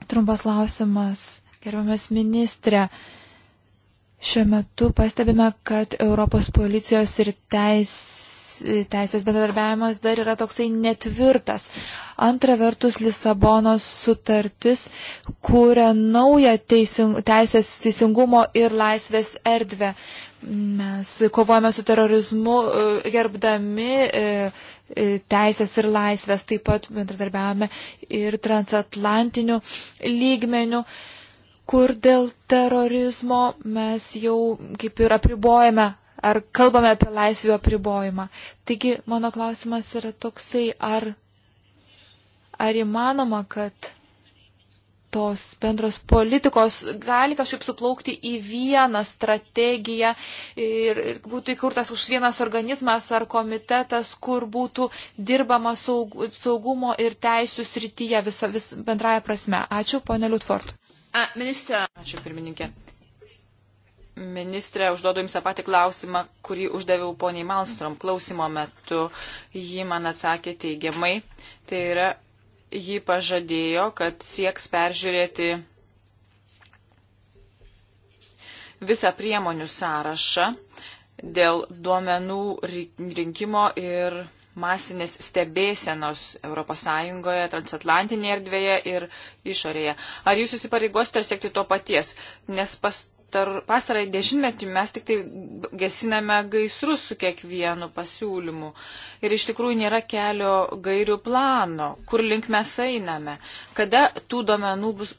Trumpas klausimas, gerbiamas ministrė. Šiuo metu pastebime, kad Europos policijos ir teis, teisės bendradarbiavimas dar yra toksai netvirtas. Antra vertus, Lisabonos sutartis kūrė naują teising, teisės teisingumo ir laisvės erdvę. Mes kovojame su terorizmu e, gerbdami e, E, teisės ir laisvės, taip pat bendradarbiavome ir transatlantiniu lygmeniu, kur dėl terorizmo mes jau kaip ir apribojame ar kalbame apie laisvių apribojimą. Taigi mano klausimas yra toksai, ar, ar įmanoma, kad tos bendros politikos gali kažkaip suplaukti į vieną strategiją ir, ir būtų įkurtas už vienas organizmas ar komitetas, kur būtų dirbama saug, saugumo ir teisų srityje visą vis, bendrąją prasme. Ačiū, ponė Liutford. A, ministrė. Ačiū, pirmininkė. Ministrė, užduodu Jums tą patį klausimą, kurį uždaviau poniai Malstrom klausimo metu. Ji man atsakė teigiamai. Tai yra, ji pažadėjo, kad sieks peržiūrėti visą priemonių sąrašą dėl duomenų rinkimo ir masinės stebėsenos ES, transatlantinėje erdvėje ir išorėje. Ar jūs įsipareigosite siekti to paties? Nes pas, pastarąjį dešimtmetį mes tik tai gesiname gaisrus su kiekvienu pasiūlymu. Ir iš tikrųjų nėra kelio gairių plano, kur link mes einame, kada tų duomenų bus,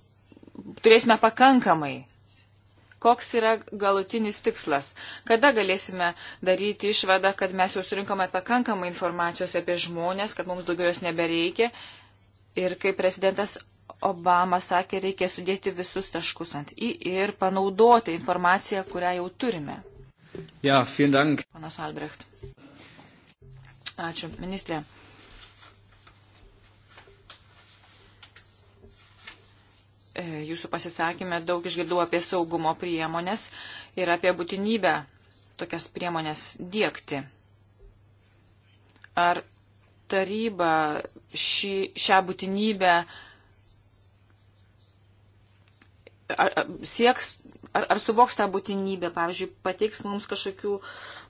turėsime pakankamai. Koks yra galutinis tikslas? Kada galėsime daryti išvadą, kad mes jau surinkome pakankamai informacijos apie žmonės, kad mums daugiau jos nebereikia? Ir kaip prezidentas Obama sakė, reikia sudėti visus taškus ant į ir panaudoti informaciją, kurią jau turime. Ja, vielen Dank. Panas Albrecht. Ačiū, ministrė. E, jūsų pasisakymę daug išgirdau apie saugumo priemonės ir apie būtinybę tokias priemonės dėkti. Ar taryba šį, šią būtinybę uh, ar, ar, sieks, ar, ar suvoks tą būtinybę, pavyzdžiui, pateiks mums kažkokių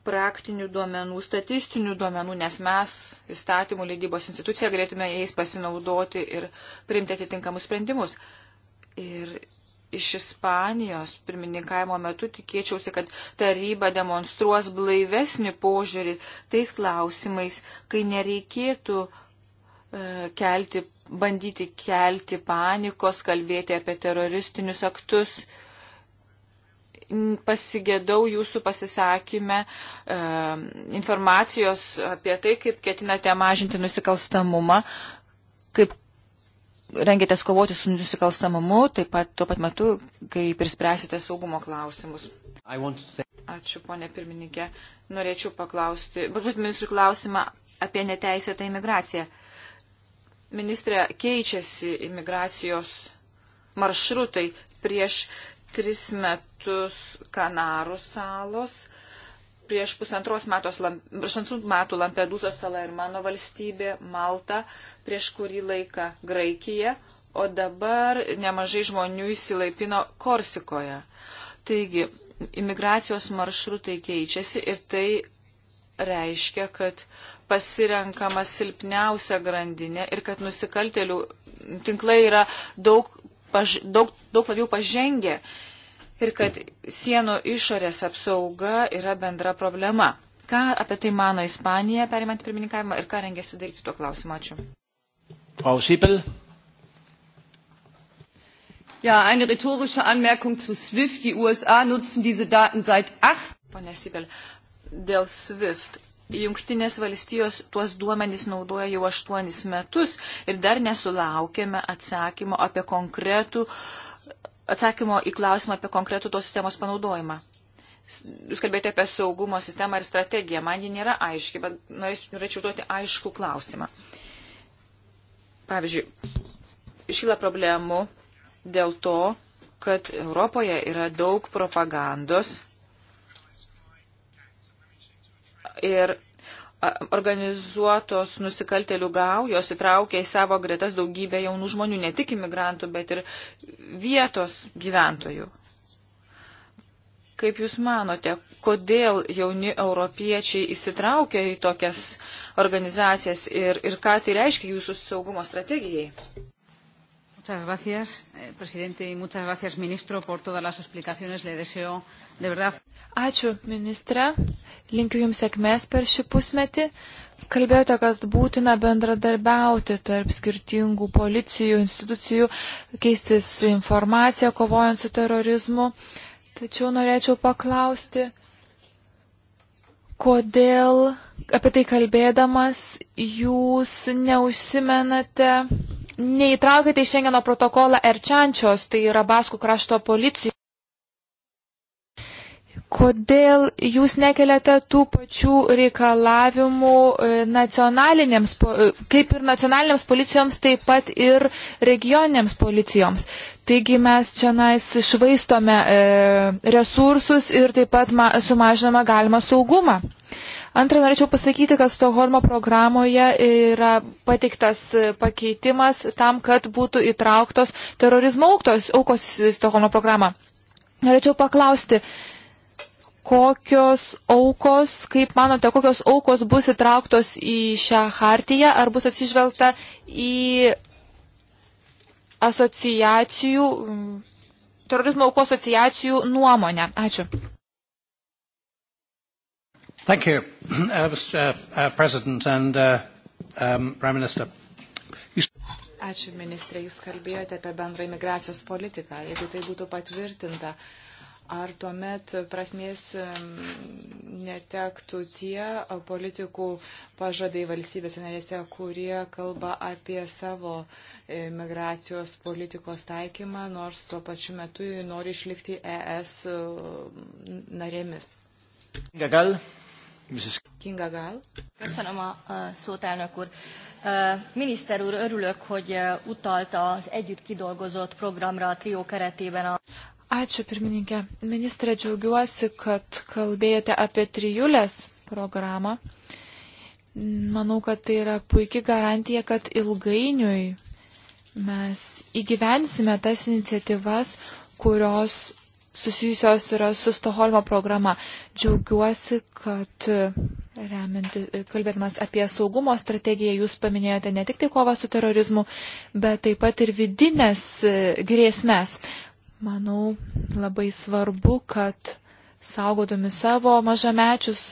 praktinių duomenų, statistinių duomenų, nes mes įstatymų leidybos institucija galėtume jais pasinaudoti ir priimti atitinkamus sprendimus. Ir iš Ispanijos pirmininkavimo metu tikėčiausi, kad taryba demonstruos blaivesnį požiūrį tais klausimais, kai nereikėtų uh, E, kelti, bandyti kelti panikos, kalbėti apie teroristinius aktus. Pasigėdau jūsų pasisakymę e, informacijos apie tai, kaip ketinate mažinti nusikalstamumą, kaip rengėtės kovoti su nusikalstamumu, taip pat tuo pat metu, kaip ir spręsite saugumo klausimus. Ačiū, ponė pirmininkė. Norėčiau paklausti, bet ministrų klausimą apie neteisėtą imigraciją ministrė, keičiasi imigracijos maršrutai. Prieš tris metus Kanarų salos, prieš pusantros metos, prieš metų Lampedūzos sala ir mano valstybė, Malta, prieš kurį laiką Graikija, o dabar nemažai žmonių įsilaipino Korsikoje. Taigi, imigracijos maršrutai keičiasi ir tai reiškia, kad pasirenkama silpniausia grandinė ir kad nusikaltelių tinklai yra daug, paž, daug, daug labiau pažengę ir kad sienų išorės apsauga yra bendra problema. Ką apie tai mano Ispanija perimant pirmininkavimą ir ką rengėsi daryti tuo klausimu? Ačiū. Frau Schiepel. Ja, eine rhetorische Anmerkung zu SWIFT. Die USA nutzen diese Daten seit acht. Pone Sibel, dėl SWIFT. Junktinės valstijos tuos duomenys naudoja jau aštuonis metus ir dar nesulaukėme atsakymo, konkretų, atsakymo į klausimą apie konkretų tos sistemos panaudojimą. Jūs kalbėjote apie saugumo sistemą ir strategiją. Man ji nėra aiški, bet norėčiau užduoti aišku klausimą. Pavyzdžiui, iškyla problemų dėl to, kad Europoje yra daug propagandos ir organizuotos nusikaltelių gaujos įtraukia į savo gretas daugybę jaunų žmonių, ne tik imigrantų, bet ir vietos gyventojų. Kaip Jūs manote, kodėl jauni europiečiai įsitraukia į tokias organizacijas ir, ir ką tai reiškia Jūsų saugumo strategijai? Muchas gracias, eh, presidente, y muchas gracias, ministro, por todas las explicaciones. Le deseo de verdad. Ačiū, ministre. Linkiu Jums sėkmės per šį pusmetį. Kalbėjote, kad būtina bendradarbiauti tarp skirtingų policijų, institucijų, keistis informaciją kovojant su terorizmu. Tačiau norėčiau paklausti, kodėl apie tai kalbėdamas jūs neužsimenate, neįtraukite į Šengeno protokolą Erčiančios, tai yra Baskų krašto policijų kodėl jūs nekeliate tų pačių reikalavimų e, nacionalinėms, e, kaip ir nacionalinėms policijoms, taip pat ir regioninėms policijoms. Taigi mes čia nais išvaistome e, resursus ir taip pat ma, sumažiname galimą saugumą. Antra, norėčiau pasakyti, kad Stoholmo programoje yra pateiktas e, pakeitimas tam, kad būtų įtrauktos terorizmo aukos į Stoholmo programą. Norėčiau paklausti, kokios aukos, kaip manote, kokios aukos bus įtrauktos į šią hartiją, ar bus atsižvelgta į asociacijų, terorizmo aukų asociacijų nuomonę. Ačiū. Thank you, (clears throat) uh, Mr. Uh, uh, President and uh, um, Prime Minister. You... Ačiū, ministrė, jūs kalbėjote apie bendrą imigracijos politiką. Jeigu tai būtų patvirtinta, uh, Ar tuomet prasmės netektų tie politikų pažadai valstybės narėse, kurie kalba apie savo e, migracijos politikos taikymą, nors tuo pačiu metu nori išlikti ES narėmis? Gagal. Kinga Gál. Köszönöm a szót, elnök úr. Miniszter úr, örülök, hogy utalt az együtt kidolgozott programra a trió keretében a... Ačiū, pirmininkė. Ministrė, džiaugiuosi, kad kalbėjote apie trijulės programą. Manau, kad tai yra puikia garantija, kad ilgainiui mes įgyvensime tas iniciatyvas, kurios susijusios yra su Stoholmo programa. Džiaugiuosi, kad reminti, kalbėdamas apie saugumo strategiją, jūs paminėjote ne tik tai kovą su terorizmu, bet taip pat ir vidinės grėsmės. Manau, labai svarbu, kad saugodami savo mažamečius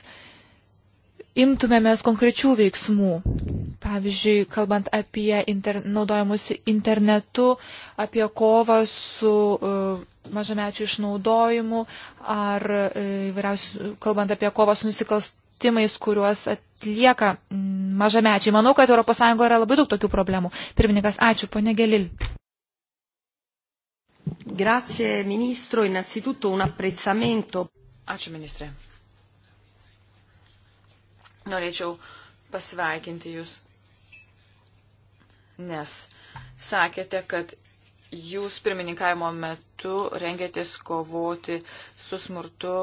imtumėmės konkrečių veiksmų. Pavyzdžiui, kalbant apie inter, naudojimus internetu, apie kovą su uh, mažamečių išnaudojimu, ar uh, kalbant apie kovą su nusikalstimais, kuriuos atlieka mm, mažamečiai. Manau, kad ES yra labai daug tokių problemų. Pirmininkas, ačiū, ponė Gelil. Grazie, ministro, innanzitutto un apprezzamento. Ačiū, ministrė. Norėčiau pasveikinti Jūs, nes sakėte, kad Jūs pirmininkavimo metu rengėtės kovoti su smurtu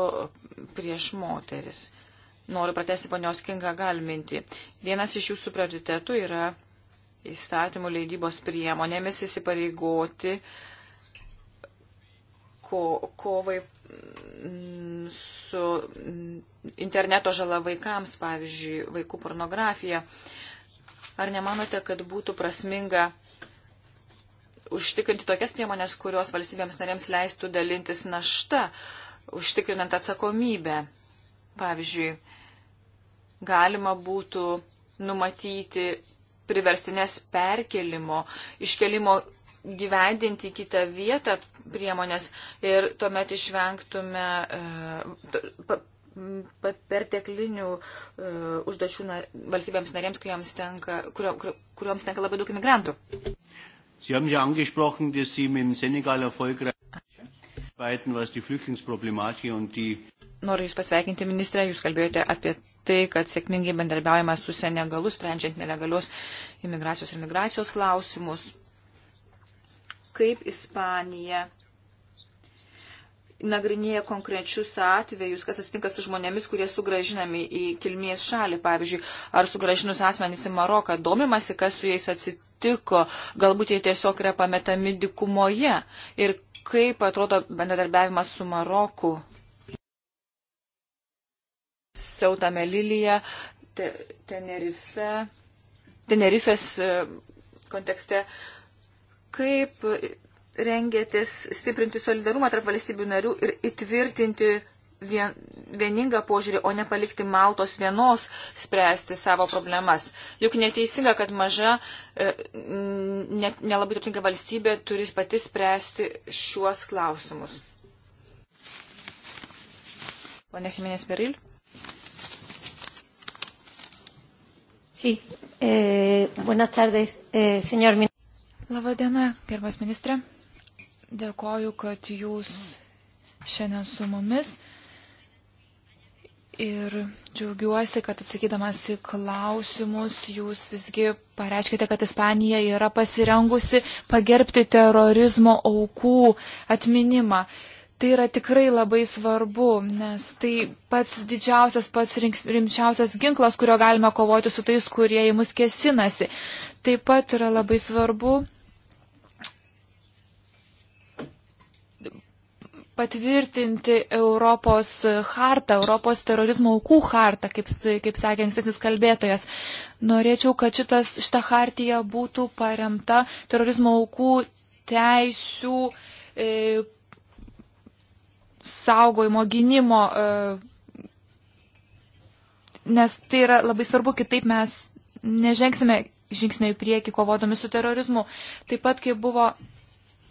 prieš moteris. Noriu pratesti ponios Kinga galminti. Vienas iš Jūsų prioritetų yra įstatymų leidybos priemonėmis įsipareigoti uh, ko, kovai mm, su mm, interneto žala vaikams, pavyzdžiui, vaikų pornografija. Ar nemanote, kad būtų prasminga užtikrinti tokias priemonės, kurios valstybėms narėms leistų dalintis našta, užtikrinant atsakomybę? Pavyzdžiui, galima būtų numatyti priverstinės perkelimo, iškelimo gyvendinti kitą vietą priemonės ir tuomet išvengtume e, perteklinių e, užduočių valstybėms narėms, kurioms tenka, kurioms tenka labai daug imigrantų. Sie haben ja angesprochen, dass Sie mit dem Senegal erfolgreich arbeiten, was die Flüchtlingsproblematik und die. Noriu Jūs pasveikinti, ministrė, Jūs kalbėjote apie tai, kad sėkmingai bendarbiaujama su Senegalu, sprendžiant nelegalios imigracijos ir migracijos klausimus kaip Ispanija nagrinėja konkrečius atvejus, kas atsitinka su žmonėmis, kurie sugražinami į kilmės šalį, pavyzdžiui, ar sugražinus asmenys į Maroką, domimasi, kas su jais atsitiko, galbūt jie tiesiog yra pametami dikumoje ir kaip atrodo bendradarbiavimas su Maroku. Seuta Melilija, te, Tenerife, Tenerifės e, kontekste Kaip rengėtės stiprinti solidarumą tarp valstybių narių ir įtvirtinti vien, vieningą požiūrį, o ne palikti Maltos vienos spręsti savo problemas. Juk neteisinga, kad maža, e, ne, nelabai turtinga valstybė turi pati spręsti šiuos klausimus. Pone Jimenez Peril. Sí. Eh, buenas tardes, eh, señor ministro. Labadiena, gerbas ministrė. Dėkoju, kad jūs šiandien su mumis. Ir džiaugiuosi, kad atsakydamas į klausimus jūs visgi pareiškite, kad Ispanija yra pasirengusi pagerbti terorizmo aukų atminimą. Tai yra tikrai labai svarbu, nes tai pats didžiausias, pats rimčiausias ginklas, kurio galime kovoti su tais, kurie į mus kėsinasi. Taip pat yra labai svarbu patvirtinti Europos hartą, Europos terorizmo aukų hartą, kaip, kaip sakė ankstesnis kalbėtojas. Norėčiau, kad šitas, šita hartija būtų paremta terorizmo aukų teisių e, saugojimo, gynimo, e, nes tai yra labai svarbu, kitaip mes nežengsime žingsnio į priekį kovodami su terorizmu. Taip pat, kaip buvo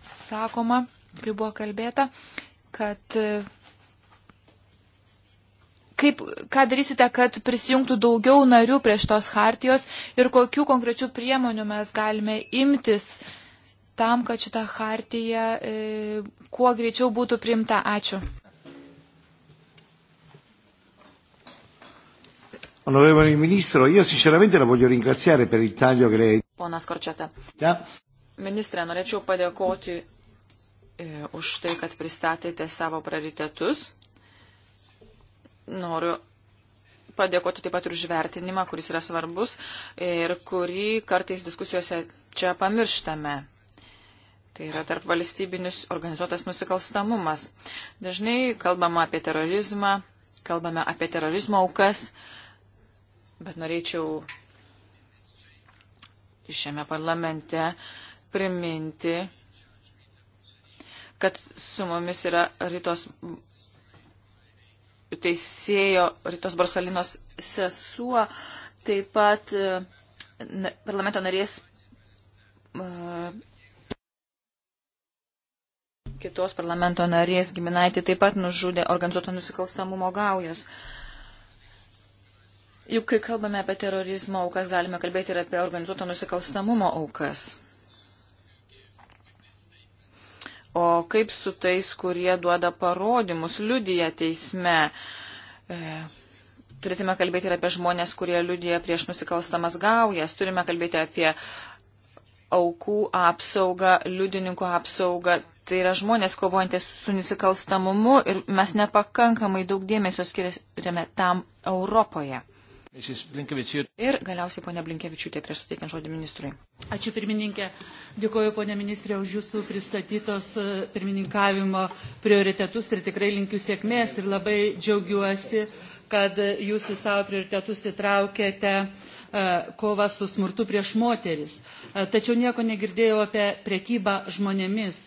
sakoma, kaip buvo kalbėta, e, kad kaip, ką darysite, kad prisijungtų daugiau narių prie šitos hartijos ir kokių konkrečių priemonių mes galime imtis tam, kad šita hartija e, kuo greičiau būtų priimta. Ačiū. Onorevole Ministro, io sinceramente la voglio ringraziare per il taglio che lei. Ponas Korčiata. Ja. Ministrė, norėčiau padėkoti E, už tai, kad pristatėte savo prioritetus. Noriu padėkoti taip pat ir už vertinimą, kuris yra svarbus ir kurį kartais diskusijose čia pamirštame. Tai yra tarp valstybinis organizuotas nusikalstamumas. Dažnai kalbama apie terorizmą, kalbame apie terorizmo aukas, bet norėčiau šiame parlamente priminti kad su mumis yra rytos teisėjo Rytos Barsalinos sesuo, taip pat e, na, parlamento narės uh, kitos parlamento narės giminaitį taip pat nužudė organizuoto nusikalstamumo gaujos. Juk kai kalbame apie terorizmo aukas, galime kalbėti ir apie organizuoto nusikalstamumo aukas. O kaip su tais, kurie duoda parodymus, liudyja teisme? E, turėtume kalbėti ir apie žmonės, kurie liudyja prieš nusikalstamas gaujas. Turime kalbėti apie aukų apsaugą, liudininkų apsaugą. Tai yra žmonės kovojantis su nusikalstamumu ir mes nepakankamai daug dėmesio skiriame tam Europoje. Ir galiausiai ponia Blinkevičiūtė prieš suteikiant žodį ministrui. Ačiū pirmininkė. Dėkuoju ponia ministrė už jūsų pristatytos e, pirmininkavimo prioritetus ir tikrai linkiu sėkmės ir labai džiaugiuosi, kad jūs į savo prioritetus įtraukėte e, kova su smurtu prieš moteris. E, tačiau nieko negirdėjau apie priekybą žmonėmis,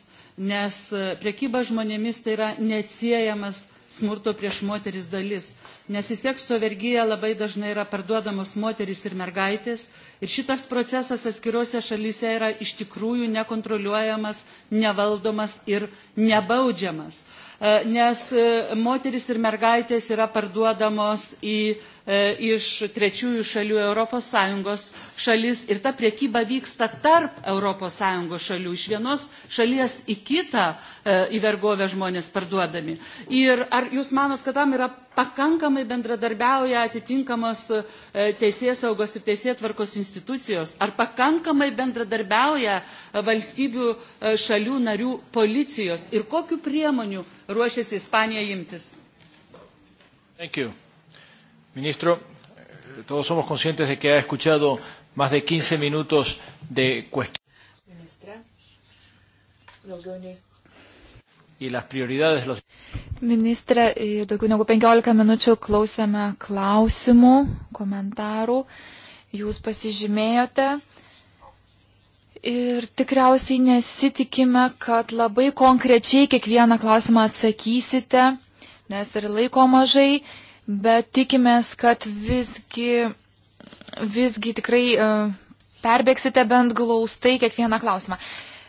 nes priekyba žmonėmis tai yra neatsiejamas smurto prieš moteris dalis. Nes į sekso vergyją labai dažnai yra parduodamos moteris ir mergaitės. Ir šitas procesas atskiriuose šalyse yra iš tikrųjų nekontroliuojamas, nevaldomas ir nebaudžiamas. E, nes e, moteris ir mergaitės yra parduodamos į E, iš trečiųjų šalių ES šalis ir ta priekyba vyksta tarp ES šalių, iš vienos šalies į kitą e, į vergovę žmonės parduodami. Ir ar jūs manot, kad tam yra pakankamai bendradarbiauja atitinkamas e, teisės saugos ir teisėtvarkos institucijos, ar pakankamai bendradarbiauja valstybių šalių narių policijos ir kokiu priemoniu ruošiasi Ispanija imtis. Thank you. Ministro, todos somos conscientes de que ha escuchado más de 15 minutos de cuestiones. Ministre, daugiau negu 15 minučių klausėme klausimų, komentarų, jūs pasižymėjote. Ir tikriausiai nesitikime, kad labai konkrečiai kiekvieną klausimą atsakysite, nes ir laiko mažai bet tikimės, kad visgi, visgi tikrai e, perbėgsite bent glaustai kiekvieną klausimą.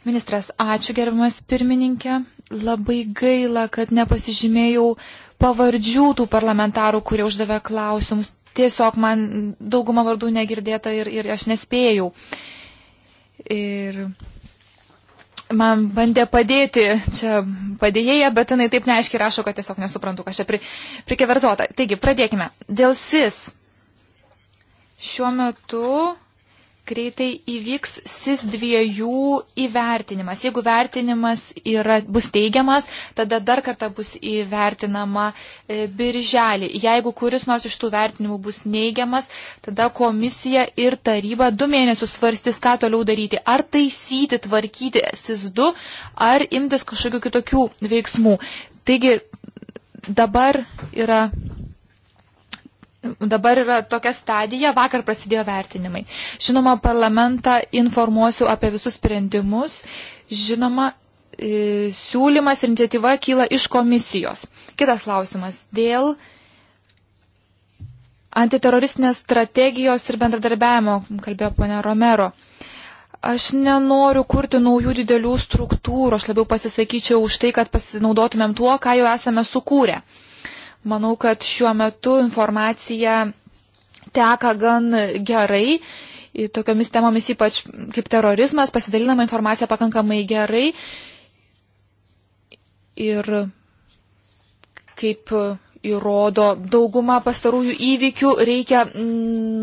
Ministras, ačiū gerbimas pirmininkė. Labai gaila, kad nepasižymėjau pavardžių tų parlamentarų, kurie uždavė klausimus. Tiesiog man dauguma vardų negirdėta ir, ir aš nespėjau. Ir man bandė padėti čia padėjėja, bet jinai taip neaiškiai rašo, kad tiesiog nesuprantu, kas čia pri, prikeverzota. Taigi, pradėkime. Dėl SIS. Šiuo metu greitai įvyks SIS-2 įvertinimas. Jeigu vertinimas yra, bus teigiamas, tada dar kartą bus įvertinama e, birželį. Jeigu kuris nors iš tų vertinimų bus neigiamas, tada komisija ir taryba du mėnesius svarstys, ką toliau daryti. Ar taisyti, tvarkyti SIS-2, ar imtis kažkokių kitokių veiksmų. Taigi dabar yra Dabar yra tokia stadija, vakar prasidėjo vertinimai. Žinoma, parlamentą informuosiu apie visus sprendimus. Žinoma, e, siūlymas ir iniciatyva kyla iš komisijos. Kitas klausimas. Dėl antiteroristinės strategijos ir bendradarbiavimo, kalbėjo ponia Romero. Aš nenoriu kurti naujų didelių struktūrų, aš labiau pasisakyčiau už tai, kad pasinaudotumėm tuo, ką jau esame sukūrę. Uh, Manau, kad šiuo metu informacija teka gan gerai. Tokiomis temomis ypač kaip terorizmas pasidalinama informacija pakankamai gerai. Ir kaip įrodo dauguma pastarųjų įvykių, reikia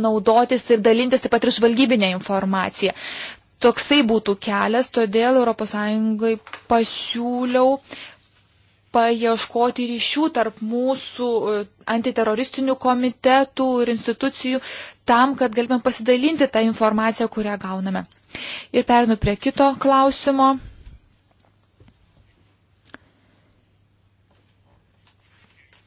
naudotis ir dalintis taip pat ir žvalgybinę informaciją. Toksai būtų kelias, todėl ES pasiūliau paieškoti ryšių tarp mūsų e, antiteroristinių komitetų ir institucijų tam, kad galime pasidalinti tą informaciją, kurią gauname. Ir perinu prie kito klausimo.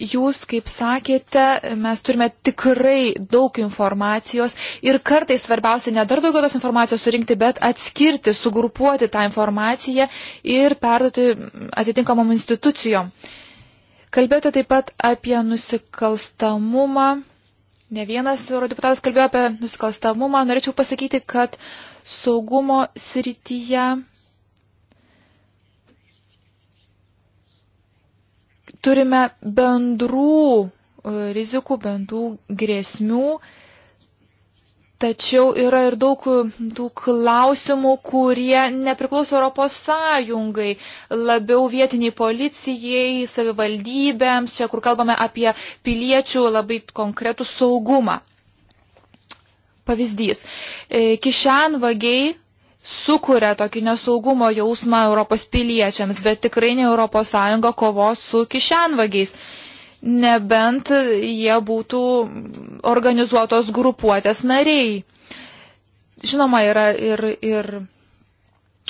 jūs, kaip sakėte, mes turime tikrai daug informacijos ir kartais svarbiausia ne dar daugiau tos informacijos surinkti, bet atskirti, sugrupuoti tą informaciją ir perduoti atitinkamom institucijom. Kalbėjote taip pat apie nusikalstamumą. Ne vienas eurodeputatas kalbėjo apie nusikalstamumą. Norėčiau pasakyti, kad saugumo srityje turime bendrų e, rizikų, bendrų grėsmių, tačiau yra ir daug tų klausimų, kurie nepriklauso Europos Sąjungai, labiau vietiniai policijai, savivaldybėms, čia kur kalbame apie piliečių labai konkretų saugumą. Pavyzdys. E, kišenvagiai sukuria tokį nesaugumo jausmą Europos piliečiams, bet tikrai ne ES kovos su kišenvagiais. Nebent jie būtų organizuotos grupuotės nariai. Žinoma, yra ir, ir,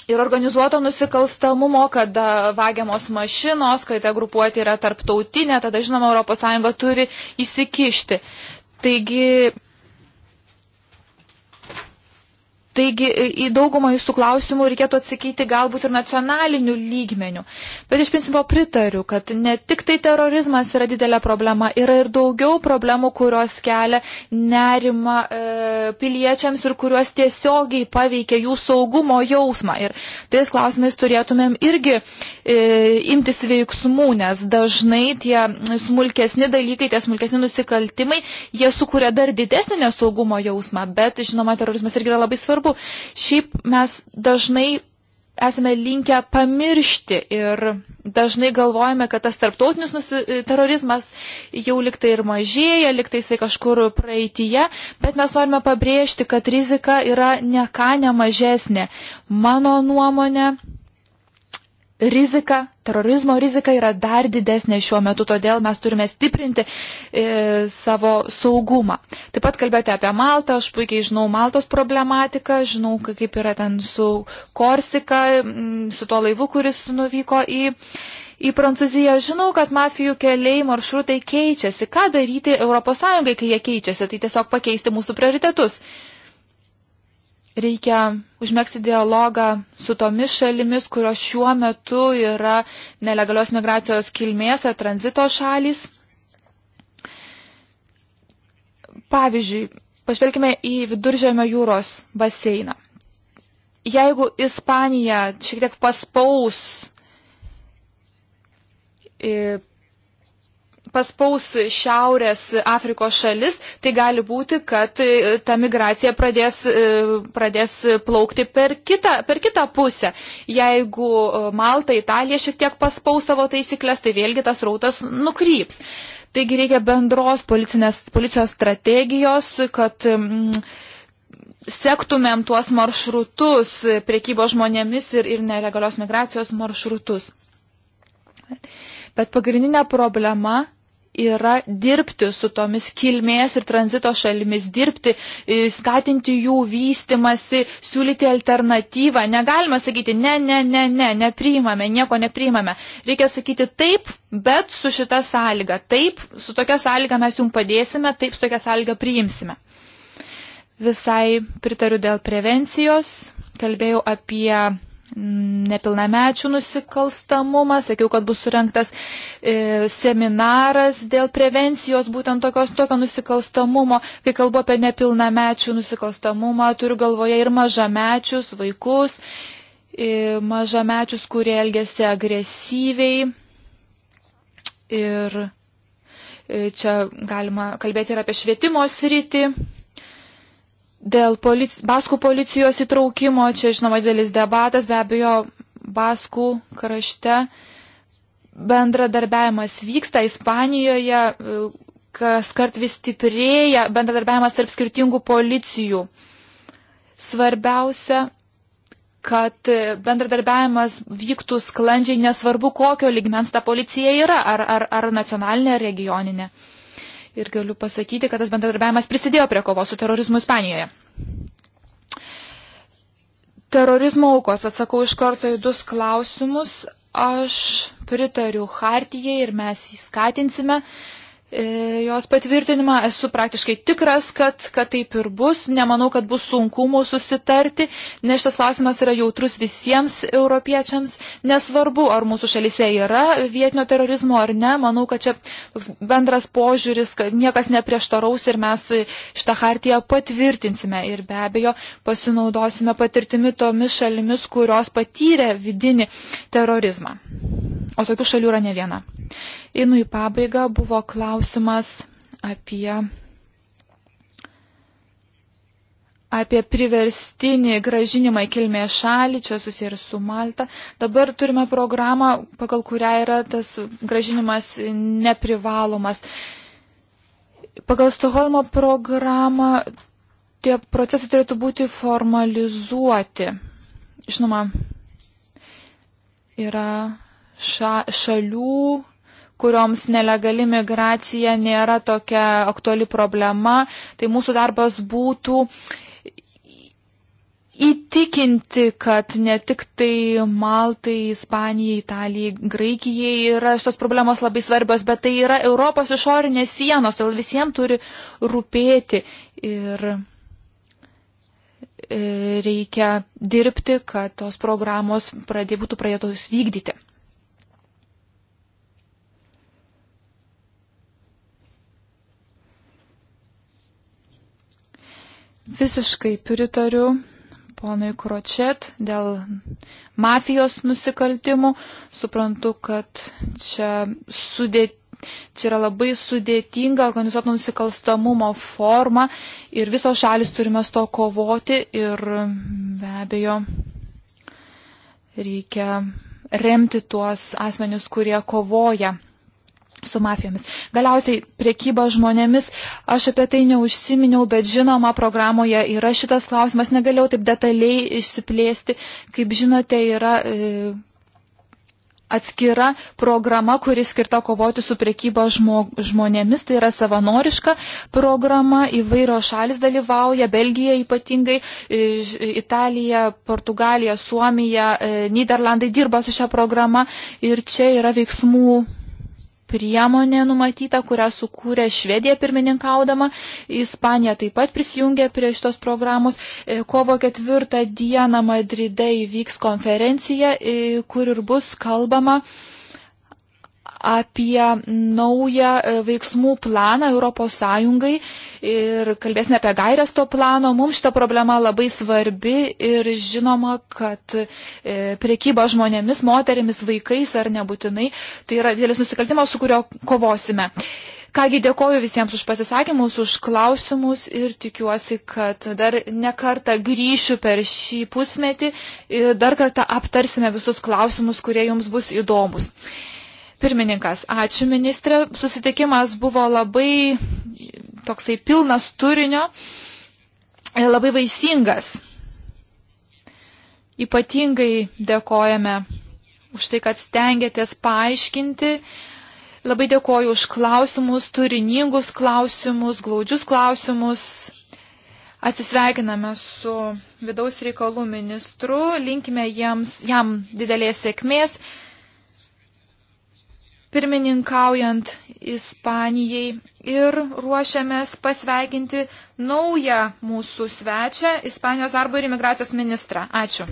ir organizuoto nusikalstamumo, kada vagiamos mašinos, kai ta grupuotė yra tarptautinė, tada, žinoma, ES turi įsikišti. Taigi Taigi į daugumą jūsų klausimų reikėtų atsakyti galbūt ir nacionaliniu lygmeniu. Bet iš principo pritariu, kad ne tik tai terorizmas yra didelė problema, yra ir daugiau problemų, kurios kelia nerima e, piliečiams ir kuriuos tiesiogiai paveikia jų saugumo jausmą. Ir tais klausimais turėtumėm irgi e, imtis veiksmų, nes dažnai tie smulkesni dalykai, tie smulkesni nusikaltimai, jie sukuria dar didesnį nesaugumo jausmą. Bet žinoma, terorizmas irgi yra labai svarbus svarbu. Šiaip mes dažnai esame linkę pamiršti ir dažnai galvojame, kad tas tarptautinis nusi... terorizmas jau liktai ir mažėja, liktai jisai kažkur praeitie, bet mes norime pabrėžti, kad rizika yra ne ką nemažesnė. Mano nuomonė, rizika, terorizmo rizika yra dar didesnė šiuo metu, todėl mes turime stiprinti e, savo saugumą. Taip pat kalbėjote apie Maltą, aš puikiai žinau Maltos problematiką, žinau, kaip yra ten su Korsika, su tuo laivu, kuris nuvyko į, į Prancūziją. Žinau, kad mafijų keliai, maršrutai keičiasi. Ką daryti ES, kai jie keičiasi? Tai tiesiog pakeisti mūsų prioritetus reikia užmėgsti dialogą su tomis šalimis, kurios šiuo metu yra nelegalios migracijos kilmės ar tranzito šalis. Pavyzdžiui, pažvelkime į viduržėmio jūros baseiną. Jeigu Ispanija šiek tiek paspaus e, paspaus Šiaurės Afrikos šalis, tai gali būti, kad e, ta migracija pradės, e, pradės plaukti per kitą, per kitą pusę. Jeigu e, Malta, Italija šiek tiek paspaus savo taisyklės, tai vėlgi tas rautas nukryps. Taigi reikia bendros policijos strategijos, kad mm, sektumėm tuos maršrutus, priekybos žmonėmis ir, ir nelegalios migracijos maršrutus. Bet pagrindinė problema yra dirbti su tomis kilmės ir tranzito šalimis, dirbti, skatinti jų vystimasi, siūlyti alternatyvą. Negalima sakyti, ne, ne, ne, ne, nepriimame, nieko nepriimame. Reikia sakyti taip, bet su šita sąlyga. Taip, su tokia sąlyga mes jums padėsime, taip, su tokia sąlyga priimsime. Visai pritariu dėl prevencijos. Kalbėjau apie nepilnamečių nusikalstamumas, sakiau, kad bus surinktas e, seminaras dėl prevencijos būtent tokios, tokio nusikalstamumo. Kai kalbu apie nepilnamečių nusikalstamumą, turiu galvoje ir mažamečius, vaikus, e, mažamečius, kurie elgesi agresyviai. Ir e, čia galima kalbėti ir apie švietimo sritį. Dėl polic... Baskų policijos įtraukimo, čia žinoma didelis debatas, be abejo, Baskų krašte bendradarbiavimas vyksta Ispanijoje, kas kart vis stiprėja bendradarbiavimas tarp skirtingų policijų. Svarbiausia, kad bendradarbiavimas vyktų sklandžiai, nesvarbu kokio ligmens ta policija yra, ar, ar, ar nacionalinė, ar regioninė ir galiu pasakyti, kad tas bendradarbiavimas prisidėjo prie kovos su terorizmu Ispanijoje. Terorizmo aukos, atsakau iš karto į du klausimus. Aš pritariu Hartijai ir mes jį skatinsime. E, jos patvirtinimą. Esu praktiškai tikras, kad, kad taip ir bus. Nemanau, kad bus sunkumų susitarti, nes šis klausimas yra jautrus visiems europiečiams. Nesvarbu, ar mūsų šalyse yra vietinio terorizmo ar ne. Manau, kad čia toks bendras požiūris, kad niekas neprieštaraus ir mes šitą hartiją patvirtinsime. Ir be abejo, pasinaudosime patirtimi tomis šalimis, kurios patyrė vidinį terorizmą. O tokių šalių yra ne viena. Einu į pabaigą, buvo klausimas apie, apie priverstinį gražinimą į kilmę šalį, čia susiję ir su Malta. Dabar turime programą, pagal kurią yra tas gražinimas neprivalomas. Pagal Stoholmo programą tie procesai turėtų būti formalizuoti. Žinoma, yra ša, šalių, kurioms nelegali migracija nėra tokia aktuali problema, tai mūsų darbas būtų įtikinti, kad ne tik tai Maltai, Ispanijai, Italijai, Graikijai yra šios problemos labai svarbios, bet tai yra Europos išorinės sienos, todėl visiems turi rūpėti ir e, reikia dirbti, kad tos programos pradė būtų pradėtos vykdyti. Visiškai pritariu ponui Kročet dėl mafijos nusikaltimų. Suprantu, kad čia, sudėt, čia yra labai sudėtinga organizuoto nusikalstamumo forma ir visos šalis turime su to kovoti ir be abejo reikia remti tuos asmenius, kurie kovoja su mafijomis. Galiausiai priekyba žmonėmis, aš apie tai neužsiminiau, bet žinoma, programoje yra šitas klausimas, negalėjau taip detaliai išsiplėsti. Kaip žinote, yra e, atskira programa, kuri skirta kovoti su priekyba žmo, žmonėmis, tai yra savanoriška programa, įvairios šalis dalyvauja, Belgija ypatingai, e, Italija, Portugalija, Suomija, e, Niderlandai dirba su šią programą ir čia yra veiksmų priemonė numatyta, kurią sukūrė Švedija pirmininkaudama. Ispanija taip pat prisijungė prie šitos programos. E, kovo ketvirtą dieną Madride įvyks konferencija, e, kur ir bus kalbama apie naują e, veiksmų planą ES ir kalbėsime apie gairias to plano. Mums šita problema labai svarbi ir žinoma, kad e, priekyba žmonėmis, moterimis, vaikais ar nebūtinai, tai yra didelis nusikaltimas, su kurio kovosime. Kągi dėkoju visiems už pasisakymus, už klausimus ir tikiuosi, kad dar nekartą grįšiu per šį pusmetį ir dar kartą aptarsime visus klausimus, kurie jums bus įdomus. Pirmininkas, ačiū ministrė. Susitikimas buvo labai toksai pilnas turinio, e, labai vaisingas. Ypatingai dėkojame už tai, kad stengiatės paaiškinti. Labai dėkoju už klausimus, turiningus klausimus, glaudžius klausimus. Atsisveikiname su vidaus reikalų ministru, linkime jiems, jam didelės sėkmės pirmininkaujant Ispanijai ir ruošiamės pasveikinti naują mūsų svečią, Ispanijos darbo ir imigracijos ministrą. Ačiū.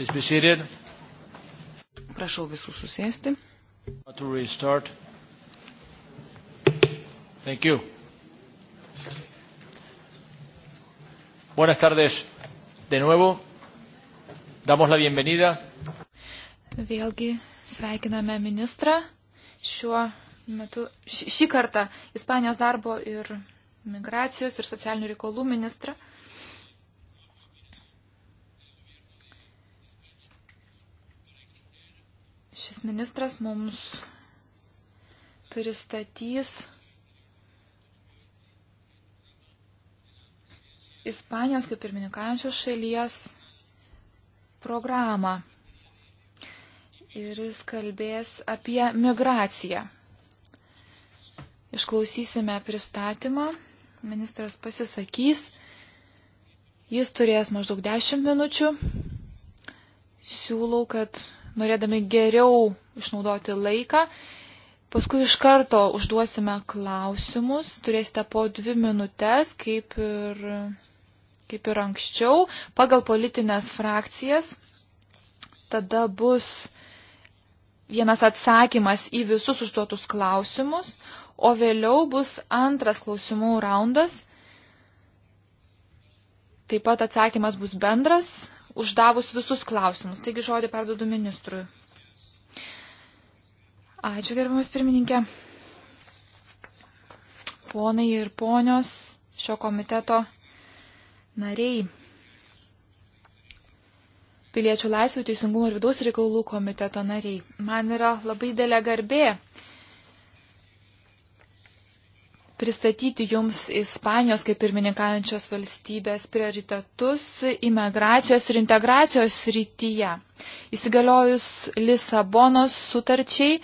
Please be seated. Prašau visų susėsti. To restart. Thank you. Buenas tardes de nuevo. Damos la bienvenida. Vėlgi sveikiname ministrą šiuo metu, šį kartą Ispanijos darbo ir migracijos ir socialinių reikalų ministrą. Šis ministras mums pristatys Ispanijos kaip pirmininkaujančios šalies programą. Ir jis kalbės apie migraciją. Išklausysime pristatymą, ministras pasisakys, jis turės maždaug 10 minučių. Siūlau, kad norėdami geriau išnaudoti laiką. Paskui iš karto užduosime klausimus, turėsite po dvi minutės, kaip ir, kaip ir anksčiau, pagal politinės frakcijas. Tada bus vienas atsakymas į visus užduotus klausimus, o vėliau bus antras klausimų raundas. Taip pat atsakymas bus bendras, uždavus visus klausimus. Taigi žodį perdodu ministrui. Ačiū gerbiamas pirmininkė. Ponai ir ponios šio komiteto nariai. Piliečių laisvių, teisingumo ir vidaus reikalų komiteto nariai. Man yra labai dėlė garbė pristatyti jums Ispanijos kaip pirmininkaujančios valstybės prioritetus imigracijos ir integracijos rytyje. Įsigaliojus Lisabonos sutarčiai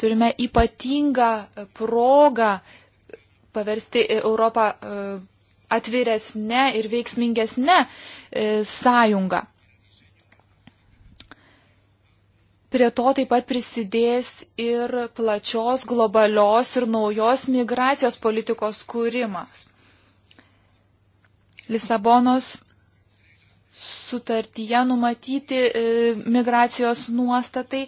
turime ypatingą progą paversti Europą e, atviresnę ir veiksmingesnę e, sąjungą. Prie to taip pat prisidės ir plačios globalios ir naujos migracijos politikos kūrimas. Lisabonos sutartyje numatyti e, migracijos nuostatai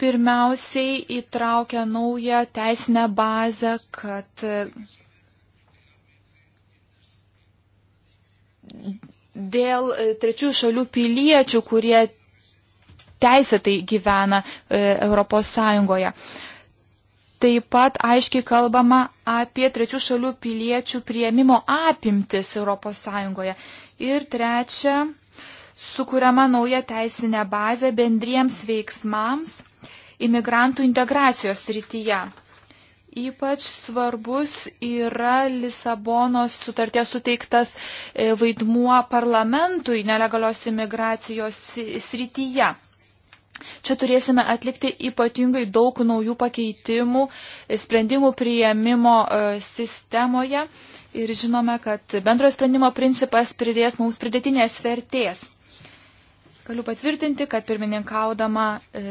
pirmiausiai įtraukia naują teisinę bazę, kad e, dėl e, trečių šalių piliečių, kurie teisėtai gyvena e, Europos Sąjungoje. Taip pat aiškiai kalbama apie trečių šalių piliečių prieimimo apimtis Europos Sąjungoje. Ir trečia, sukūriama nauja teisinė bazė bendriems veiksmams imigrantų integracijos rytyje. Ypač svarbus yra Lisabonos sutarties suteiktas e, vaidmuo parlamentui nelegalios imigracijos srityje. Čia turėsime atlikti ypatingai daug naujų pakeitimų sprendimų prieimimo e, sistemoje ir žinome, kad bendrojo sprendimo principas pridės mums pridėtinės vertės. Galiu patvirtinti, kad pirmininkaudama e,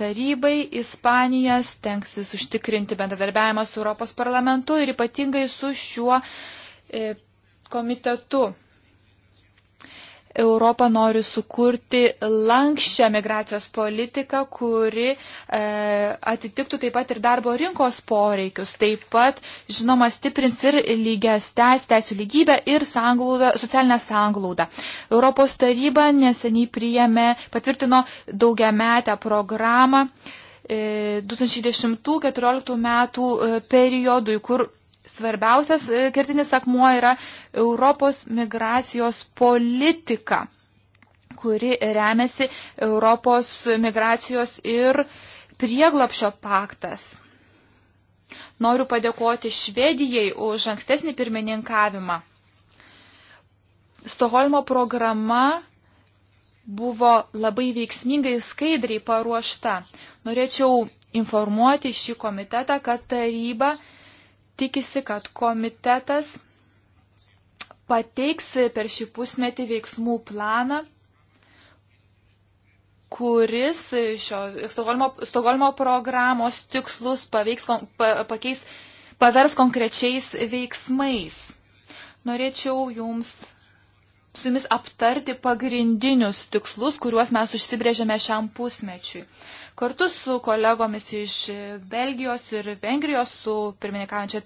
tarybai Ispanija stengsis užtikrinti bendradarbiavimą su Europos parlamentu ir ypatingai su šiuo e, komitetu. Europa nori sukurti lankščią migracijos politiką, kuri e, atitiktų taip pat ir darbo rinkos poreikius. Taip pat, žinoma, stiprins ir lygias teis, teisų lygybę ir sanglaudą, socialinę sanglaudą. Europos taryba neseniai priėmė, patvirtino daugiametę programą. 2010-2014 e, metų e, periodui, kur svarbiausias e, kertinis akmuo yra Europos migracijos politika, kuri remiasi Europos migracijos ir prieglapšio paktas. Noriu padėkoti Švedijai už ankstesnį pirmininkavimą. Stoholmo programa buvo labai veiksmingai skaidriai paruošta. Norėčiau informuoti šį komitetą, kad taryba tikisi, kad komitetas pateiks per šį pusmetį veiksmų planą, kuris šio Stokholmo, Stokholmo programos tikslus paveiks, pa, pakeis, pavers konkrečiais veiksmais. Norėčiau jums su jumis aptarti pagrindinius tikslus, kuriuos mes užsibrėžėme šiam pusmečiui. Kartu su kolegomis iš Belgijos ir Vengrijos, su pirmininkaujančia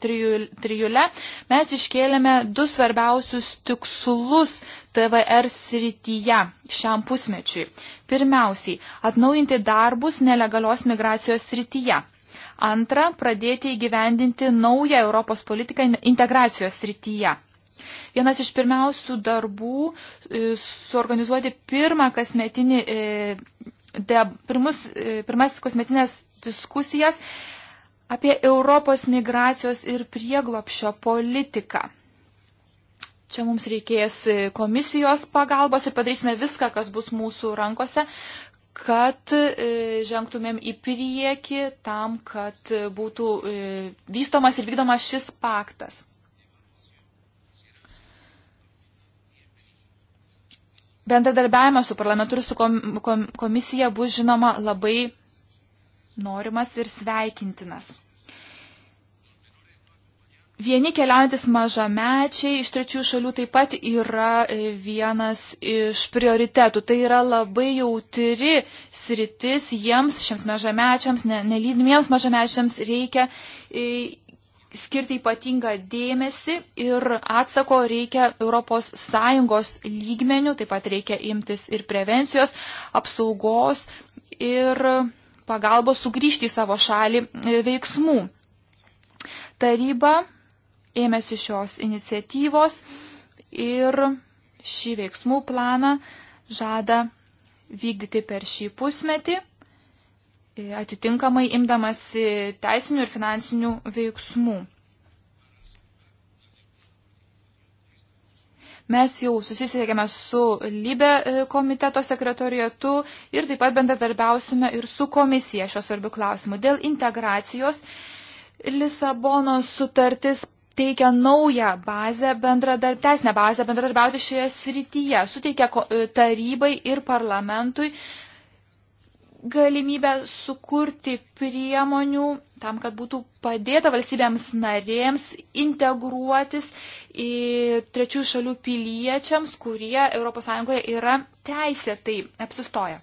trijule, mes iškėlėme du svarbiausius tikslus TVR srityje šiam pusmečiui. Pirmiausiai, atnaujinti darbus nelegalios migracijos srityje. Antra, pradėti įgyvendinti naują Europos politiką integracijos srityje. Vienas iš pirmiausių darbų e, - suorganizuoti pirmą kasmetinį e, de, pirmus, pirmasis kosmetinės diskusijas apie Europos migracijos ir prieglopšio politiką. Čia mums reikės komisijos pagalbos ir padarysime viską, kas bus mūsų rankose, kad e, žengtumėm į priekį tam, kad e, būtų e, vystomas ir vykdomas šis paktas. bendradarbiavimas su parlamentu ir su komisija bus žinoma labai norimas ir sveikintinas. Vieni keliaujantis mažamečiai iš trečių šalių taip pat yra e, vienas iš prioritetų. Tai yra labai jautri sritis jiems, šiems mažamečiams, nelydimiems mažamečiams reikia e, skirti ypatingą dėmesį ir atsako reikia ES lygmenių, taip pat reikia imtis ir prevencijos, apsaugos ir pagalbos sugrįžti į savo šalį e, veiksmų. Taryba ėmėsi šios iniciatyvos ir šį veiksmų planą žada vykdyti per šį pusmetį. E, atitinkamai imdamasi teisinių ir finansinių veiksmų. Mes jau susisiekėme su Libe e, komiteto sekretorijatu ir taip pat bendradarbiausime ir su komisija šios svarbių klausimų. Dėl integracijos Lisabonos sutartis teikia naują bazę, bendradar, teisinę bazę bendradarbiauti šioje srityje, suteikia e, tarybai ir parlamentui galimybę sukurti priemonių tam, kad būtų padėta valstybėms narėms integruotis į trečių šalių piliečiams, kurie ES yra teisė tai apsistoja.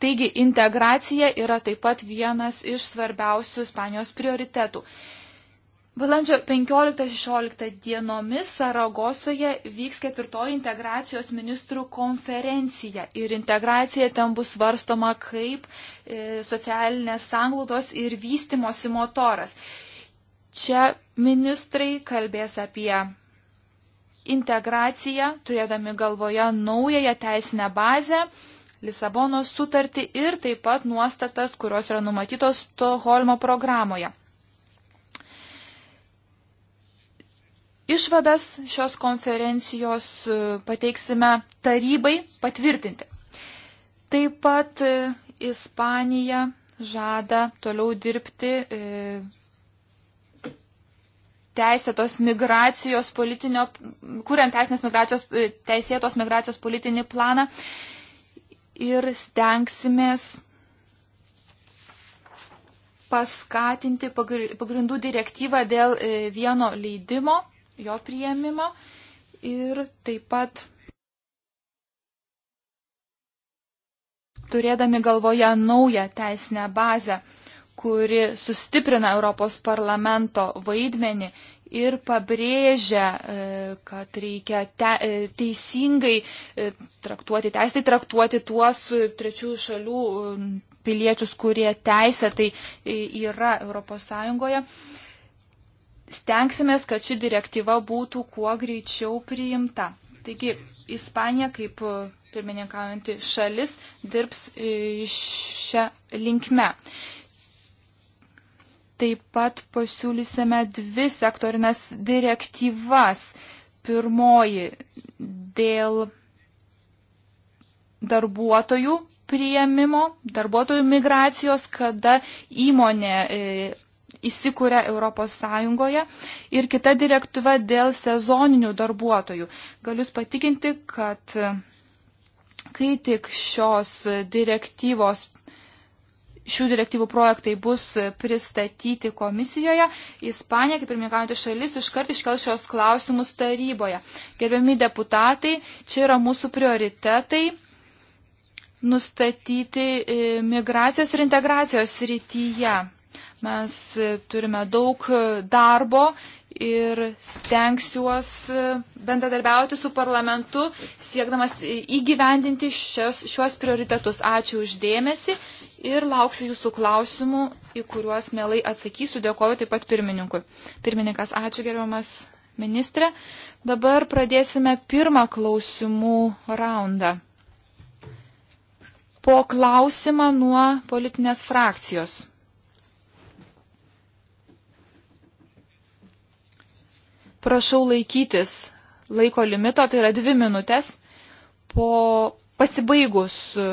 Taigi integracija yra taip pat vienas iš svarbiausių Ispanijos prioritetų. Balandžio 15-16 dienomis Saragosoje vyks ketvirtoji integracijos ministrų konferencija ir integracija ten bus svarstoma kaip e, socialinės sanglaudos ir vystimosi motoras. Čia ministrai kalbės apie integraciją, turėdami galvoje naująją teisinę bazę, Lisabonos sutartį ir taip pat nuostatas, kurios yra numatytos Stoholmo programoje. Išvadas šios konferencijos e, pateiksime tarybai patvirtinti. Taip pat e, Ispanija žada toliau dirbti e, teisėtos migracijos politinio, kuriant teisinės migracijos, teisėtos migracijos politinį planą ir stengsimės paskatinti pagrindų direktyvą dėl vieno leidimo jo prieimimo ir taip pat turėdami galvoje naują teisinę bazę, kuri sustiprina Europos parlamento vaidmenį ir pabrėžia, e, kad reikia te, e, teisingai e, traktuoti, teisai traktuoti tuos trečių šalių piliečius, kurie teisėtai yra ES stengsimės, kad ši direktyva būtų kuo greičiau priimta. Taigi, Ispanija kaip e, pirmininkaujanti šalis dirbs e, šią linkmę. Taip pat pasiūlysime dvi sektorinės direktyvas. Pirmoji dėl darbuotojų prieimimo, darbuotojų migracijos, kada įmonė e, įsikūrę ES ir kita direktyva dėl sezoninių darbuotojų. Galiu patikinti, kad e, kai tik šios direktyvos šių direktyvų projektai bus pristatyti komisijoje, Ispanija, kaip ir minkaujantį šalis, iškart iškel šios klausimus taryboje. Gerbiami deputatai, čia yra mūsų prioritetai nustatyti e, migracijos ir integracijos rytyje. Mes turime daug darbo ir stengsiuosi bendradarbiauti su parlamentu, siekdamas įgyvendinti šios, šios prioritetus. Ačiū uždėmesi ir lauksiu jūsų klausimų, į kuriuos mielai atsakysiu. Dėkoju taip pat pirmininkui. Pirmininkas, ačiū gerbiamas ministrė. Dabar pradėsime pirmą klausimų raundą. Po klausimą nuo politinės frakcijos. prašau laikytis laiko limito, tai yra dvi minutės po pasibaigus e,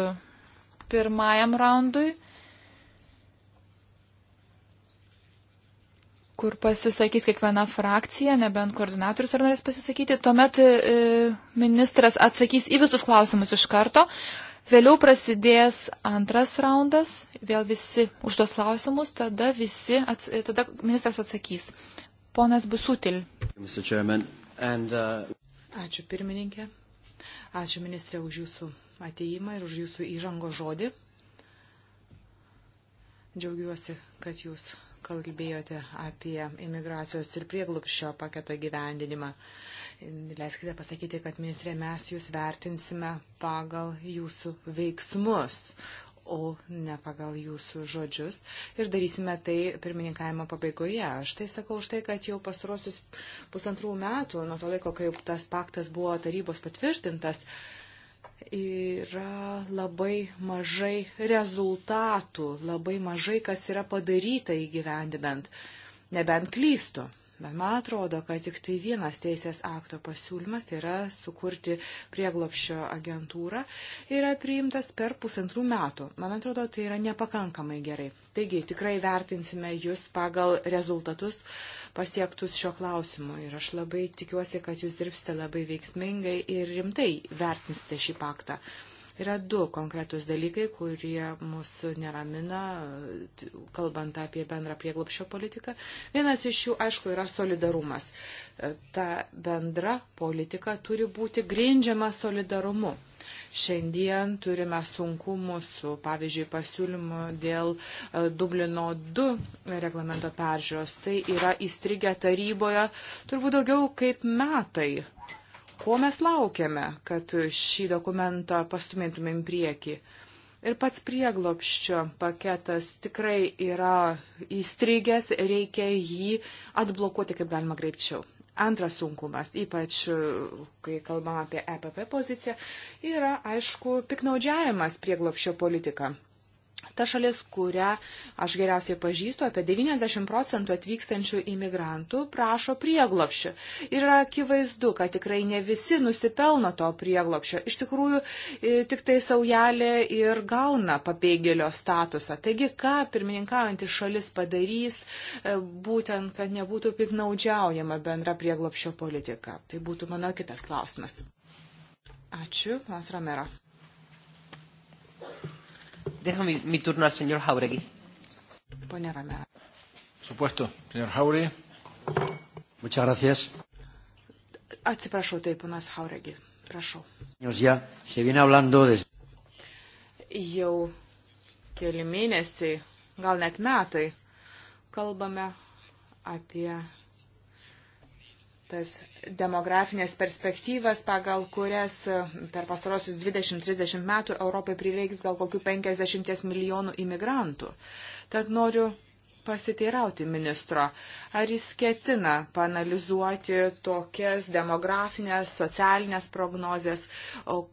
pirmajam raundui, kur pasisakys kiekviena frakcija, nebent koordinatorius ar norės pasisakyti, tuomet e, ministras atsakys į visus klausimus iš karto. Vėliau prasidės antras raundas, vėl visi užduos klausimus, tada, visi, tada ministras atsakys. Ponas Busutil. Uh, Ačiū pirmininkė. Ačiū ministrė už jūsų ateimą ir už jūsų įžango žodį. Džiaugiuosi, kad jūs kalbėjote apie imigracijos ir prieglupščio paketo gyvendinimą. Leiskite pasakyti, kad ministrė mes jūs vertinsime pagal jūsų veiksmus, o ne pagal jūsų žodžius. Ir darysime tai pirmininkavimo pabaigoje. Aš tai sakau už tai, kad jau pastarosius pusantrų metų, nuo to laiko, kai tas paktas buvo tarybos patvirtintas, yra labai mažai rezultatų, labai mažai kas yra padaryta įgyvendinant, nebent klystu. Bet man atrodo, kad tik tai vienas teisės akto pasiūlymas, tai yra sukurti prieglopščio agentūrą, yra priimtas per pusantrų metų. Man atrodo, tai yra nepakankamai gerai. Taigi tikrai vertinsime jūs pagal rezultatus pasiektus šio klausimu. Ir aš labai tikiuosi, kad jūs dirbsite labai veiksmingai ir rimtai vertinsite šį paktą. Yra du konkretus dalykai, kurie mūsų neramina, kalbant apie bendrą prieglopšio politiką. Vienas iš jų, aišku, yra solidarumas. Ta bendra politika turi būti grindžiama solidarumu. Šiandien turime sunkumų su, pavyzdžiui, pasiūlymu dėl e, Dublino 2 reglamento peržiūros. Tai yra įstrigę taryboje turbūt daugiau kaip metai Ko mes laukiame, kad šį dokumentą pastumėtumėm prieki? Ir pats prieglopščio paketas tikrai yra įstrigęs, reikia jį atblokuoti kaip galima greičiau. Antras sunkumas, ypač e, kai kalbam apie EPP poziciją, yra aišku piknaudžiavimas prieglopščio politika. Ta šalis, kurią aš geriausiai pažįstu, apie 90 procentų atvykstančių imigrantų prašo prieglopščių. Ir yra akivaizdu, kad tikrai ne visi nusipelno to prieglopščio. Iš tikrųjų, e, tik tai saujelė ir gauna pabėgėlio statusą. Taigi, ką pirmininkaujantis šalis padarys, e, būtent, kad nebūtų piknaudžiaujama bendra prieglopščio politika. Tai būtų mano kitas klausimas. Ačiū, Lans Romero dejo mi, mi turno al señor Jauregui. Pone Ramera. Supuesto, señor Jauregui. Muchas gracias. Atsiprašau, taip, ponas Hauregi, prašau. Ya se viene hablando de... Jau keli mėnesiai, gal net metai, kalbame apie tas demografinės perspektyvas, pagal kurias e, per pastarosius 20-30 metų Europai prireiks gal kokių 50 milijonų imigrantų. Tad noriu pasiteirauti ministro, ar jis ketina panalizuoti tokias demografinės, socialinės prognozes,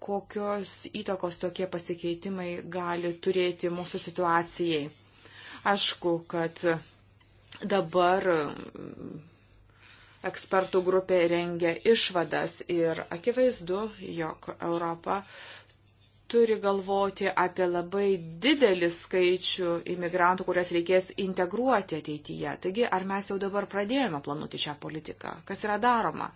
kokios įtakos tokie pasikeitimai gali turėti mūsų situacijai. Aišku, kad dabar Ekspertų grupė rengia išvadas ir akivaizdu, jog Europa turi galvoti apie labai didelį skaičių imigrantų, kurias reikės integruoti ateityje. Taigi, ar mes jau dabar pradėjome planuoti šią politiką? Kas yra daroma?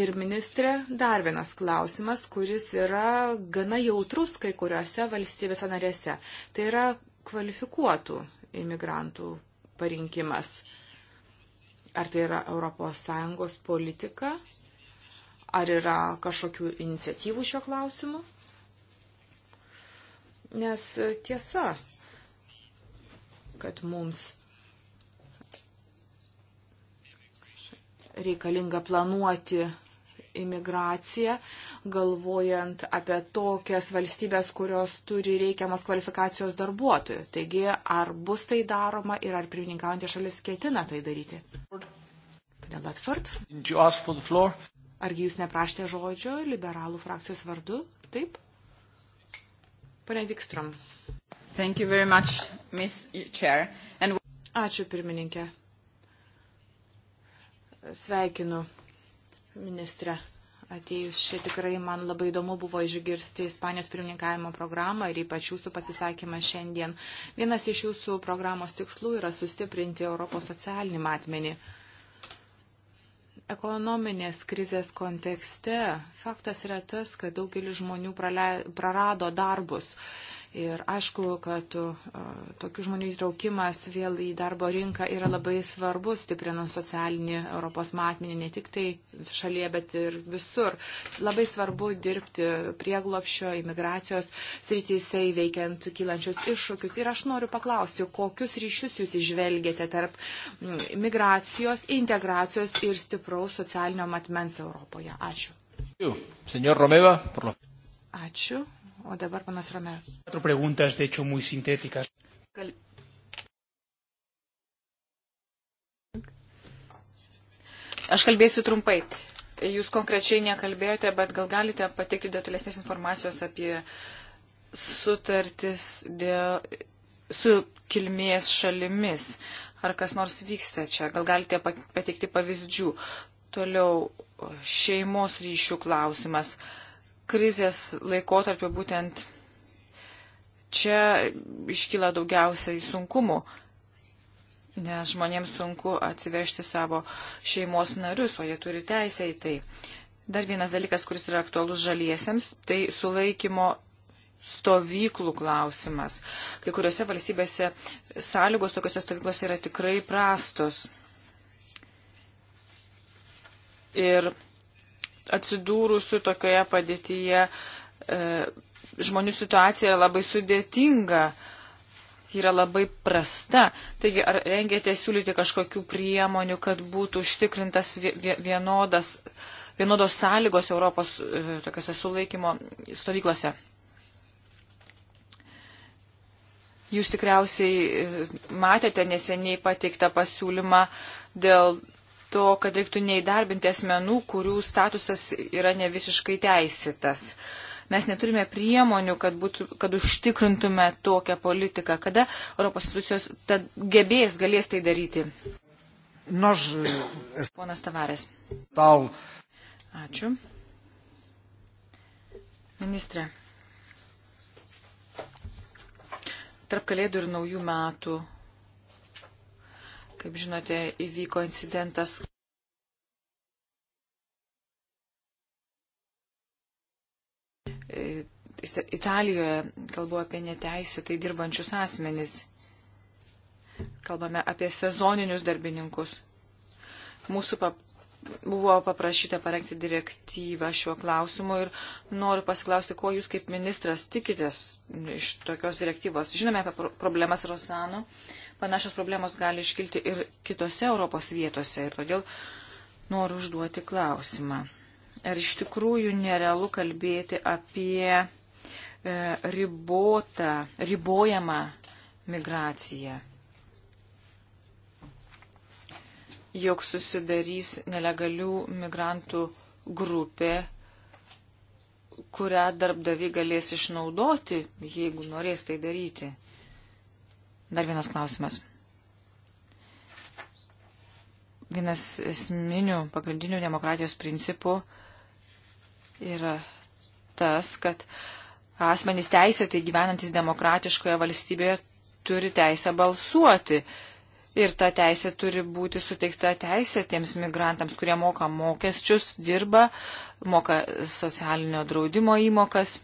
Ir ministrė, dar vienas klausimas, kuris yra gana jautrus kai kuriuose valstybėse narėse. Tai yra kvalifikuotų imigrantų parinkimas. Ar tai yra ES politika, ar yra kažkokių iniciatyvų šio klausimu? Nes tiesa, kad mums reikalinga planuoti imigraciją, galvojant apie tokias valstybės, kurios turi reikiamas kvalifikacijos darbuotojų. Taigi, ar bus tai daroma ir ar pirmininkaujantė šalis ketina tai daryti? Pane Latford. Argi jūs neprašėte žodžio liberalų frakcijos vardu? Taip? Pane Vikstrom. Much, And... Ačiū pirmininkė. Sveikinu ministre atėjus čia tikrai man labai įdomu buvo išgirsti Ispanijos pirmininkavimo programą ir ypač jūsų pasisakymą šiandien. Vienas iš jūsų programos tikslų yra sustiprinti Europos socialinį matmenį. Ekonominės krizės kontekste faktas yra tas, kad daugelis žmonių prarado darbus. Uh, Ir aišku, kad tokių žmonių įtraukimas vėl į darbo rinką yra labai svarbus, stiprinant socialinį Europos matmenį ne tik tai šalyje, bet ir visur. Labai svarbu dirbti prieglopšio, imigracijos srityse įveikiant kylančius iššūkius. Ir aš noriu paklausti, kokius ryšius jūs išvelgėte tarp migracijos, integracijos ir stipraus socialinio matmens Europoje. Ačiū. Ačiū. Senor Romeva, por lo... Ačiū. O dabar panas Romero. Kal... Aš kalbėsiu trumpai. Jūs konkrečiai nekalbėjote, bet gal galite pateikti detalesnės informacijos apie sutartis dėl, su kilmės šalimis. Ar kas nors vyksta čia? Gal galite pateikti pavyzdžių? Toliau šeimos ryšių klausimas. Uh, krizės laikotarpio būtent čia iškyla daugiausiai sunkumų, nes žmonėms sunku atsivežti savo šeimos narius, o jie turi teisę į tai. Dar vienas dalykas, kuris yra aktualus žaliesiems, tai sulaikymo stovyklų klausimas. Kai kuriuose valstybėse sąlygos tokiuose stovyklose yra tikrai prastos. Ir atsidūrusių tokioje padėtyje e, žmonių situacija labai sudėtinga, yra labai prasta. Taigi, ar rengėte siūlyti kažkokių priemonių, kad būtų užtikrintas vienodas, vienodos sąlygos Europos e, tokiuose sulaikymo stovyklose? Jūs tikriausiai e, matėte neseniai pateiktą pasiūlymą dėl to, kad reiktų neįdarbinti asmenų, kurių statusas yra nevisiškai teisėtas. Mes neturime priemonių, kad, būtų, kad užtikrintume tokią politiką. Kada Europos institucijos gebės, galės tai daryti? Nors. Ponas Tavarės. Tau. Ačiū. Ministre. Tarp kalėdų ir naujų metų Kaip žinote, įvyko incidentas. E, Italijoje kalbu apie neteisėtai dirbančius asmenys. Kalbame apie sezoninius darbininkus. Mūsų pap buvo paprašyta parengti direktyvą šiuo klausimu ir noriu pasiklausti, ko jūs kaip ministras tikitės iš tokios direktyvos. Žinome apie problemas Rosano. Uh, panašios problemos gali iškilti ir kitose Europos vietose. Ir todėl noriu užduoti klausimą. Ar iš tikrųjų nerealu kalbėti apie e, ribotą, ribojamą migraciją? Jok susidarys nelegalių migrantų grupė, kurią darbdavi galės išnaudoti, jeigu norės tai daryti. Dar vienas klausimas. Vienas esminių pagrindinių demokratijos principų yra tas, kad asmenys teisėtai gyvenantis demokratiškoje valstybėje turi teisę balsuoti. Ir ta teisė turi būti suteikta teisė tiems migrantams, kurie moka mokesčius, dirba, moka socialinio draudimo įmokas,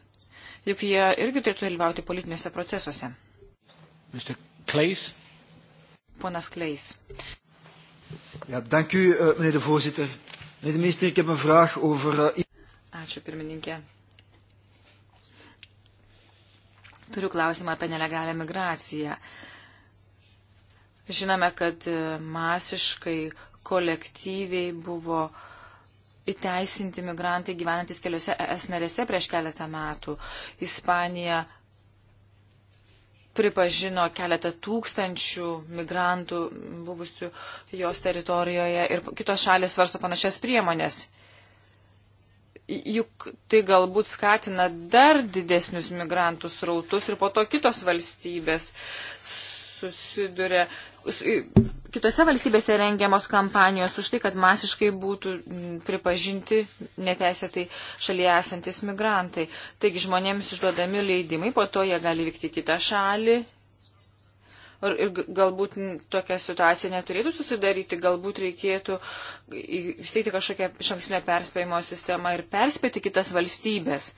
juk jie irgi turėtų dalyvauti politiniuose procesuose. Mr. Kleis. Ponas Kleis. Ja, dank u, uh, meneer de voorzitter. Meneer de minister, ik heb een vraag over... Uh... Ačiū, pirmininkė. Turiu klausimą apie nelegalią migraciją. Žinome, kad e, masiškai, kolektyviai buvo įteisinti migrantai gyvenantis keliose ES narėse prieš keletą metų. Ispanija, pripažino keletą tūkstančių migrantų buvusių jos teritorijoje ir kitos šalis svarsto panašias priemonės. Juk tai galbūt skatina dar didesnius migrantų srautus ir po to kitos valstybės susiduria kitose valstybėse rengiamos kampanijos už tai, kad masiškai būtų pripažinti neteisėtai šalyje esantis migrantai. Taigi žmonėms išduodami leidimai, po to jie gali vykti kitą šalį. Ir, ir galbūt tokia situacija neturėtų susidaryti, galbūt reikėtų įsteigti kažkokią šankstinę perspėjimo sistemą ir perspėti kitas valstybės.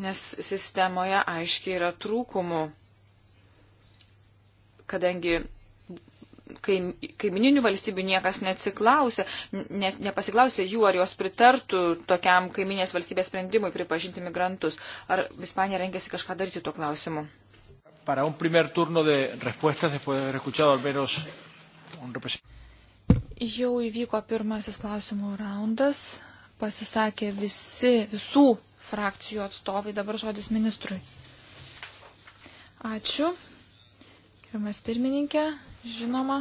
Nes sistemoje aiškiai yra trūkumų kadangi kaim, kaimininių valstybių niekas neatsiklausė, ne, nepasiklausė jų, ar jos pritartų tokiam kaiminės valstybės sprendimui pripažinti migrantus. Ar Ispanija renkėsi kažką daryti tuo klausimu? Para un primer turno de respuestas, después de haber escuchado al menos un representante. Jau įvyko pirmasis klausimų raundas, pasisakė visi, visų frakcijų atstovai, dabar žodis ministrui. Ačiū. Gerbiamas pirmininkė, žinoma,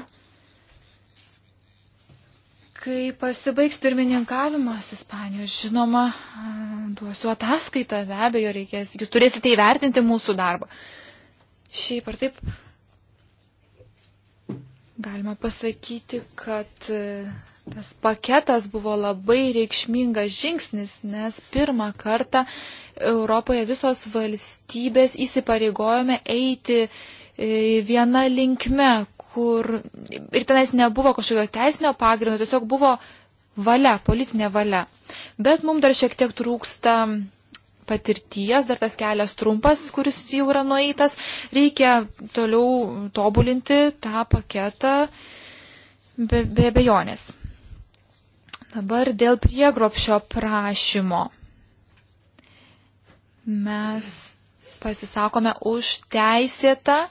kai pasibaigs pirmininkavimas Ispanijos, žinoma, duosiu ataskaitą, be abejo, reikės, jūs turėsite įvertinti mūsų darbą. Šiaip ar taip, galima pasakyti, kad e, tas paketas buvo labai reikšmingas žingsnis, nes pirmą kartą Europoje visos valstybės įsipareigojome eiti e, viena linkme, kur ir tenais nebuvo kažkokio teisinio pagrindo, tiesiog buvo valia, politinė valia. Bet mums dar šiek tiek trūksta patirties, dar tas kelias trumpas, kuris jau yra nueitas. Reikia toliau tobulinti tą paketą be, be bejonės. Dabar dėl priegropšio prašymo. Mes pasisakome už teisėtą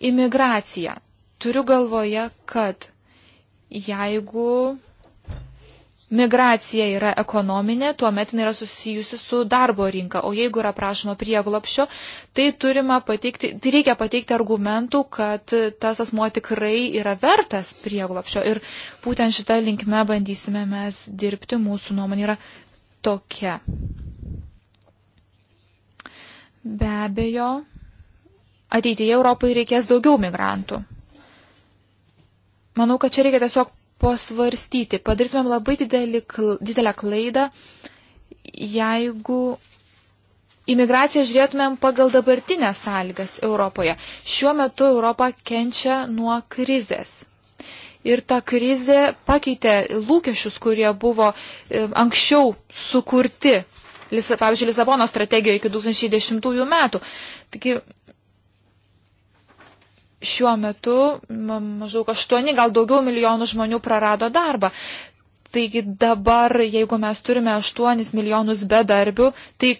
imigraciją. Turiu galvoje, kad jeigu migracija yra ekonominė, tuomet jinai yra susijusi su darbo rinka, o jeigu yra prašoma prieglopšio, tai, pateikti, tai reikia pateikti argumentų, kad tas asmo tikrai yra vertas prieglopšio. Ir būtent šitą linkmę bandysime mes dirbti, mūsų nuomonė yra tokia. Be abejo, ateityje Europai reikės daugiau migrantų. Manau, kad čia reikia tiesiog pasvarstyti. Padarytumėm labai didelį, didelę klaidą, jeigu imigraciją žiūrėtumėm pagal dabartinės sąlygas Europoje. Šiuo metu Europa kenčia nuo krizės. Ir ta krizė pakeitė lūkesčius, kurie buvo e, anksčiau sukurti pavyzdžiui, Lisabono strategijoje iki 2010 metų. Taigi šiuo metu maždaug 8, gal daugiau milijonų žmonių prarado darbą. Taigi dabar, jeigu mes turime 8 milijonus bedarbių, tai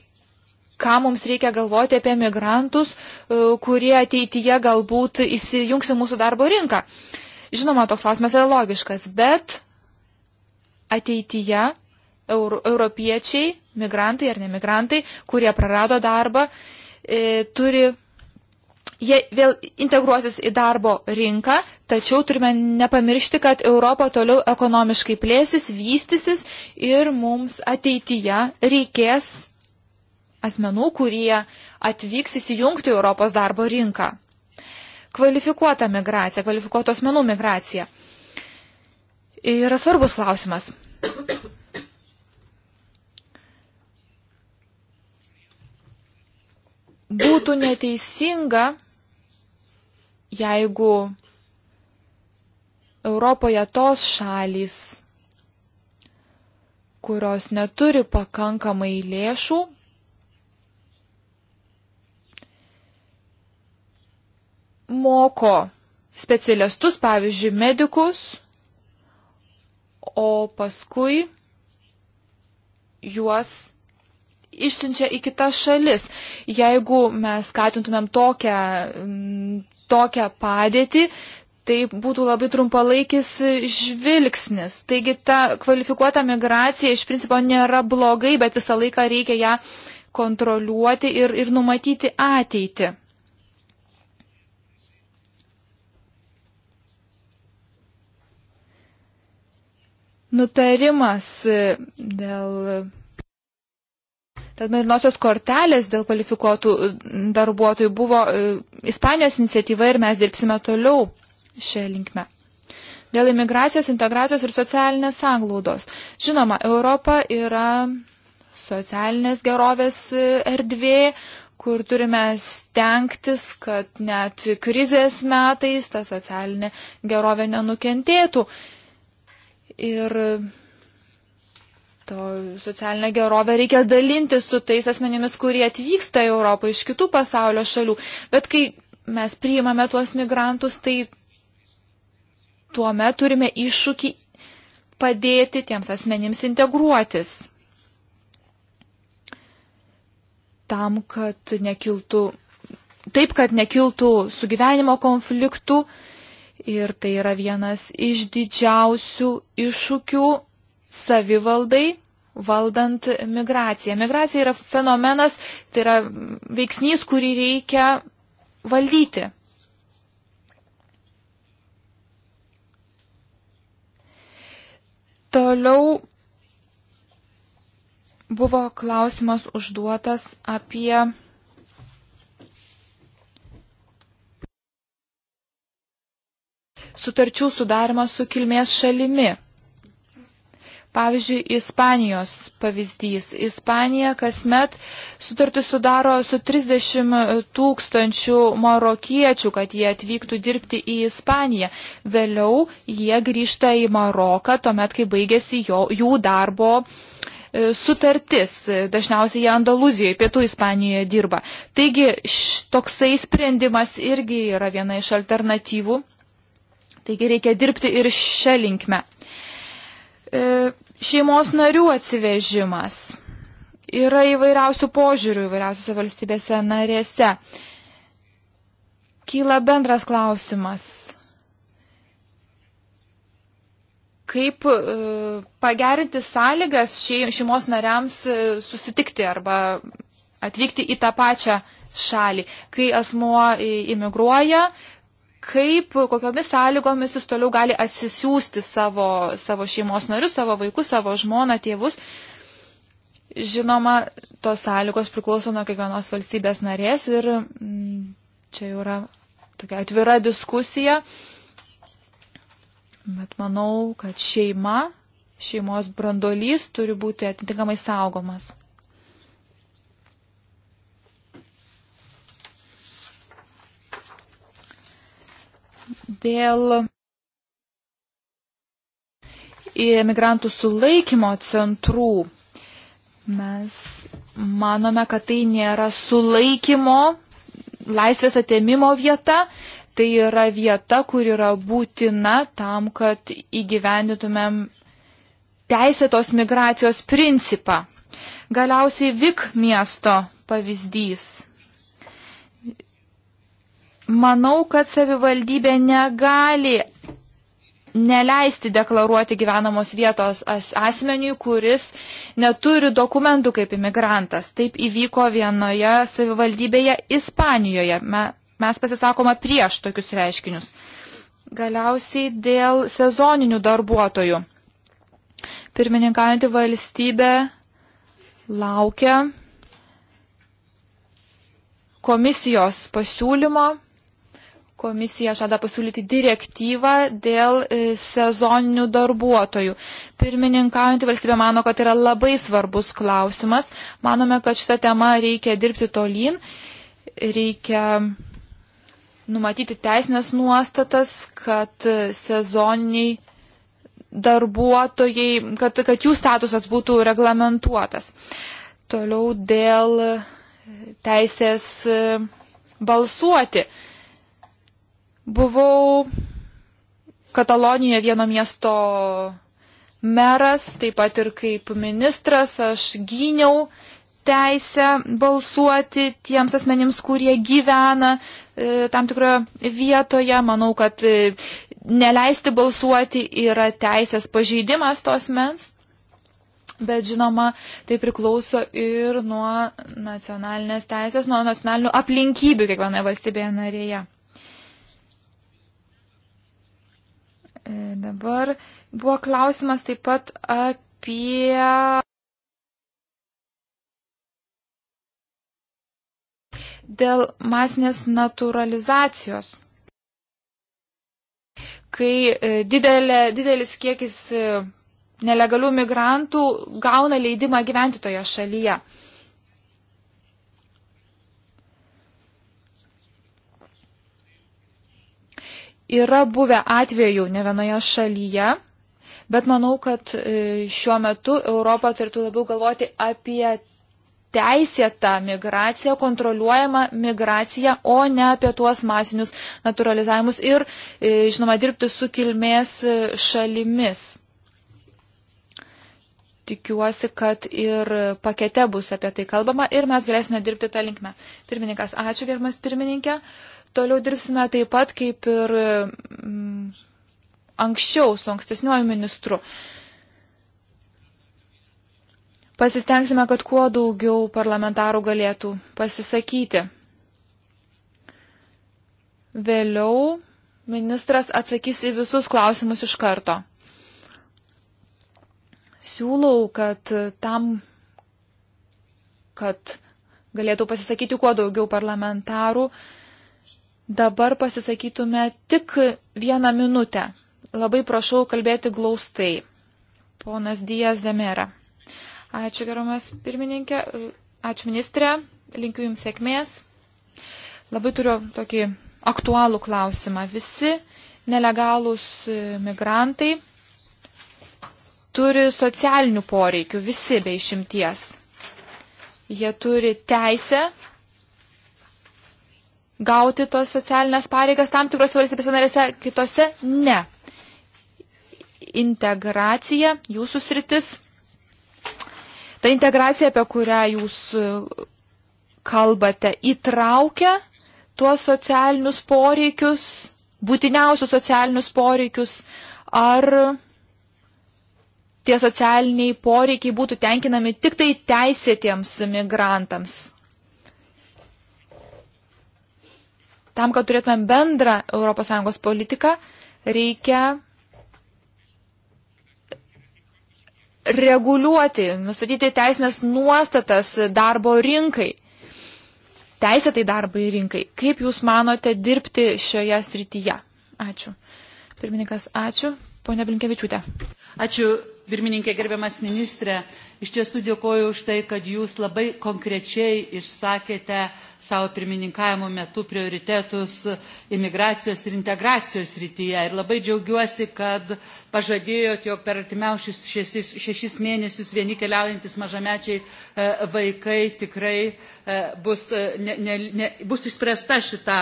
ką mums reikia galvoti apie migrantus, e, kurie ateityje galbūt įsijungs į mūsų darbo rinką. Žinoma, toks klausimas yra logiškas, bet ateityje euro, europiečiai, migrantai ar nemigrantai, kurie prarado darbą, e, turi jie vėl integruosis į darbo rinką, tačiau turime nepamiršti, kad Europa toliau ekonomiškai plėsis, vystysis ir mums ateityje reikės asmenų, kurie atvyks įsijungti Europos darbo rinką. Kvalifikuota migracija, kvalifikuotų asmenų migracija. Yra svarbus klausimas. Būtų neteisinga jeigu Europoje tos šalys, kurios neturi pakankamai lėšų, moko specialistus, pavyzdžiui, medikus, o paskui juos išsiunčia į kitas šalis. Jeigu mes skatintumėm tokią mm, tokią padėtį, tai būtų labai trumpalaikis žvilgsnis. Taigi ta kvalifikuota migracija iš principo nėra blogai, bet visą laiką reikia ją kontroliuoti ir, ir numatyti ateitį. Nutarimas dėl Tad mėlynosios kortelės dėl kvalifikuotų darbuotojų buvo e, Ispanijos iniciatyva ir mes dirbsime toliau šią linkmę. Dėl imigracijos, integracijos ir socialinės sanglaudos. Žinoma, Europa yra socialinės gerovės e, erdvė, kur turime stengtis, kad net krizės metais ta socialinė gerovė nenukentėtų. Ir to socialinę gerovę reikia dalinti su tais asmenimis, kurie atvyksta į Europą iš kitų pasaulio šalių. Bet kai mes priimame tuos migrantus, tai tuo metu turime iššūkį padėti tiems asmenims integruotis. Tam, kad nekiltų, taip, kad nekiltų sugyvenimo konfliktų ir tai yra vienas iš didžiausių iššūkių savivaldai valdant migraciją. Migracija yra fenomenas, tai yra veiksnys, kurį reikia valdyti. Toliau buvo klausimas užduotas apie sutarčių sudarimą su kilmės šalimi. Pavyzdžiui, Ispanijos pavyzdys. Ispanija kasmet sutartį sudaro su 30 tūkstančių marokiečių, kad jie atvyktų dirbti į Ispaniją. Vėliau jie grįžta į Maroką, tuomet, kai baigėsi jo, jų darbo e, sutartis. Dažniausiai jie Andaluzijoje, pietų Ispanijoje dirba. Taigi toksai sprendimas irgi yra viena iš alternatyvų. Taigi reikia dirbti ir šią linkmę. E, šeimos narių atsivežimas. Yra įvairiausių požiūrių įvairiausiose valstybėse narėse. Kyla bendras klausimas. Kaip e, pagerinti sąlygas šeimos nariams e, susitikti arba atvykti į tą pačią šalį. Kai asmuo imigruoja, kaip, kokiomis sąlygomis jis toliau gali atsisiųsti savo, savo šeimos narius, savo vaikus, savo žmoną, tėvus. Žinoma, tos sąlygos priklauso nuo kiekvienos valstybės narės ir mm, čia jau yra tokia atvira diskusija. Bet manau, kad šeima, šeimos brandolys turi būti atitinkamai saugomas. dėl imigrantų sulaikymo centrų. Mes manome, kad tai nėra sulaikymo, laisvės atėmimo vieta, tai yra vieta, kur yra būtina tam, kad įgyvendytumėm teisėtos migracijos principą. Galiausiai Vik miesto pavyzdys. Manau, kad savivaldybė negali neleisti deklaruoti gyvenamos vietos asmeniui, kuris neturi dokumentų kaip imigrantas. Taip įvyko vienoje savivaldybėje Ispanijoje. Mes pasisakoma prieš tokius reiškinius. Galiausiai dėl sezoninių darbuotojų. Pirmininkaujantį valstybę laukia komisijos pasiūlymo Komisija žada pasiūlyti direktyvą dėl e, sezoninių darbuotojų. Pirmininkaujantį valstybę mano, kad yra labai svarbus klausimas. Manome, kad šitą temą reikia dirbti tolyn. Reikia numatyti teisinės nuostatas, kad sezoniniai darbuotojai, kad, kad jų statusas būtų reglamentuotas. Toliau dėl teisės e, balsuoti. Buvau Katalonijoje vieno miesto meras, taip pat ir kaip ministras aš gyniau teisę balsuoti tiems asmenims, kurie gyvena e, tam tikroje vietoje. Manau, kad e, neleisti balsuoti yra teisės pažeidimas tos mens. Bet žinoma, tai priklauso ir nuo nacionalinės teisės, nuo nacionalinių aplinkybių kiekvienoje valstybėje narėje. E, dabar buvo klausimas taip pat apie. Dėl masinės naturalizacijos. Kai e, didelė, didelis kiekis e, nelegalių migrantų gauna leidimą gyventi toje šalyje. Yra buvę atvejų ne vienoje šalyje, bet manau, kad e, šiuo metu Europa turėtų labiau galvoti apie teisėtą migraciją, kontroliuojamą migraciją, o ne apie tuos masinius naturalizavimus ir, e, žinoma, dirbti su kilmės e, šalimis. Tikiuosi, kad ir pakete bus apie tai kalbama ir mes galėsime dirbti tą linkmę. Pirmininkas, ačiū gerbimas pirmininkė. Uh, Toliau dirbsime taip pat kaip ir mm, anksčiau su ankstesniuoju ministru. Pasistengsime, kad kuo daugiau parlamentarų galėtų pasisakyti. Vėliau ministras atsakys į visus klausimus iš karto. Siūlau, kad tam, kad galėtų pasisakyti kuo daugiau parlamentarų, dabar pasisakytume tik vieną minutę. Labai prašau kalbėti glaustai. Ponas Dijas Demera. Ačiū geromas pirmininkė, ačiū ministrė, linkiu Jums sėkmės. Labai turiu tokį aktualų klausimą. Visi nelegalūs migrantai turi socialinių poreikių, visi be išimties. Jie turi teisę gauti tos socialinės pareigas tam tikros valstybės narėse, kitose ne. Integracija, jūsų sritis, ta integracija, apie kurią jūs kalbate, įtraukia tuos socialinius poreikius, būtiniausius socialinius poreikius, ar tie socialiniai poreikiai būtų tenkinami tik tai teisėtiems migrantams. Tam, kad turėtumėm bendrą ES politiką, reikia reguliuoti, nustatyti teisinės nuostatas darbo rinkai, teisėtai darbai rinkai. Kaip Jūs manote dirbti šioje srityje? Ačiū. Pirmininkas, ačiū. Pone Blinkevičiūtė. Ačiū, pirmininkė, gerbiamas ministrė. Iš tiesų dėkoju už tai, kad jūs labai konkrečiai išsakėte savo pirmininkavimo metu prioritetus imigracijos ir integracijos rytyje. Ir labai džiaugiuosi, kad pažadėjot, jog per artimiausius šešis, šešis mėnesius vieni keliaujantis mažamečiai e, vaikai tikrai e, bus, e, ne, ne, ne, bus išspręsta šita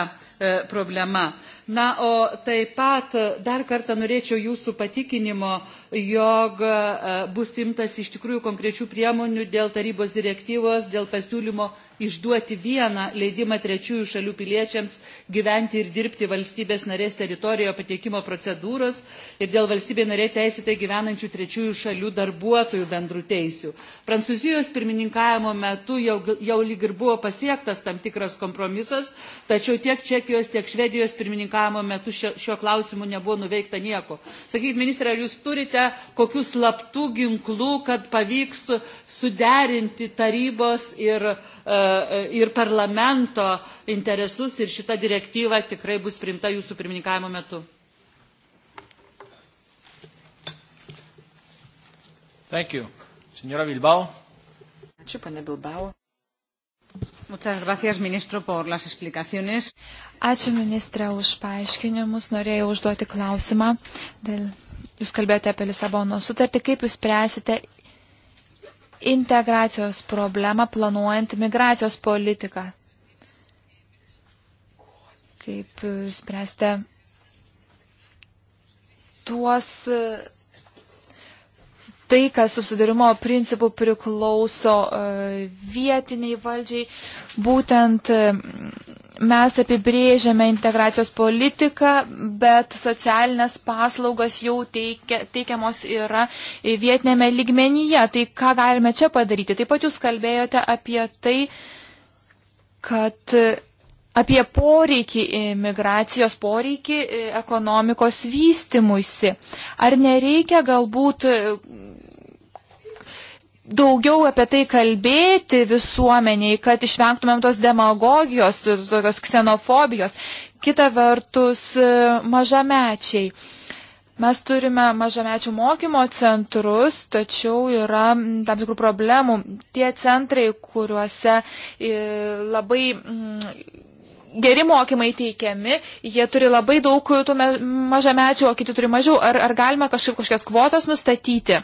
problema. Na, o taip pat dar kartą norėčiau jūsų patikinimo, jog bus imtas iš tikrųjų konkrečiai konkrečių priemonių dėl tarybos direktyvos dėl pasiūlymo išduoti vieną leidimą trečiųjų šalių piliečiams gyventi ir dirbti valstybės narės teritorijoje pateikimo procedūros ir dėl valstybė narė teisėtai gyvenančių trečiųjų šalių darbuotojų bendrų teisių. Prancūzijos pirmininkavimo metu jau, jau lyg ir buvo pasiektas tam tikras kompromisas, tačiau tiek Čekijos, tiek Švedijos pirmininkavimo metu šio, šio klausimu nebuvo nuveikta nieko. Sakykit, ministrė, ar jūs turite kokių slaptų ginklų, kad pavyks suderinti tarybos ir e, E, ir parlamento interesus ir šita direktyva tikrai bus primta jūsų pirmininkavimo metu. Thank you. Señora Bilbao. Ačiū, pane Bilbao. Muchas gracias, ministro, por las explicaciones. Ačiū, ministra, už paaiškinimus. Norėjau užduoti klausimą dėl Jūs kalbėjote apie Lisabono sutartį, kaip jūs spręsite integracijos problemą planuojant migracijos politiką. Kaip spręsti tuos tai, kas susidarimo principų priklauso e, vietiniai valdžiai, būtent mes apibrėžiame integracijos politiką, bet socialinės paslaugas jau teikia, teikiamos yra vietinėme lygmenyje. Tai ką galime čia padaryti? Taip pat jūs kalbėjote apie tai, kad apie poreikį, migracijos poreikį ekonomikos vystimuisi. Ar nereikia galbūt daugiau apie tai kalbėti visuomeniai, kad išvengtumėm tos demagogijos, tokios ksenofobijos. Kita vertus, mažamečiai. Mes turime mažamečių mokymo centrus, tačiau yra mm, tam tikrų problemų. Tie centrai, kuriuose e, labai mm, geri mokymai teikiami, jie turi labai daug mažamečių, o kiti turi mažiau. Ar, ar galima kažkaip kažkokias kvotas nustatyti?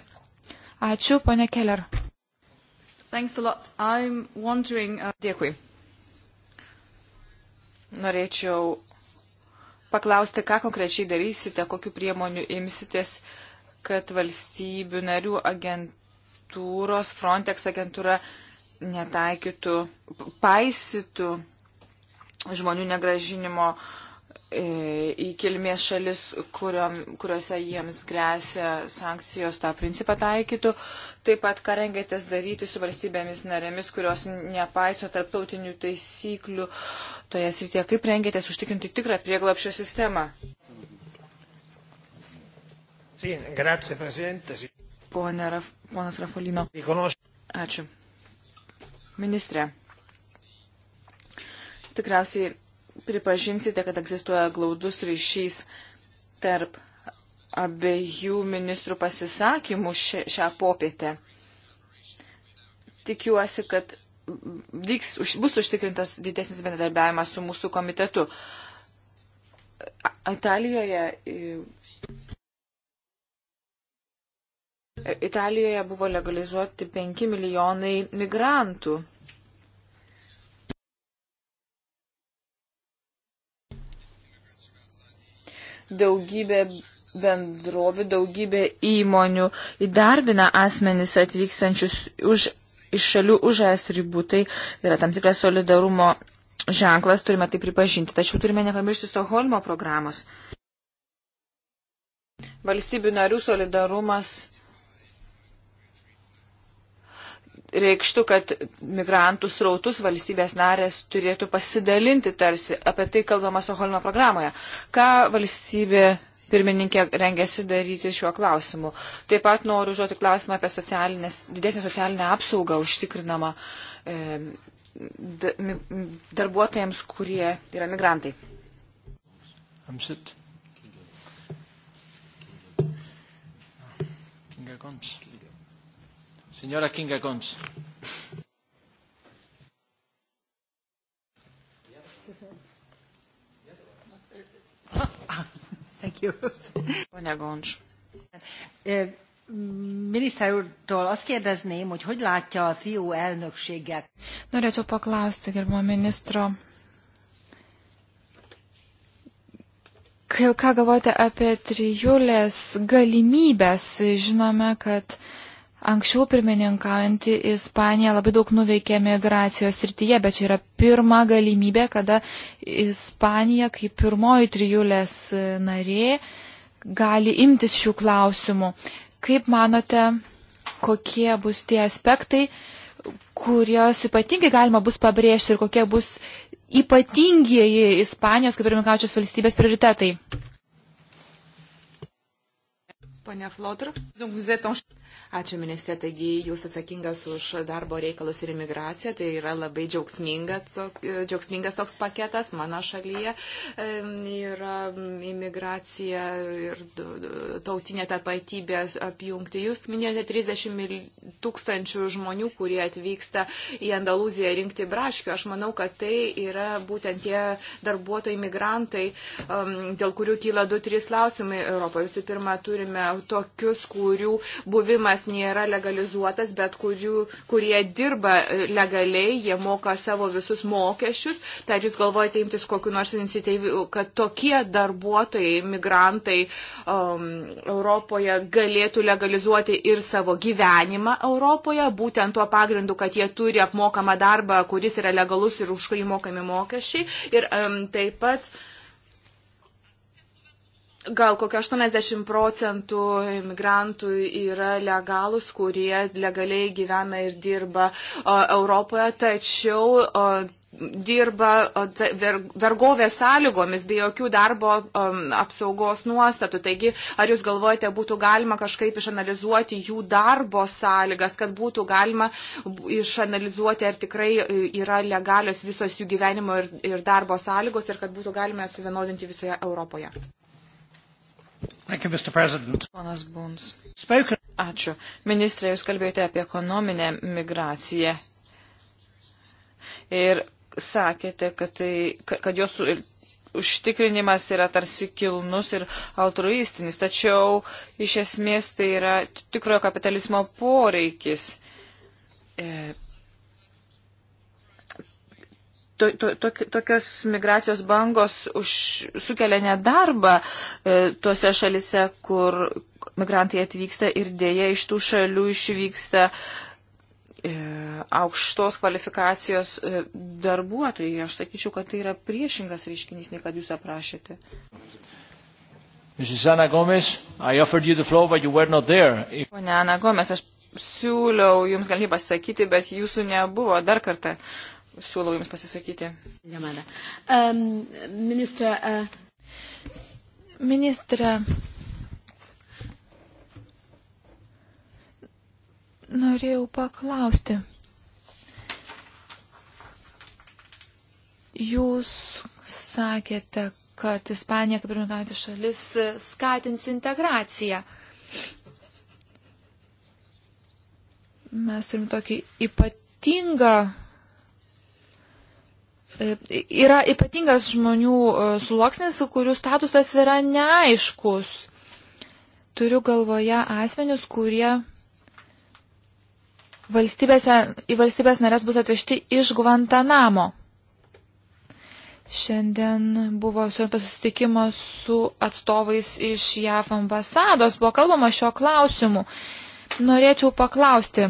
Ačiū, ponė Keller. Wondering... Uh, Dėkui. Norėčiau paklausti, ką konkrečiai darysite, kokiu priemoniu imsitės, kad valstybių narių agentūros, Frontex agentūra netaikytų, paisytų žmonių negražinimo uh, E, į kilmės šalis, kuriom, kuriuose jiems grėsia sankcijos, tą principą taikytų. Taip pat, ką rengėtės daryti su valstybėmis narėmis, kurios nepaiso tarptautinių taisyklių toje srityje. Kaip rengėtės užtikrinti tikrą prieglapšio sistemą? Pone, ponas Rafolino. Ačiū. Ministrė. Tikriausiai pripažinsite, kad egzistuoja glaudus ryšys tarp abiejų ministrų pasisakymų šią popietę. Tikiuosi, kad vyks, bus užtikrintas didesnis bendradarbiavimas su mūsų komitetu. Italijoje, Italijoje buvo legalizuoti 5 milijonai migrantų. daugybė bendrovių, daugybė įmonių įdarbina asmenys atvykstančius už, iš šalių už es ribų. Tai yra tam tikras solidarumo ženklas, turime tai pripažinti. Tačiau turime nepamiršti Stoholmo programos. Valstybių narių solidarumas reikštų, kad migrantų srautus valstybės narės turėtų pasidalinti tarsi. Apie tai kalbama Stoholmo programoje. Ką valstybė pirmininkė rengėsi daryti šiuo klausimu? Taip pat noriu užduoti klausimą apie didesnį socialinę apsaugą užtikrinamą e, darbuotojams, kurie yra migrantai. Kinga Goms. Signora Kinga Goms. Anya Goncs. Eh, miniszter úrtól azt kérdezném, hogy hogy látja a FIU e elnökséget? Norėčiau paklausti, gerbimo ministro, ką galvojate apie trijulės galimybės? Žinome, kad uh, Anksčiau pirmininkaujantį Ispaniją labai daug nuveikė migracijos srityje, bet čia yra pirma galimybė, kada Ispanija kaip pirmoji trijulės narė gali imtis šių klausimų. Kaip manote, kokie bus tie aspektai, kurios ypatingai galima bus pabrėžti ir kokie bus ypatingieji Ispanijos kaip pirmininkaučios valstybės prioritetai? Pone Flotr. Ačiū ministrė, taigi jūs atsakingas už darbo reikalus ir imigraciją, tai yra labai džiaugsmingas, tok, džiaugsmingas toks paketas mano šalyje. E, yra imigracija ir tautinė tapatybė apjungti. Jūs minėjote 30 tūkstančių žmonių, kurie atvyksta į Andaluziją rinkti braškių. Aš manau, kad tai yra būtent tie darbuotojai imigrantai, dėl kurių kyla 2-3 klausimai Europoje. Visų pirma, turime tokius, kurių buvimas veikimas nėra legalizuotas, bet kurių, kurie dirba e, legaliai, jie moka savo visus mokesčius. Tai jūs galvojate imtis kokiu nors iniciatyviu, kad tokie darbuotojai, migrantai um, Europoje galėtų legalizuoti ir savo gyvenimą Europoje, būtent tuo pagrindu, kad jie turi apmokamą darbą, kuris yra legalus ir už kurį mokami mokesčiai. Ir um, taip pat gal kokio 80 procentų imigrantų yra legalus, kurie legaliai gyvena ir dirba Europoje, tačiau dirba vergovės sąlygomis, be jokių darbo apsaugos nuostatų. Taigi, ar jūs galvojate, būtų galima kažkaip išanalizuoti jų darbo sąlygas, kad būtų galima išanalizuoti, ar tikrai e, yra legalios visos jų gyvenimo ir, ir darbo sąlygos ir kad būtų galima suvienodinti visoje Europoje? Ponas Būns. Ačiū. Ministrė, jūs kalbėjote apie ekonominę migraciją. Ir sakėte, kad, tai, kad jos užtikrinimas yra tarsi kilnus ir altruistinis, tačiau iš esmės tai yra tikrojo kapitalizmo poreikis. E, to, to, to, tokios migracijos bangos už, sukelia nedarbą e, tuose šalise, kur migrantai atvyksta ir dėja iš tų šalių išvyksta e, aukštos kvalifikacijos e, darbuotojai. Aš sakyčiau, kad tai yra priešingas reiškinys, nei kad jūs aprašėte. Mrs. Ana Gomez, I offered you the floor, but you were not there. Pone Ana Gomez, aš siūliau jums galimybę pasakyti, bet jūsų nebuvo. Dar kartą siūlau Jums pasisakyti. Um, ministra, uh... E, ministra, norėjau paklausti. Jūs sakėte, kad Ispanija, kaip ir minkantis šalis, skatins integraciją. Mes turim tokį ypatingą E, yra ypatingas žmonių e, sluoksnis, kurių statusas yra neaiškus. Turiu galvoje asmenius, kurie valstybėse, į valstybės narės bus atvežti iš Guantanamo. Šiandien buvo surinktas susitikimas su atstovais iš JAF ambasados, buvo kalbama šio klausimu. Norėčiau paklausti,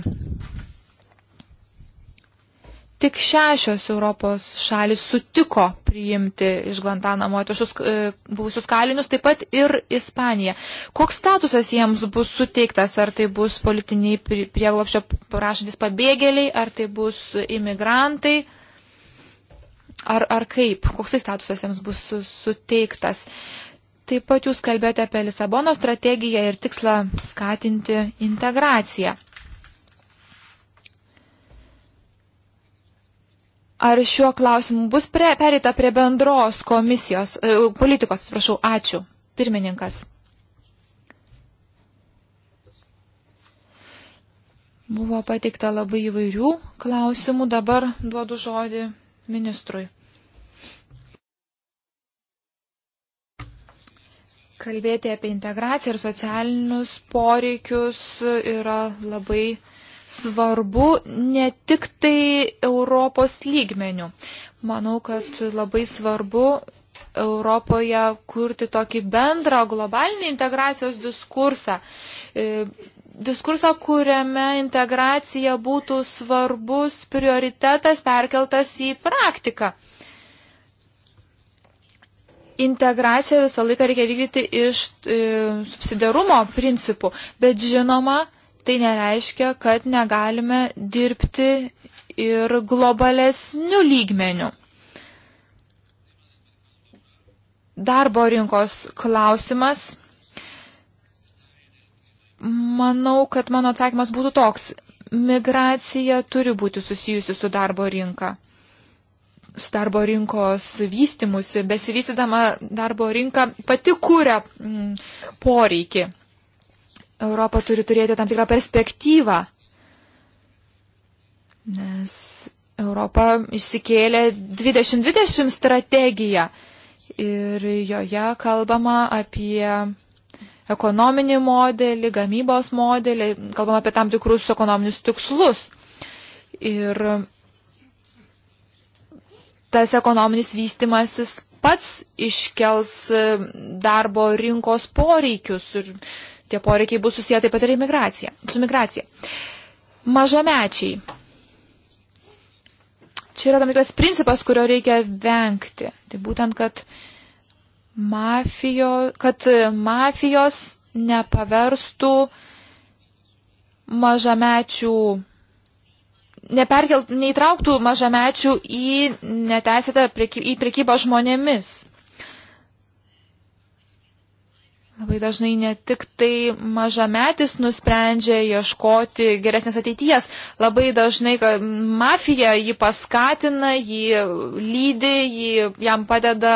Tik šešios Europos šalis sutiko priimti iš Guantanamo atvežus e, buvusius kalinius, taip pat ir Ispanija. Koks statusas jiems bus suteiktas? Ar tai bus politiniai prieglopščio prašantis pabėgėliai, ar tai bus imigrantai? Ar, ar kaip? Koks statusas jiems bus suteiktas? Taip pat jūs kalbėjote apie Lisabono strategiją ir tikslą skatinti integraciją. ar šiuo klausimu bus pre, perita prie bendros komisijos, e, politikos, atsiprašau, ačiū, pirmininkas. Buvo pateikta labai įvairių klausimų, dabar duodu žodį ministrui. Kalbėti apie integraciją ir socialinius poreikius yra labai svarbu ne tik tai Europos lygmenių. Manau, kad labai svarbu Europoje kurti tokį bendrą globalinį integracijos diskursą. E, diskursą, kuriame integracija būtų svarbus prioritetas perkeltas į praktiką. Integraciją visą laiką reikia vykdyti iš e, subsidiarumo principų, bet žinoma, e, tai nereiškia, kad negalime dirbti ir globalesnių lygmenių. Darbo rinkos klausimas. Manau, kad mano atsakymas būtų toks. Migracija turi būti susijusi su darbo rinka su darbo rinkos vystimusi, besivystydama darbo rinka pati kūrė mm, poreikį. Europa turi turėti tam tikrą perspektyvą, nes Europa išsikėlė 2020 strategiją ir joje kalbama apie ekonominį modelį, gamybos modelį, kalbama apie tam tikrus ekonominius tikslus. Ir tas ekonominis vystimasis pats iškels darbo rinkos poreikius ir tie poreikiai bus susiję taip pat ir imigracija, su migracija. Mažamečiai. Čia yra tam tikras principas, kurio reikia vengti. Tai būtent, kad, mafijo, kad mafijos nepaverstų mažamečių, neperkelt, neįtrauktų mažamečių į neteisėtą prekybą žmonėmis. Labai dažnai ne tik tai mažametis nusprendžia ieškoti geresnės ateities, labai dažnai mafija jį paskatina, jį lydi, jį, jam padeda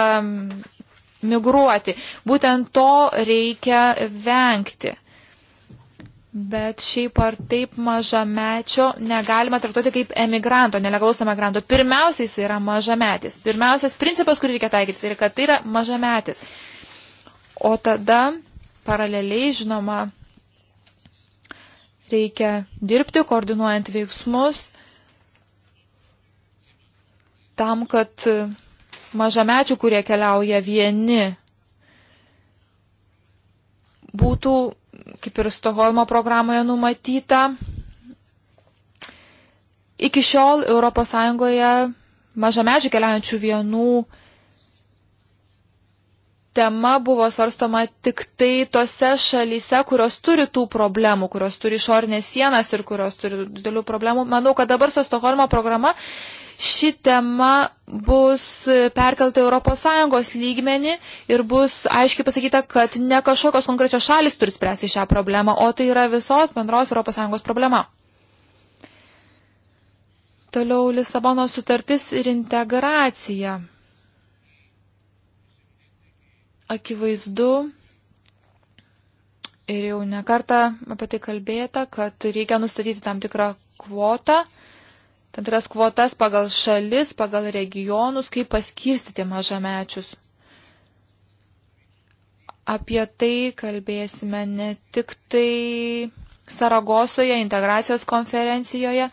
migruoti. Būtent to reikia vengti. Bet šiaip ar taip mažamečio negalima traktuoti kaip emigranto, nelegalaus emigranto. Pirmiausia, jis yra mažametis. Pirmiausias principas, kurį reikia taikyti, tai yra, kad tai yra mažametis. O tada paraleliai, žinoma, reikia dirbti, koordinuojant veiksmus, tam, kad mažamečių, kurie keliauja vieni, būtų, kaip ir Stoholmo programoje numatyta, iki šiol ES mažamečių keliaujančių vienų tema buvo svarstoma tik tai tose šalyse, kurios turi tų problemų, kurios turi išornės sienas ir kurios turi didelių problemų. Manau, kad dabar su Stokholmo programa ši tema bus perkelta ES lygmenį ir bus aiškiai pasakyta, kad ne kažkokios konkrečios šalis turi spręsti šią problemą, o tai yra visos bendros ES problema. Toliau Lisabono sutartis ir integracija akivaizdu ir jau nekarta apie tai kalbėta, kad reikia nustatyti tam tikrą kvotą, tam tikras kvotas pagal šalis, pagal regionus, kaip paskirstyti mažamečius. Apie tai kalbėsime ne tik tai Saragosoje, integracijos konferencijoje,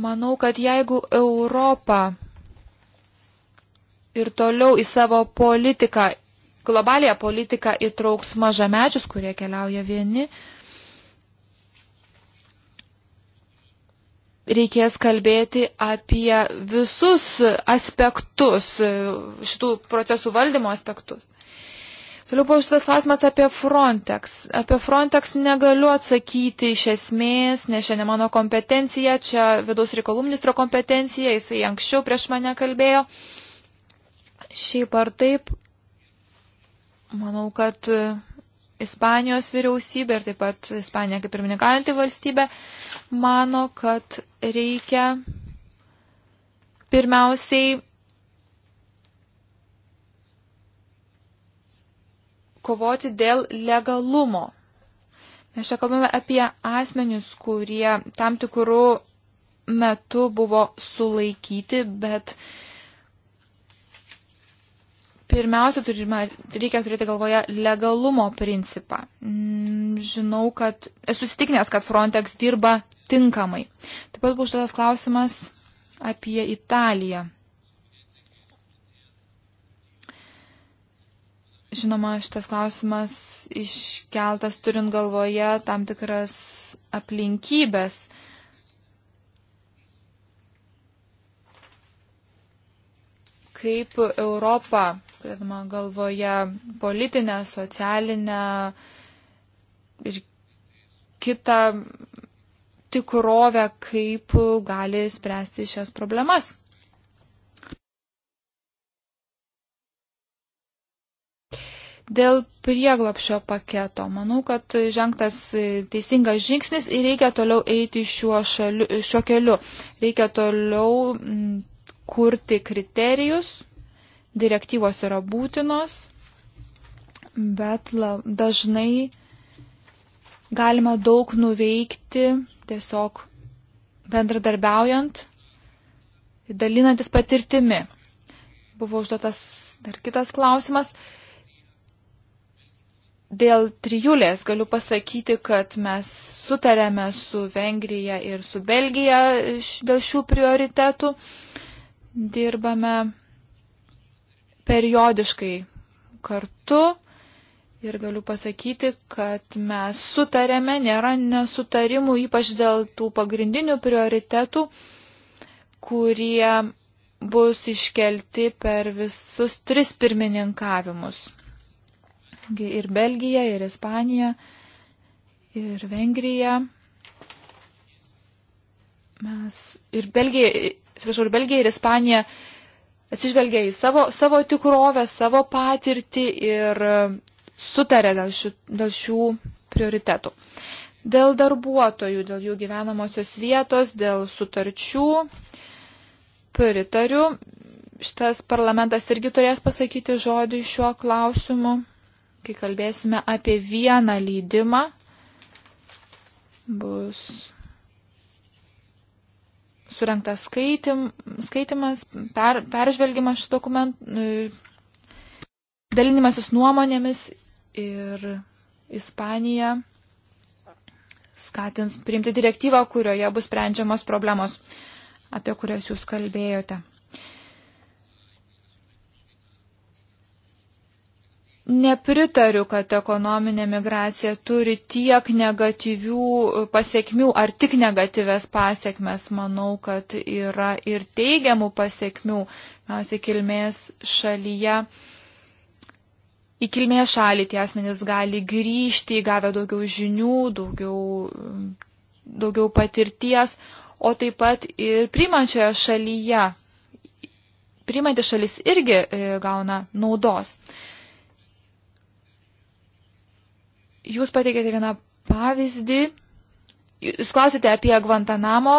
manau, kad jeigu Europa ir toliau į savo politiką, globaliją politiką įtrauks mažamečius, kurie keliauja vieni. Reikės kalbėti apie visus aspektus, šitų procesų valdymo aspektus. Toliau buvo šitas klausimas apie Frontex. Apie Frontex negaliu atsakyti iš esmės, nes šiandien mano kompetencija, čia vidaus reikalų ministro kompetencija, jisai anksčiau prieš mane kalbėjo. Uh, Šiaip ar taip, manau, kad Ispanijos vyriausybė ir taip pat Ispanija kaip pirmininkalinti valstybė mano, kad reikia pirmiausiai kovoti dėl legalumo. Mes čia kalbame apie asmenius, kurie tam tikrų metų buvo sulaikyti, bet uh, Pirmiausia, turime, reikia turėti galvoje legalumo principą. Mm, žinau, kad esu sitikinęs, kad Frontex dirba tinkamai. Taip pat buvo užduotas klausimas apie Italiją. Žinoma, šitas klausimas iškeltas turint galvoje tam tikras aplinkybės. kaip Europą, turėdama galvoje politinę, socialinę ir kitą tikrovę, kaip gali spręsti šias problemas. Dėl prieglopšio paketo manau, kad žengtas teisingas žingsnis ir reikia toliau eiti šiuo, šaliu, šiuo keliu. Reikia toliau kurti kriterijus, direktyvos yra būtinos, bet la, dažnai galima daug nuveikti tiesiog bendradarbiaujant, dalinantis patirtimi. Buvo užduotas dar kitas klausimas. Dėl trijulės galiu pasakyti, kad mes sutarėme su Vengrija ir su Belgija dėl šių prioritetų. Uh, dirbame periodiškai kartu ir galiu pasakyti, kad mes sutarėme, nėra nesutarimų, ypač dėl tų pagrindinių prioritetų, kurie bus iškelti per visus tris pirmininkavimus. Ir Belgija, ir Ispanija, ir Vengrija. Mes ir Belgija, atsiprašau, ir Belgija, ir Ispanija atsižvelgia į savo, savo tikrovę, savo patirtį ir e, sutarė dėl šių, dėl šių prioritetų. Dėl darbuotojų, dėl jų gyvenamosios vietos, dėl sutarčių pritariu. Šitas parlamentas irgi turės pasakyti žodį šiuo klausimu, kai kalbėsime apie vieną leidimą. Bus surinktas skaitim, skaitimas, per, peržvelgimas šių dokumentų, e, dalinimasis nuomonėmis ir Ispanija skatins priimti direktyvą, kurioje bus sprendžiamos problemos, apie kurias jūs kalbėjote. Nepritariu, kad ekonominė migracija turi tiek negatyvių e, pasiekmių ar tik negatyves pasiekmes. Manau, kad yra ir teigiamų pasiekmių. Mes į kilmės šalyje, į kilmės šalį tie asmenys gali grįžti, įgavę daugiau žinių, daugiau, daugiau patirties, o taip pat ir primančioje šalyje. Primanti šalis irgi e, gauna naudos. Jūs pateikėte vieną pavyzdį. Jūs klausėte apie Guantanamo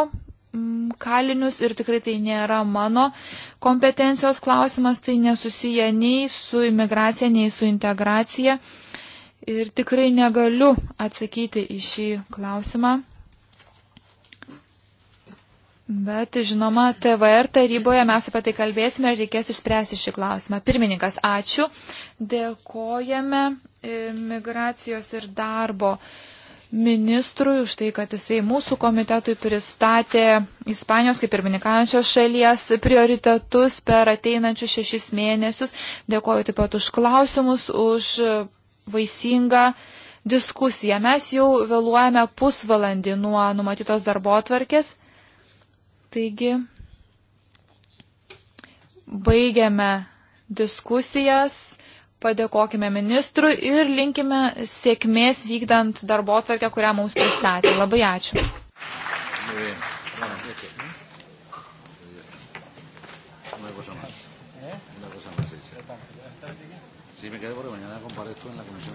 mm, kalinius ir tikrai tai nėra mano kompetencijos klausimas, tai nesusiję nei su imigracija, nei su integracija. Ir tikrai negaliu atsakyti į šį klausimą. Bet, žinoma, TVR taryboje mes apie tai kalbėsime ir reikės išspręsti šį klausimą. Pirmininkas, ačiū. Dėkojame migracijos ir darbo ministrui už tai, kad jisai mūsų komitetui pristatė Ispanijos kaip pirmininkaujančios šalies prioritetus per ateinančius šešis mėnesius. Dėkoju taip pat už klausimus, už vaisingą diskusiją. Mes jau vėluojame pusvalandį nuo numatytos darbo atvarkės. Taigi, baigiame diskusijas padėkokime ministrui ir linkime sėkmės vykdant darbo atvarkę, kurią mums pristatė. Labai ačiū. Sí, me quedé porque mañana comparezco en la comisión.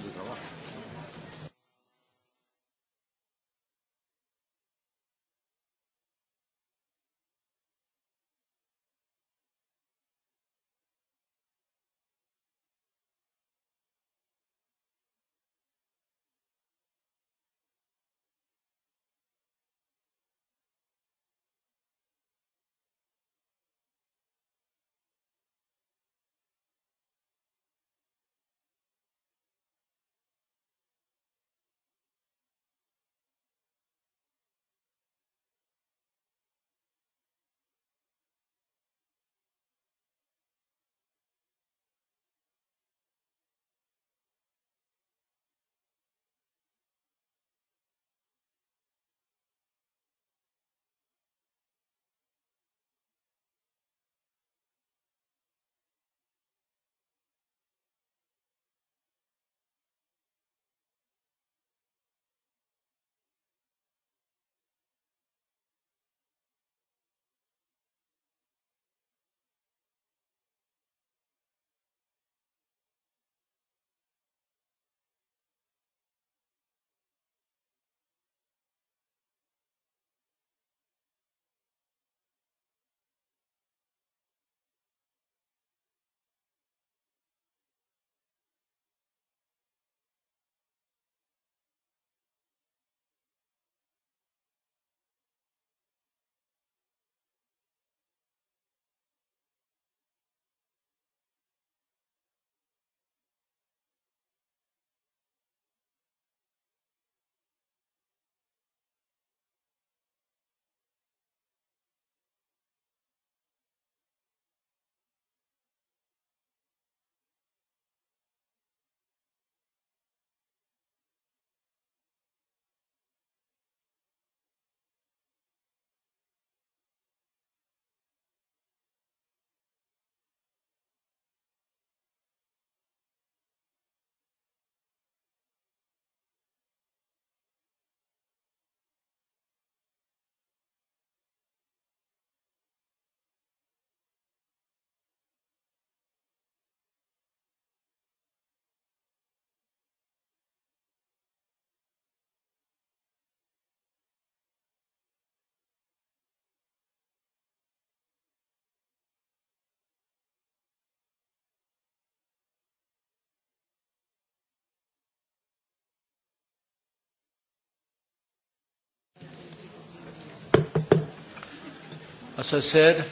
Said,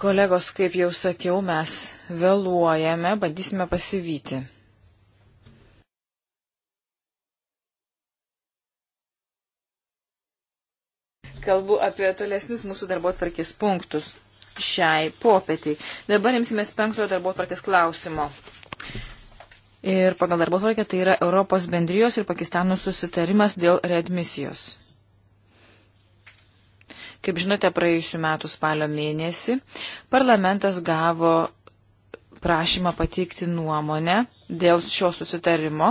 Kolegos, kaip jau sakiau, mes vėluojame, bandysime pasivyti. Kalbu apie tolesnius mūsų darbo tvarkės punktus šiai popietiai. Dabar imsimės penktojo darbo tvarkės klausimo. Ir pagal darbo tvarkę tai yra Europos bendrijos ir Pakistano susitarimas dėl readmisijos. Kaip žinote, praėjusiu metu spalio mėnesį parlamentas gavo prašymą pateikti nuomonę dėl šio susitarimo.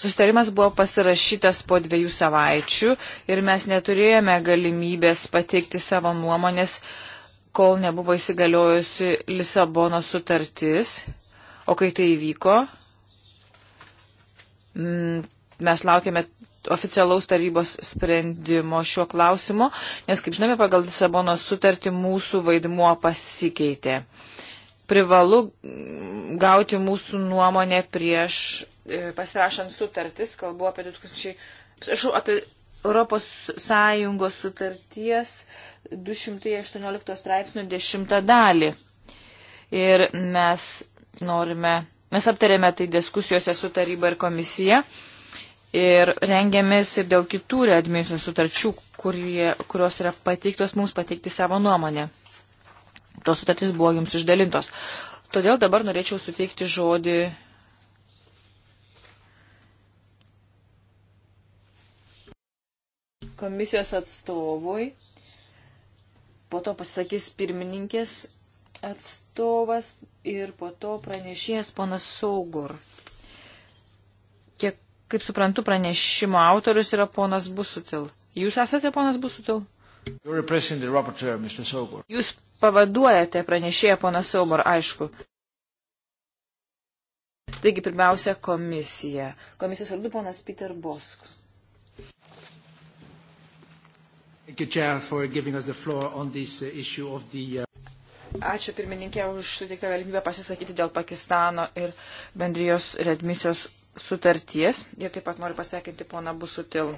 Susitarimas buvo pasirašytas po dviejų savaičių ir mes neturėjome galimybės pateikti savo nuomonės, kol nebuvo įsigaliojusi Lisabono sutartis. O kai tai įvyko, mes laukėme oficialaus tarybos sprendimo šiuo klausimu, nes, kaip žinome, pagal Lisabono sutartį mūsų vaidmuo pasikeitė. Privalu gauti mūsų nuomonę prieš e, pasirašant sutartis, kalbu apie 2000, ašau, apie Europos Sąjungos sutarties 218 straipsnio 10 dalį. Ir mes norime, mes aptarėme tai diskusijose su taryba ir komisija ir rengiamės ir dėl kitų readmisijos sutarčių, kurie, kurios yra pateiktos mums pateikti savo nuomonę. Tos sutartys buvo jums išdalintos. Todėl dabar norėčiau suteikti žodį. Komisijos atstovui, po to pasakys pirmininkės atstovas ir po to pranešėjas ponas Saugur. Kaip suprantu, pranešimo autorius yra ponas Busutil. Jūs esate ponas Busutil? Jūs pavaduojate pranešėją ponas Saumor, aišku. Taigi pirmiausia komisija. Komisijos vardu ponas Peter Bosk. Uh, uh, Ačiū pirmininkė už suteiktą galimybę pasisakyti dėl Pakistano ir bendrijos redmisijos sutarties. Ir taip pat noriu pasveikinti poną Busutil.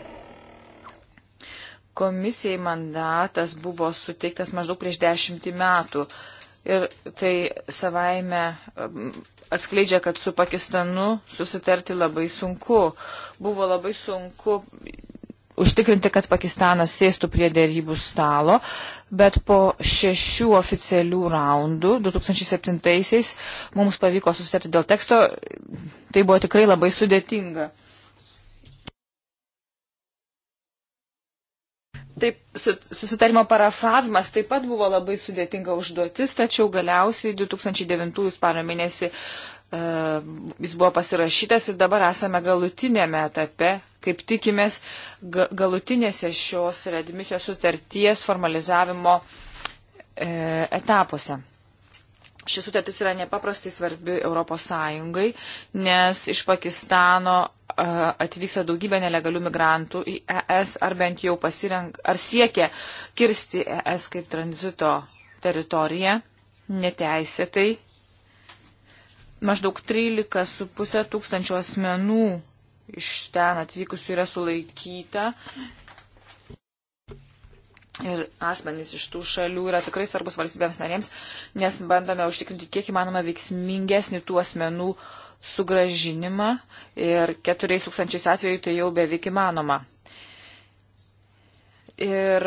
Komisijai mandatas buvo suteiktas maždaug prieš dešimtį metų. Ir tai savaime um, atskleidžia, kad su Pakistanu susitarti labai sunku. Buvo labai sunku užtikrinti, kad Pakistanas sėstų prie dėrybų stalo, bet po šešių oficialių raundų 2007-aisiais mums pavyko susitarti dėl teksto, tai buvo tikrai labai sudėtinga. Taip, susitarimo parafravimas taip pat buvo labai sudėtinga užduotis, tačiau galiausiai 2009 spalio mėnesį E, jis buvo pasirašytas ir dabar esame galutinėme etape, kaip tikimės, ga, galutinėse šios redmisijos sutarties formalizavimo e, etapuose. Šis sutartis yra nepaprastai svarbi ES, nes iš Pakistano e, atvyksta daugybė nelegalių migrantų į ES ar bent jau pasirenk, ar siekia kirsti ES kaip tranzito teritoriją neteisėtai maždaug 13,5 tūkstančio asmenų iš ten atvykusių yra sulaikyta. Ir asmenys iš tų šalių yra tikrai svarbus valstybėms narėms, nes bandome užtikrinti kiek įmanoma veiksmingesnį tų asmenų sugražinimą ir keturiais tūkstančiais atveju tai jau beveik įmanoma. Ir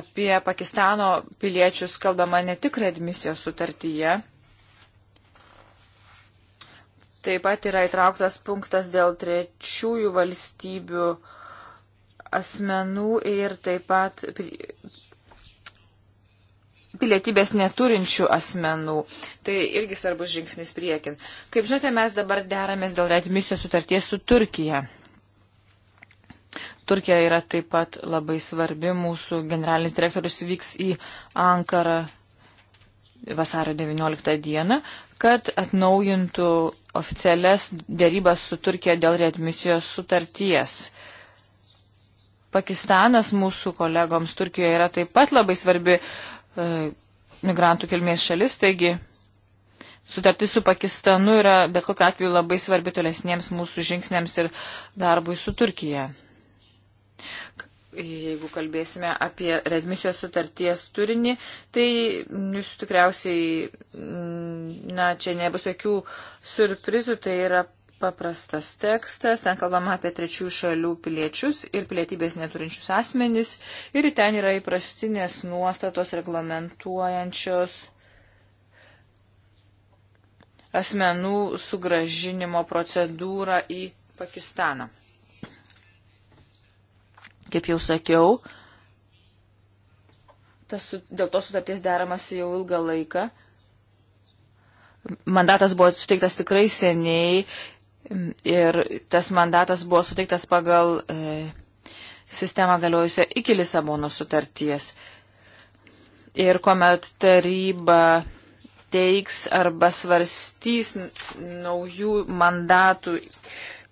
apie Pakistano piliečius kalbama ne tik redmisijos sutartyje, Taip pat yra įtrauktas punktas dėl trečiųjų valstybių asmenų ir taip pat pilietybės neturinčių asmenų. Tai irgi svarbus žingsnis priekin. Kaip žinote, mes dabar deramės dėl readmisijos sutarties su Turkija. Turkija yra taip pat labai svarbi. Mūsų generalinis direktorius vyks į Ankarą vasario 19 dieną, kad atnaujintų oficialias dėrybas su Turkija dėl readmisijos sutarties. Pakistanas mūsų kolegoms Turkijoje yra taip pat labai svarbi e, migrantų kilmės šalis, taigi sutartis su Pakistanu yra bet kokiu atveju labai svarbi tolesniems mūsų žingsniams ir darbui su Turkija jeigu kalbėsime apie redmisijos sutarties turinį, tai jūs tikriausiai, mm, na, čia nebus jokių surprizų, tai yra paprastas tekstas, ten kalbama apie trečių šalių piliečius ir pilietybės neturinčius asmenys ir ten yra įprastinės nuostatos reglamentuojančios asmenų sugražinimo procedūrą į Pakistaną. Kaip jau sakiau, tas, dėl tos sutarties deramasi jau ilgą laiką. Mandatas buvo suteiktas tikrai seniai ir tas mandatas buvo suteiktas pagal e, sistemą galiojusią iki Lisabono sutarties. Ir kuomet taryba teiks arba svarstys naujų mandatų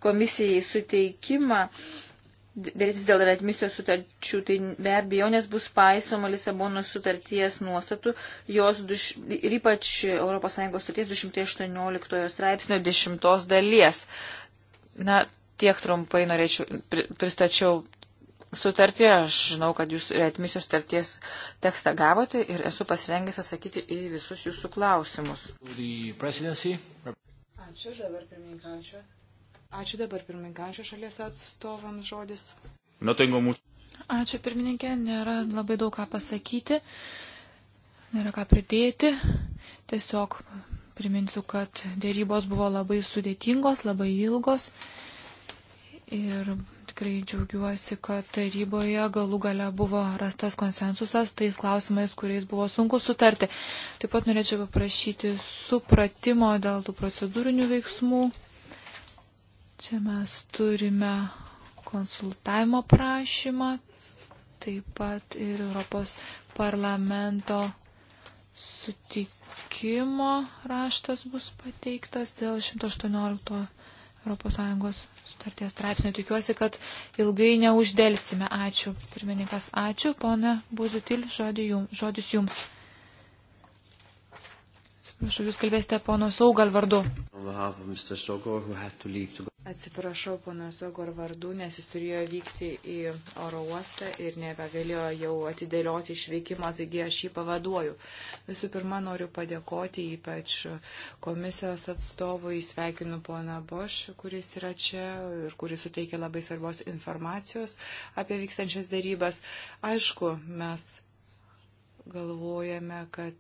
komisijai suteikimą, dėrėtis dėl readmisijos sutarčių, tai be abejonės bus paisoma Lisabonos sutarties nuostatų, jos duš, ir ypač ES sutarties 218 straipsnio 10 dalies. Na, tiek trumpai norėčiau, pristačiau sutartį, aš žinau, kad jūs readmisijos sutarties tekstą gavote ir esu pasirengęs atsakyti į visus jūsų klausimus. Ačiū, dabar pirmininkaučiu. Ačiū dabar pirmininkančio šalies atstovams žodis. Ačiū pirmininkė, nėra labai daug ką pasakyti, nėra ką pridėti. Tiesiog priminsiu, kad dėrybos buvo labai sudėtingos, labai ilgos. Ir tikrai džiaugiuosi, kad taryboje galų gale buvo rastas konsensusas tais klausimais, kuriais buvo sunku sutarti. Taip pat norėčiau paprašyti supratimo dėl tų procedūrinių veiksmų Čia mes turime konsultavimo prašymą, taip pat ir Europos parlamento sutikimo raštas bus pateiktas dėl 118 ES sutarties straipsnio. Tikiuosi, kad ilgai neuždėlsime. Ačiū. Pirmininkas, ačiū. Pone Buzutil, žodis jums. Žodis jums. Atsiprašau, jūs kalbėsite pono Saugal vardu. Atsiprašau, ponas Ogor vardu, nes jis turėjo vykti į oro uostą ir nebegalėjo jau atidėlioti išvykimą, taigi aš jį pavaduoju. Visų pirma, noriu padėkoti ypač komisijos atstovui, sveikinu poną Boš, kuris yra čia ir kuris suteikia labai svarbos informacijos apie vykstančias darybas. Aišku, mes galvojame, kad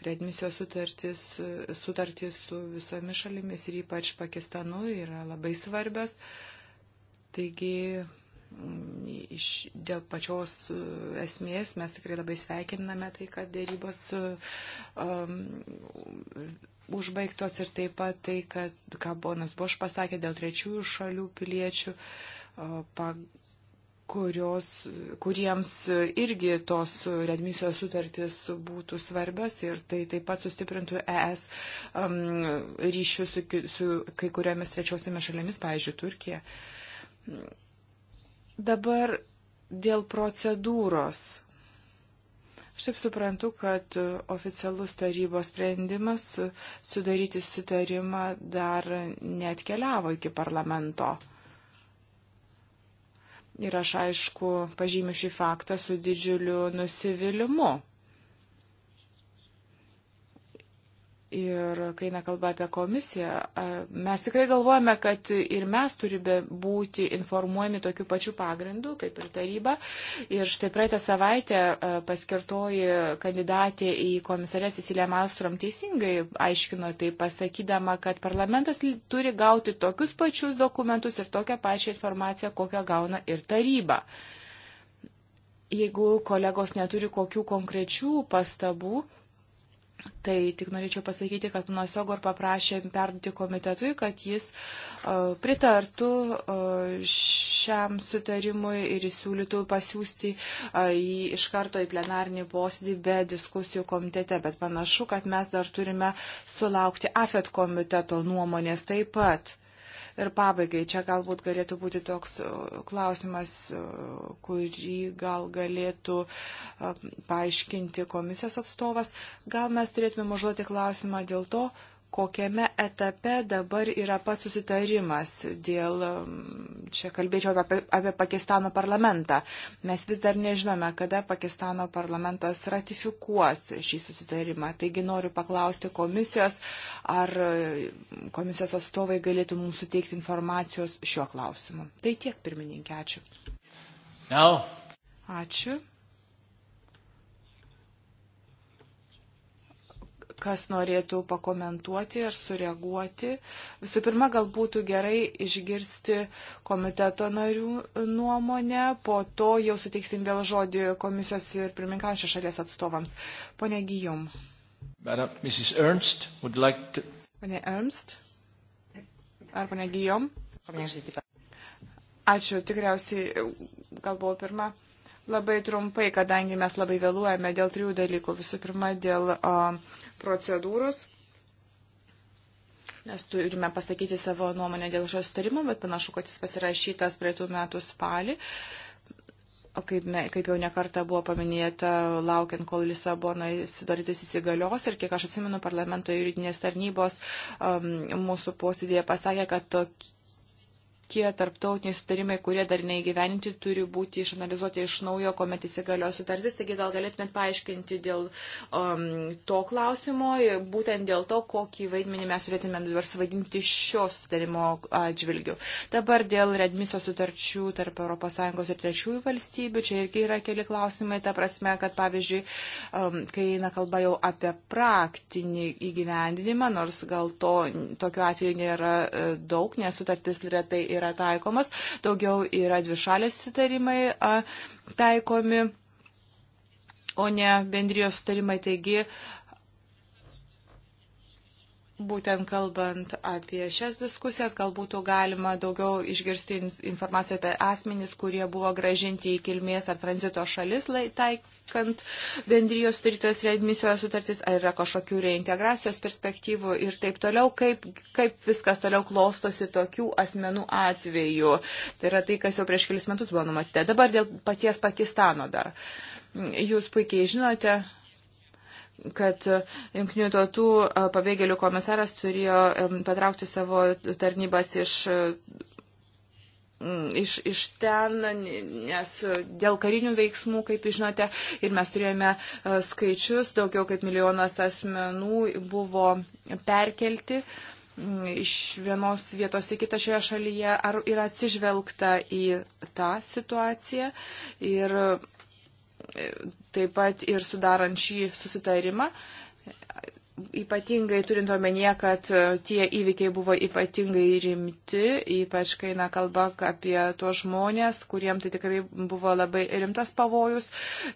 redmisijos sutartis, sutartis su visomis šalimis ir ypač Pakistanu yra labai svarbios. Taigi mm, iš, dėl pačios e, esmės mes tikrai labai sveikiname tai, kad dėrybos um, užbaigtos ir taip pat tai, kad, ką Bonas Boš pasakė dėl trečiųjų šalių piliečių, uh, pag, kurios, kuriems irgi tos redmisijos sutartys būtų svarbios ir tai taip pat sustiprintų ES um, ryšių su, su kai kuriomis trečiosiamis šalimis, pavyzdžiui, Turkija. Dabar dėl procedūros. Aš taip suprantu, kad oficialus tarybos sprendimas sudaryti sutarimą dar neatkeliavo iki parlamento. Ir aš aišku pažymiu šį faktą su didžiuliu nusivylimu. Ir kai nekalba apie komisiją, mes tikrai galvojame, kad ir mes turime būti informuojami tokiu pačiu pagrindu, kaip ir taryba. Ir štai praeitą savaitę paskirtoji kandidatė į komisarę Cecilę Malstrom teisingai aiškino tai, pasakydama, kad parlamentas turi gauti tokius pačius dokumentus ir tokią pačią informaciją, kokią gauna ir taryba. Jeigu kolegos neturi kokių konkrečių pastabų, Tai tik norėčiau pasakyti, kad Nusogor paprašė perduoti komitetui, kad jis e, pritartų e, šiam sutarimui ir įsiūlytų pasiūsti e, jį iš karto į plenarnį posėdį be diskusijų komitete. Bet panašu, kad mes dar turime sulaukti AFET komiteto nuomonės taip pat. Ir pabaigai, čia galbūt galėtų būti toks e, klausimas, e, kurį gal galėtų e, paaiškinti komisijos atstovas. Gal mes turėtume užduoti klausimą dėl to, kokiame etape dabar yra pats susitarimas dėl, um, čia kalbėčiau apie, apie Pakistano parlamentą. Mes vis dar nežinome, kada Pakistano parlamentas ratifikuos šį susitarimą. Taigi noriu paklausti komisijos, ar um, komisijos atstovai galėtų mums suteikti informacijos šiuo klausimu. Tai tiek, pirmininkė, ačiū. No. Ačiū. kas norėtų pakomentuoti ar sureaguoti. Visų pirma, gal būtų gerai išgirsti komiteto narių nuomonę, po to jau suteiksim vėl žodį komisijos ir pirmininkančio šalies atstovams. Pone Gijom. Mrs. Ernst, would like to... Pane Ernst? Ar pane Gijom? Ačiū, tikriausiai gal buvau pirma. Labai trumpai, kadangi mes labai vėluojame dėl trijų dalykų. Visų pirma, dėl o, procedūros. Mes turime pasakyti savo nuomonę dėl šio sutarimo, bet panašu, kad jis pasirašytas praeitų metų spalį. O kaip, me, kaip jau nekarta buvo paminėta, laukiant, kol Lisabonoje sudarytis įsigalios ir kiek aš atsimenu, parlamento juridinės tarnybos um, mūsų posėdėje pasakė, kad tokie tie tarptautiniai sutarimai, kurie dar neįgyveninti, turi būti išanalizuoti iš naujo, kuomet įsigalios sutartis. Taigi gal galėtumėt paaiškinti dėl um, to klausimo ir būtent dėl to, kokį vaidmenį mes turėtume dabar svaidinti šio sutarimo atžvilgiu. Dabar dėl redmiso sutarčių tarp ES ir trečiųjų valstybių, čia irgi yra keli klausimai, ta prasme, kad pavyzdžiui, um, kai eina kalba jau apie praktinį įgyvendinimą, nors gal to tokiu atveju nėra e, daug, nes sutartis retai yra yra taikomas, daugiau yra dvišalės sutarimai taikomi, o ne bendrijos sutarimai. Taigi, uh, būtent kalbant apie šias diskusijas, gal būtų galima daugiau išgirsti informaciją apie asmenys, kurie buvo gražinti į kilmės ar tranzito šalis, taikant bendrijos sudarytas readmisijos sutartis, ar yra kažkokių reintegracijos perspektyvų ir taip toliau, kaip, kaip viskas toliau klostosi tokių asmenų atveju. Tai yra tai, kas jau prieš kelis metus buvo numatyta. Dabar dėl paties Pakistano dar. Jūs puikiai žinote, kad e, jungtinių tautų e, pabėgėlių komisaras turėjo patraukti savo tarnybas iš e, iš, iš ten, nes dėl karinių veiksmų, kaip žinote, ir mes turėjome skaičius, daugiau kaip milijonas asmenų buvo perkelti iš vienos vietos į kitą šioje šalyje, ar yra atsižvelgta į tą situaciją ir taip pat ir sudarant šį susitarimą, ypatingai turint omenyje, kad e, tie įvykiai buvo ypatingai rimti, ypač kai na kalba apie tuos žmonės, kuriems tai tikrai buvo labai rimtas pavojus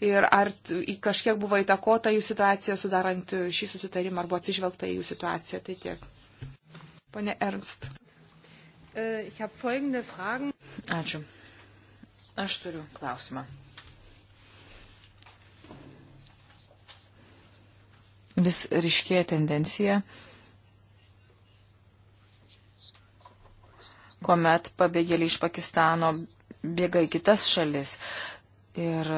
ir ar kažkiek buvo įtakota jų situacija sudarant šį susitarimą, ar buvo atsižvelgta į jų situaciją, tai tiek. Pone Ernst. Äh, Ačiū. Aš turiu klausimą. vis ryškėja tendencija, kuomet pabėgėliai iš Pakistano bėga į kitas šalis. Ir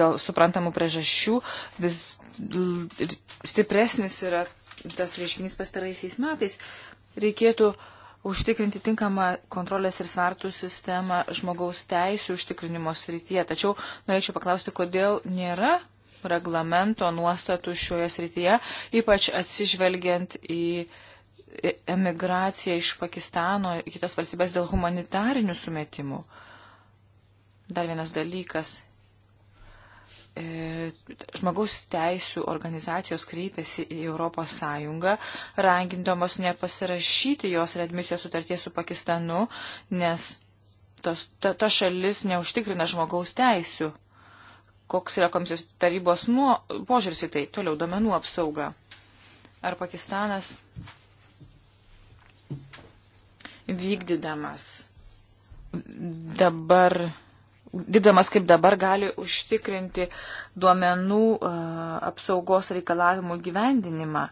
dėl suprantamų priežasčių vis stipresnis yra tas reiškinys pastaraisiais metais. Reikėtų užtikrinti tinkamą kontrolės ir svartų sistemą žmogaus teisų užtikrinimo srityje. Tačiau norėčiau paklausti, kodėl nėra reglamento nuostatų šioje srityje, ypač atsižvelgiant į emigraciją iš Pakistano į kitas valstybės dėl humanitarinių sumetimų. Dar vienas dalykas. E, žmogaus teisų organizacijos kreipėsi į Europos Sąjungą, rangindamos nepasirašyti jos redmisijos sutarties su Pakistanu, nes tos, ta, ta šalis neužtikrina žmogaus teisų koks yra komisijos tarybos nuo, požiūris į tai, toliau domenų apsauga. Ar Pakistanas vykdydamas dabar, dirbdamas kaip dabar, gali užtikrinti duomenų uh, apsaugos reikalavimų gyvendinimą?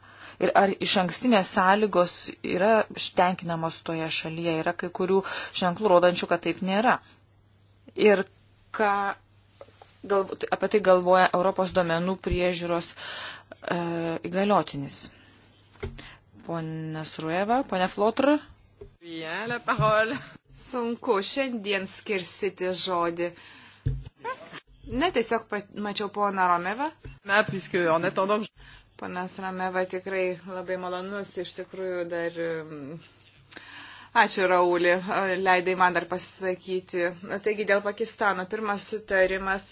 Ir ar iš ankstinės sąlygos yra štenkinamos toje šalyje, yra kai kurių ženklų rodančių, kad taip nėra. Ir ką gal, apie tai galvoja Europos duomenų priežiūros e, įgaliotinis. Pone Srueva, pone Flotra. Vieną parolę. Sunku šiandien skirsyti žodį. Ne, tiesiog mačiau poną Romevą. Na, puisque en attendant. Ponas Rameva tikrai labai malonus, iš tikrųjų dar. Um, Ačiū, Raulį. Leidai man dar pasakyti. Taigi, dėl Pakistano pirmas sutarimas,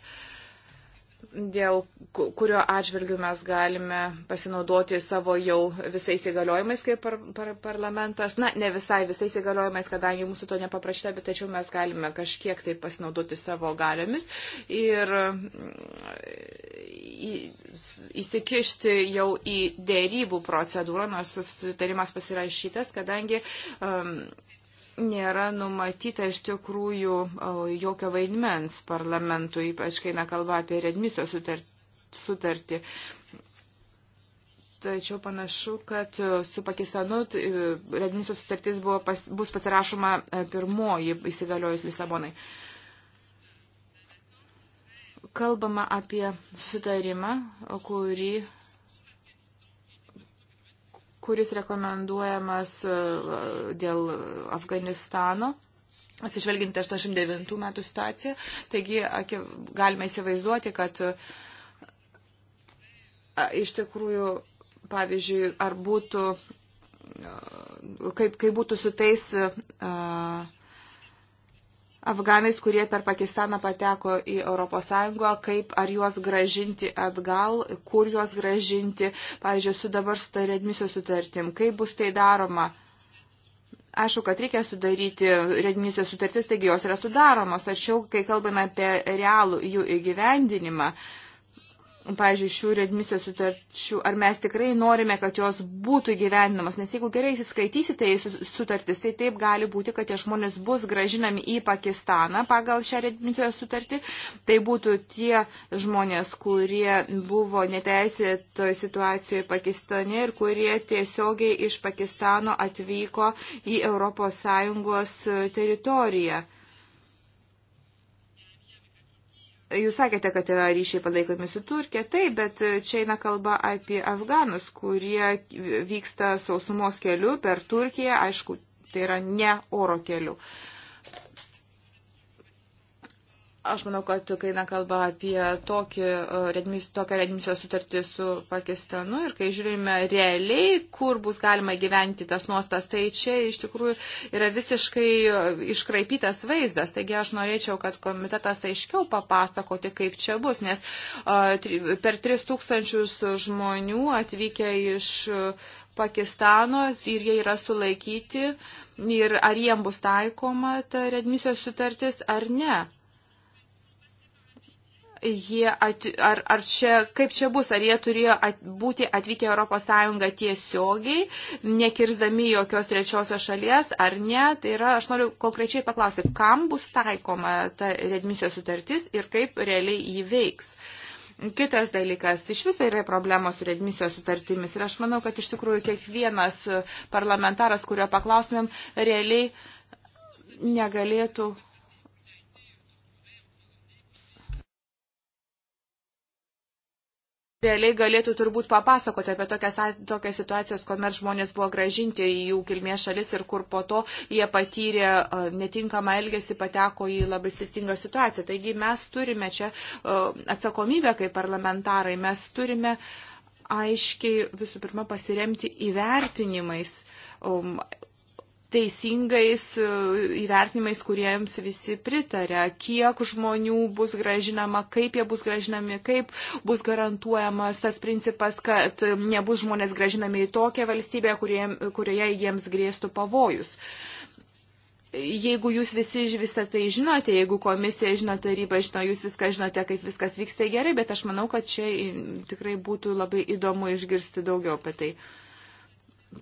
dėl kurio atžvilgių mes galime pasinaudoti savo jau visais įgaliojimais kaip par, par, parlamentas. Na, ne visai visais įgaliojimais, kadangi mūsų to nepaprašyta, bet tačiau mes galime kažkiek tai pasinaudoti savo galiomis. Ir įsikišti jau į dėrybų procedūrą, nors susitarimas pasirašytas, kadangi um, nėra numatyta iš tikrųjų jokio vaidmens parlamentui, ypač kai nekalba apie redmisio sutartį. Tačiau panašu, kad su Pakistanu redmisio sutartis buvo pas, bus pasirašoma e, pirmoji įsigaliojus Lisabonai. Uh, kalbama apie sutarimą, kurį kuris rekomenduojamas e, dėl Afganistano, atsižvelginti 89 metų situaciją. Taigi galime įsivaizduoti, kad iš tikrųjų, pavyzdžiui, ar būtų, e, kaip, kaip būtų su tais. Uh, afganais, kurie per Pakistaną pateko į ES, kaip ar juos gražinti atgal, kur juos gražinti, pavyzdžiui, su dabar sutarė admisijos sutartim, kaip bus tai daroma. Aišku, kad reikia sudaryti redmisijos sutartis, taigi jos yra sudaromos, tačiau kai kalbame apie realų jų įgyvendinimą, uh, pavyzdžiui, šių redmisijos sutarčių, ar mes tikrai norime, kad jos būtų gyvendinamos, nes jeigu gerai įsiskaitysite tai į sutartis, tai taip gali būti, kad tie žmonės bus gražinami į Pakistaną pagal šią redmisijos sutartį. Tai būtų tie žmonės, kurie buvo neteisėtoje situacijoje Pakistane ir kurie tiesiogiai iš Pakistano atvyko į ES teritoriją. Jūs sakėte, kad yra ryšiai palaikomi su Turkija, taip, bet čia eina kalba apie Afganus, kurie vyksta sausumos keliu per Turkiją, aišku, tai yra ne oro keliu. Uh, Aš manau, kad kai eina kalba apie tokį, e, redmys, tokią redmisijos sutartį su Pakistanu ir kai žiūrime realiai, kur bus galima gyventi tas nuostas, tai čia iš tikrųjų yra visiškai e, iškraipytas vaizdas. Taigi aš norėčiau, kad komitetas aiškiau papasakoti, kaip čia bus, nes e, per 3000 žmonių atvykę iš Pakistano ir jie yra sulaikyti ir ar jiems bus taikoma ta redmisijos sutartis ar ne jie, at, ar, ar čia, kaip čia bus, ar jie turėjo at, būti atvykę Europos Sąjungą tiesiogiai, nekirzdami jokios trečiosios šalies, ar ne. Tai yra, aš noriu konkrečiai paklausti, kam bus taikoma ta redmisijos sutartis ir kaip realiai jį veiks. Kitas dalykas, iš viso yra problemos su redmisijos sutartimis ir aš manau, kad iš tikrųjų kiekvienas parlamentaras, kurio paklausimėm, realiai negalėtų realiai galėtų turbūt papasakoti apie tokias, tokias situacijas, kuomet žmonės buvo gražinti į jų kilmės šalis ir kur po to jie patyrė netinkamą elgesį, pateko į labai sudėtingą situaciją. Taigi mes turime čia atsakomybę kaip parlamentarai, mes turime aiškiai visų pirma pasiremti įvertinimais, um, teisingais e, įvertinimais, kuriems visi pritarė, kiek žmonių bus gražinama, kaip jie bus gražinami, kaip bus garantuojamas tas principas, kad nebus žmonės gražinami į tokią valstybę, kurie, kurioje jiems grėstų pavojus. Jeigu jūs visi visą tai žinote, jeigu komisija žino, taryba žino, jūs viską žinote, kaip viskas vyksta gerai, bet aš manau, kad čia tikrai būtų labai įdomu išgirsti daugiau apie tai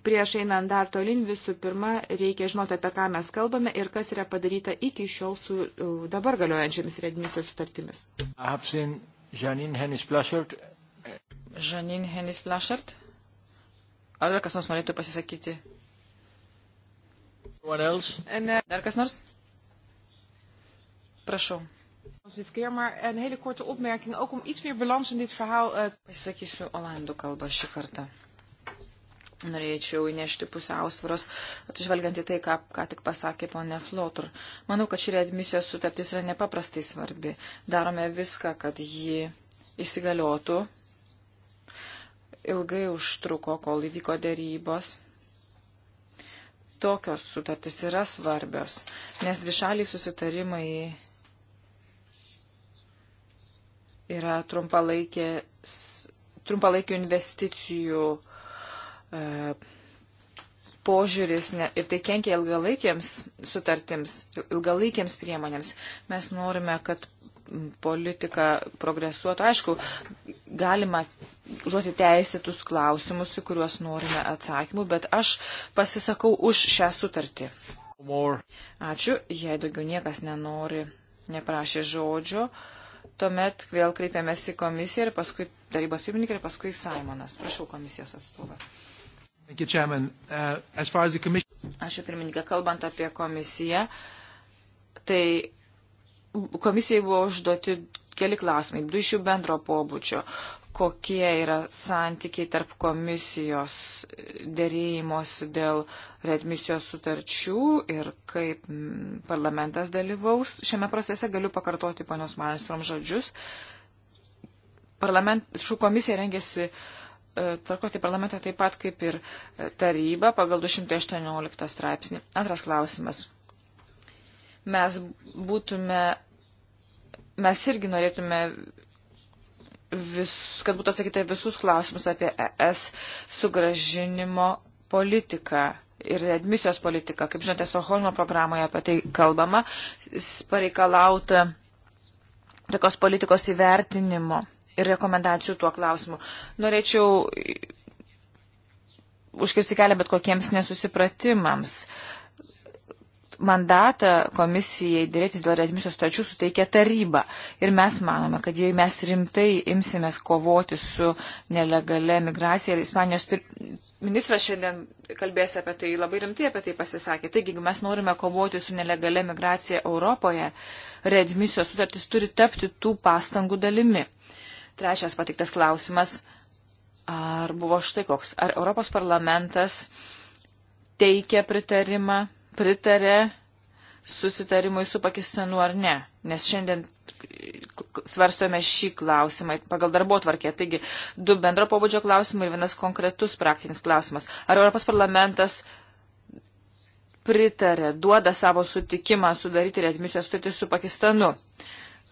prieš einant dar tolin, visų pirma, reikia žinoti, apie ką mes kalbame ir kas yra padaryta iki šiol su e, dabar galiojančiamis redmisijos sutartimis. Žanin Henis Plašert. Ar kas nors norėtų pasisakyti? Uh, dar kas nors? Prašau. Dit keer maar een hele korte opmerking, ook om iets meer balans in dit verhaal. Eh, Pasakysiu olandų kalbą šį kartą norėčiau įnešti pusiausvėros, atsižvelgiant į tai, ką, ką tik pasakė ponė Flotur. Manau, kad ši readmisijos sutartis yra nepaprastai svarbi. Darome viską, kad ji įsigaliotų. Ilgai užtruko, kol įvyko dėrybos. Tokios sutartis yra svarbios, nes dvišaliai susitarimai yra trumpalaikės trumpalaikių investicijų uh, E, požiūris ne, ir tai kenkia ilgalaikiams sutartims, ilgalaikiams priemonėms. Mes norime, kad politika progresuotų. Aišku, galima užduoti teisėtus klausimus, į kuriuos norime atsakymų, bet aš pasisakau už šią sutartį. More. Ačiū, jei daugiau niekas nenori, neprašė žodžio, tuomet vėl kreipiamės į komisiją ir paskui tarybos pirmininkai ir paskui Simonas. Prašau komisijos atstovą. Uh, Ačiū pirmininkė, kalbant apie komisiją, tai komisijai buvo užduoti keli klausimai, du iš jų bendro pobūdžio. Kokie yra santykiai tarp komisijos dėrėjimos dėl readmisijos sutarčių ir kaip parlamentas dalyvaus šiame procese, galiu pakartoti ponios Manistrom žodžius. Parlament, šių komisija rengėsi uh, tvarkoti parlamentą taip pat kaip ir taryba pagal 218 straipsnį. Antras klausimas. Mes būtume, mes irgi norėtume, vis, kad būtų atsakyta visus klausimus apie ES sugražinimo politiką ir admisijos politiką. Kaip žinote, Soholmo programoje apie tai kalbama, pareikalauta tokios politikos įvertinimo ir rekomendacijų tuo klausimu. Norėčiau užkirsti kelią bet kokiems nesusipratimams. Mandatą komisijai dėrėtis dėl readmisijos stočių suteikia taryba. Ir mes manome, kad jei mes rimtai imsimės kovoti su nelegale migracija ir Ispanijos pir... ministras šiandien kalbės apie tai, labai rimtai apie tai pasisakė. Taigi, jeigu mes norime kovoti su nelegale migracija Europoje, readmisijos sutartis turi tapti tų pastangų dalimi. Uh, Trečias patiktas klausimas. Ar buvo štai koks? Ar Europos parlamentas teikia pritarimą, pritarė susitarimui su Pakistanu ar ne? Nes šiandien svarstome šį klausimą pagal darbo tvarkę. Taigi, du bendro pobūdžio klausimai ir vienas konkretus praktinis klausimas. Ar Europos parlamentas pritarė, duoda savo sutikimą sudaryti readmisijos sutartį su Pakistanu? Uh,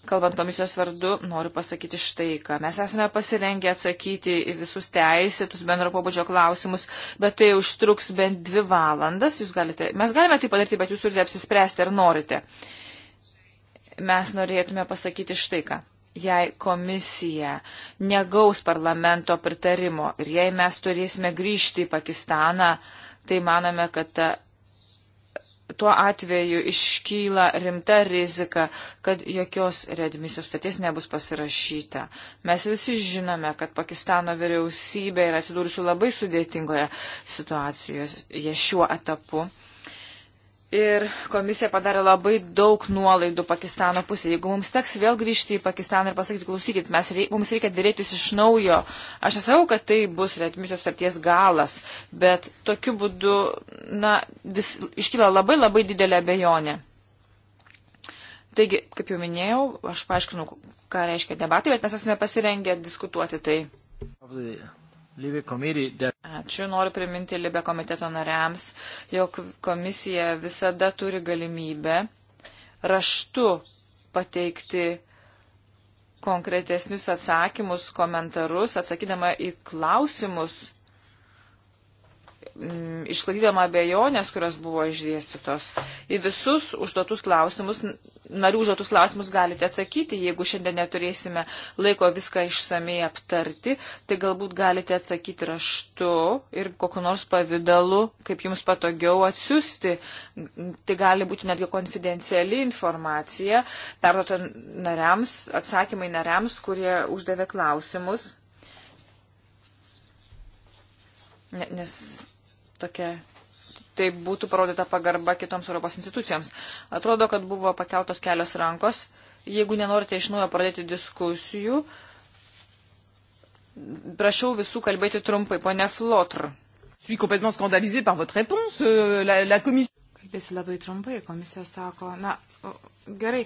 kalbant komisijos vardu, noriu pasakyti štai ką. Mes esame pasirengę atsakyti į visus teisėtus bendro pobūdžio klausimus, bet tai užtruks bent dvi valandas. Jūs galite, mes galime tai padaryti, bet jūs turite apsispręsti, ar norite. Mes norėtume pasakyti štai ką. Jei komisija negaus parlamento pritarimo ir jei mes turėsime grįžti į Pakistaną, tai manome, kad ta tuo atveju iškyla rimta rizika, kad jokios readmisijos staties nebus pasirašyta. Mes visi žinome, kad Pakistano vyriausybė yra atsidūrusi labai sudėtingoje situacijoje šiuo etapu. Ir komisija padarė labai daug nuolaidų Pakistano pusė. Jeigu mums teks vėl grįžti į Pakistaną ir pasakyti, klausykit, mes, rei, mums reikia dėrėtis iš naujo, aš nesakau, kad tai bus retmisios starties galas, bet tokiu būdu, na, vis, iškyla labai labai didelė abejonė. Taigi, kaip jau minėjau, aš paaiškinau, ką reiškia debatai, bet mes esame pasirengę diskutuoti tai. Probably, yeah. Ačiū, noriu priminti Libė komiteto nariams, jog komisija visada turi galimybę raštu pateikti konkretesnius atsakymus, komentarus, atsakydama į klausimus Mm, išsklaidydama abejonės, kurios buvo išdėstytos. Į visus užduotus klausimus, narių užduotus klausimus galite atsakyti. Jeigu šiandien neturėsime laiko viską išsamei aptarti, tai galbūt galite atsakyti raštu ir kokiu nors pavydalu, kaip jums patogiau atsiųsti. Tai gali būti netgi konfidenciali informacija, perduota nariams, atsakymai nariams, kurie uždavė klausimus. Nes tokia tai būtų parodyta pagarba kitoms Europos institucijoms. Atrodo, kad buvo pakeltos kelios rankos. Jeigu nenorite iš naujo pradėti diskusijų, prašau visų kalbėti trumpai, ponia Flotr. Euh, Kalbėsiu labai trumpai, komisija sako, na, gerai,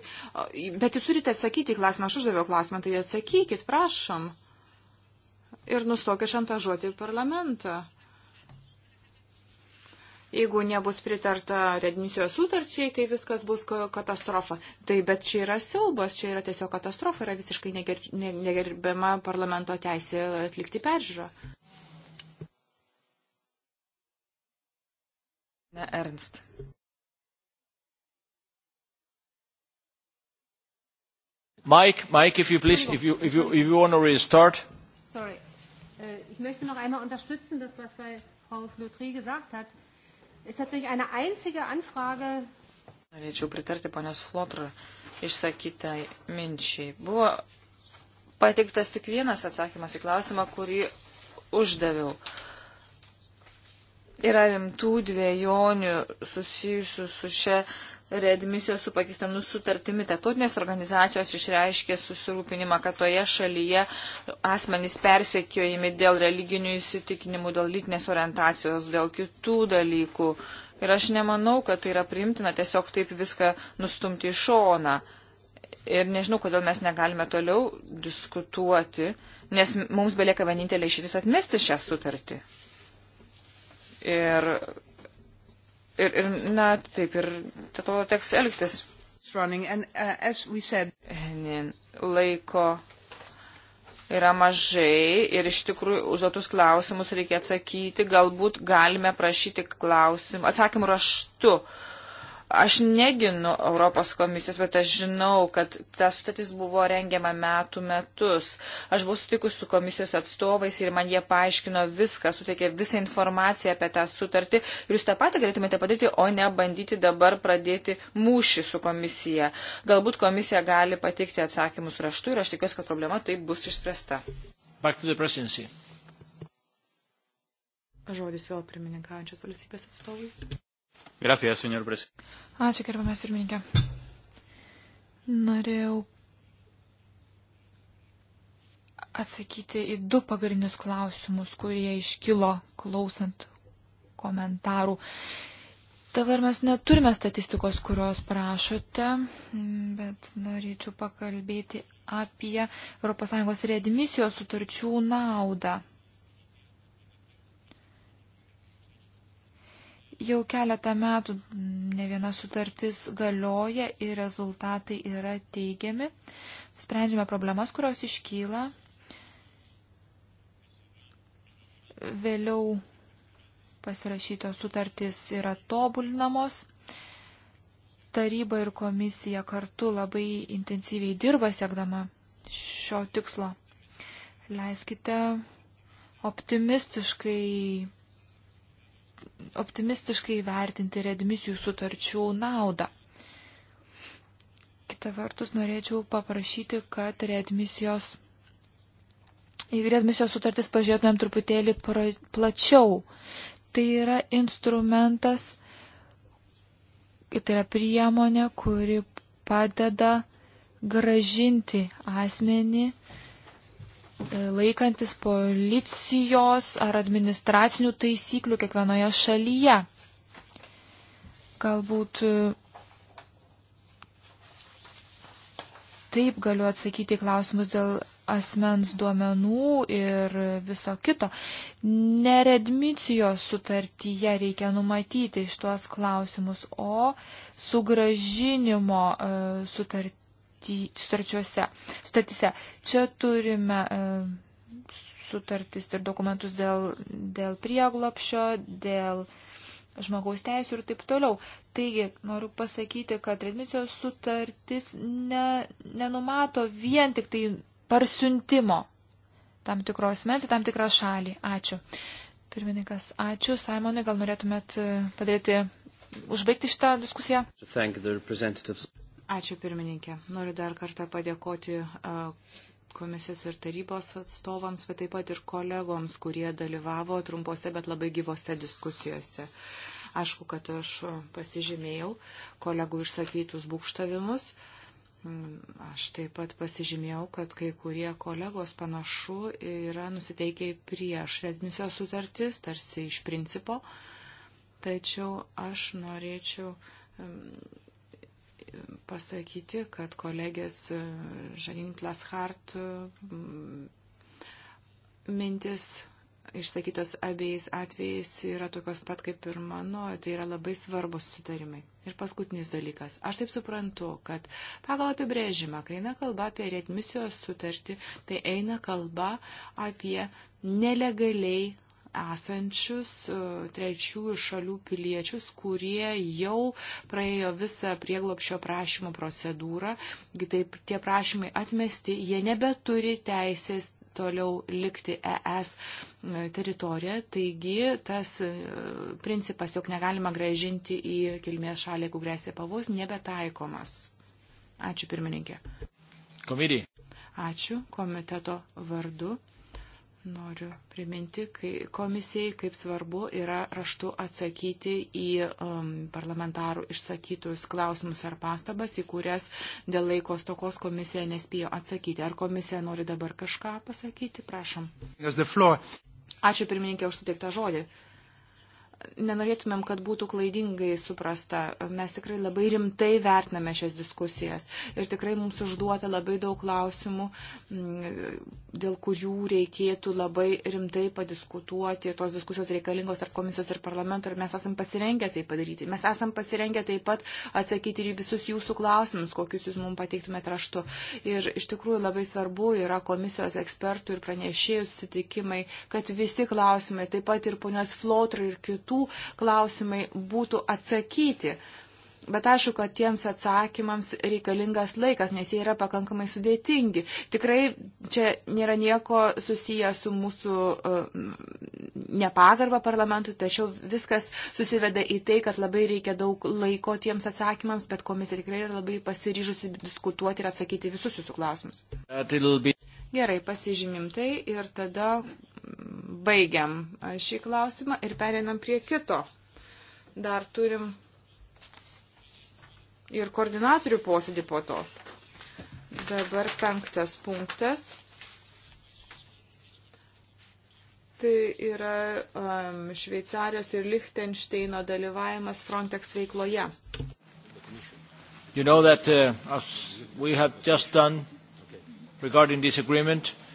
bet jūs turite atsakyti į klausimą, aš uždaviau klausimą, tai atsakykit, prašom. Ir nustokit šantažuoti parlamentą. Jeigu nebus pritarta redmisijos sutarčiai, tai viskas bus katastrofa. Tai bet čia yra siaubas, čia yra tiesiog katastrofa, yra visiškai neger, negerbiama parlamento teisė atlikti peržiūrą. Ne, Ernst. Mike, Mike, if you please, if you, if you, if you want to restart. Sorry. Äh, ich möchte noch einmal unterstützen, das, was bei Frau Flotry gesagt hat Es hat nicht eine einzige Anfrage. Norėčiau pritarti ponios Flotr išsakytai minčiai. Buvo pateiktas tik vienas atsakymas į klausimą, kurį uždaviau. Yra rimtų dviejonių susijusių su šia redmisijos su Pakistanu sutartimi. Tarptautinės organizacijos išreiškė susirūpinimą, kad toje šalyje asmenys persekiojami dėl religinių įsitikinimų, dėl lytinės orientacijos, dėl kitų dalykų. Ir aš nemanau, kad tai yra primtina tiesiog taip viską nustumti į šoną. Ir nežinau, kodėl mes negalime toliau diskutuoti, nes mums belieka vienintelė iš vis atmesti šią sutartį. Ir ir, ir na, taip ir to teks elgtis. And, uh, said... Laiko yra mažai ir iš tikrųjų užduotus klausimus reikia atsakyti. Galbūt galime prašyti klausimų, atsakymų raštu. Uh, Aš neginu Europos komisijos, bet aš žinau, kad ta sutartis buvo rengiama metų metus. Aš buvau sutikus su komisijos atstovais ir man jie paaiškino viską, suteikė visą informaciją apie tą sutartį. Ir jūs tą patį galėtumėte padaryti, o ne bandyti dabar pradėti mūšį su komisija. Galbūt komisija gali pateikti atsakymus raštu ir aš tikiuosi, kad problema taip bus išspręsta. Žodis vėl pirmininkaujančios valstybės atstovui. Gracias, senor presidente. Ačiū, gerbiamas pirmininkė. Norėjau atsakyti į du pagrindinius klausimus, kurie iškilo klausant komentarų. Dabar mes neturime statistikos, kurios prašote, bet norėčiau pakalbėti apie ES readmisijos sutarčių naudą. Jau keletą metų ne viena sutartis galioja ir rezultatai yra teigiami. Sprendžiame problemas, kurios iškyla. Vėliau pasirašytos sutartys yra tobulinamos. Taryba ir komisija kartu labai intensyviai dirba siekdama šio tikslo. Leiskite optimistiškai optimistiškai vertinti redmisijų sutarčių naudą. Kita vertus, norėčiau paprašyti, kad redmisijos, redmisijos sutartis pažiūrėtumėm truputėlį pra, plačiau. Tai yra instrumentas, tai yra priemonė, kuri padeda gražinti asmenį E, laikantis policijos ar administracinių taisyklių kiekvienoje šalyje. Galbūt e, taip galiu atsakyti klausimus dėl asmens duomenų ir viso kito. Neredmicijos sutartyje reikia numatyti iš tuos klausimus, o sugražinimo e, sutartyje sutarčiuose, sutartise. Čia turime e, sutartis ir dokumentus dėl, dėl prieglopšio, dėl žmogaus teisų ir taip toliau. Taigi, noriu pasakyti, kad redmicijos sutartis ne, nenumato vien tik tai parsiuntimo tam tikros mens į tam tikrą šalį. Ačiū. Pirmininkas, ačiū. Simonai, gal norėtumėt e, padaryti, užbaigti šitą diskusiją? Ačiū pirmininkė. Noriu dar kartą padėkoti komisijos ir tarybos atstovams, bet taip pat ir kolegoms, kurie dalyvavo trumpose, bet labai gyvose diskusijose. Aišku, kad aš pasižymėjau kolegų išsakytus būkštavimus. Mm, aš taip pat pasižymėjau, kad kai kurie kolegos panašu yra nusiteikę prieš redmisijos sutartis, tarsi iš principo. Tačiau aš norėčiau mm, pasakyti, kad kolegės Žanin e, Plashart e, mintis išsakytos abiejais atvejais yra tokios pat kaip ir mano, tai yra labai svarbus sutarimai. Ir paskutinis dalykas. Aš taip suprantu, kad pagal apibrėžimą, kai eina kalba apie readmisijos sutartį, tai eina kalba apie nelegaliai esančius e, trečiųjų šalių piliečius, kurie jau praėjo visą prieglopšio prašymo procedūrą. Taip, tie prašymai atmesti, jie nebeturi teisės toliau likti ES e, teritoriją. Taigi tas e, principas, jog negalima gražinti į kilmės šalį, jeigu grėsia pavos, nebetaikomas. Ačiū pirmininkė. Komidį. Ačiū komiteto vardu. Noriu priminti kai, komisijai, kaip svarbu yra raštu atsakyti į um, parlamentarų išsakytus klausimus ar pastabas, į kurias dėl laiko stokos komisija nespėjo atsakyti. Ar komisija nori dabar kažką pasakyti? Prašom. Ačiū pirmininkė už suteiktą žodį. Uh, nenorėtumėm, kad būtų klaidingai suprasta. Mes tikrai labai rimtai vertiname šias diskusijas ir tikrai mums užduota labai daug klausimų, mm, dėl kurių reikėtų labai rimtai padiskutuoti. Tos diskusijos reikalingos tarp komisijos ir parlamento ir mes esam pasirengę tai padaryti. Mes esam pasirengę taip pat atsakyti ir į visus jūsų klausimus, kokius jūs mums pateiktumėte raštu. Ir iš tikrųjų labai svarbu yra komisijos ekspertų ir pranešėjų susitikimai, kad visi klausimai, taip pat ir ponios Flotrai ir kitų, kartų klausimai būtų atsakyti. Bet aišku, kad tiems atsakymams reikalingas laikas, nes jie yra pakankamai sudėtingi. Tikrai čia nėra nieko susiję su mūsų uh, nepagarba parlamentui, tačiau viskas susiveda į tai, kad labai reikia daug laiko tiems atsakymams, bet komisija tikrai yra labai pasiryžusi diskutuoti ir atsakyti visus jūsų klausimus. Gerai, pasižymim tai ir tada baigiam šį klausimą ir perinam prie kito. Dar turim ir koordinatorių posėdį po to. Dabar penktas punktas. Tai yra um, Šveicarijos ir Lichtensteino dalyvavimas Frontex veikloje. You know that, uh, as we have just done regarding this agreement, uh,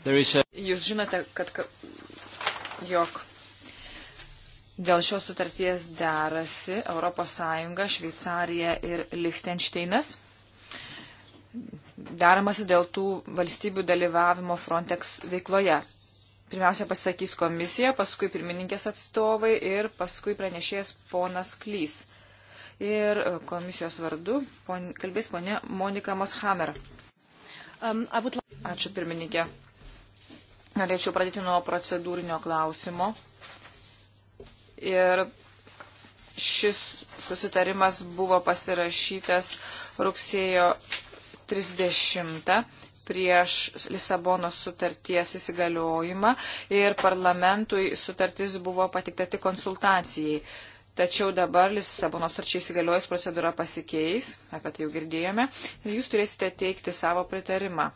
a... Jūs žinote, kad, jog dėl šios sutarties derasi ES, Šveicarija ir Lichtensteinas. Deramasi dėl tų valstybių dalyvavimo Frontex veikloje. Pirmiausia pasakys komisija, paskui pirmininkės atstovai ir paskui pranešėjas ponas Klys. Ir e, komisijos vardu pon, kalbės ponė Monika Moshammer. Um, would... Ačiū pirmininkė. Norėčiau pradėti nuo procedūrinio klausimo. Ir šis susitarimas buvo pasirašytas rugsėjo 30 prieš Lisabonos sutarties įsigaliojimą ir parlamentui sutartis buvo patikta tik konsultacijai. Tačiau dabar Lisabonos sutarčiai įsigaliojus procedūra pasikeis, apie tai jau girdėjome, ir jūs turėsite teikti savo pritarimą.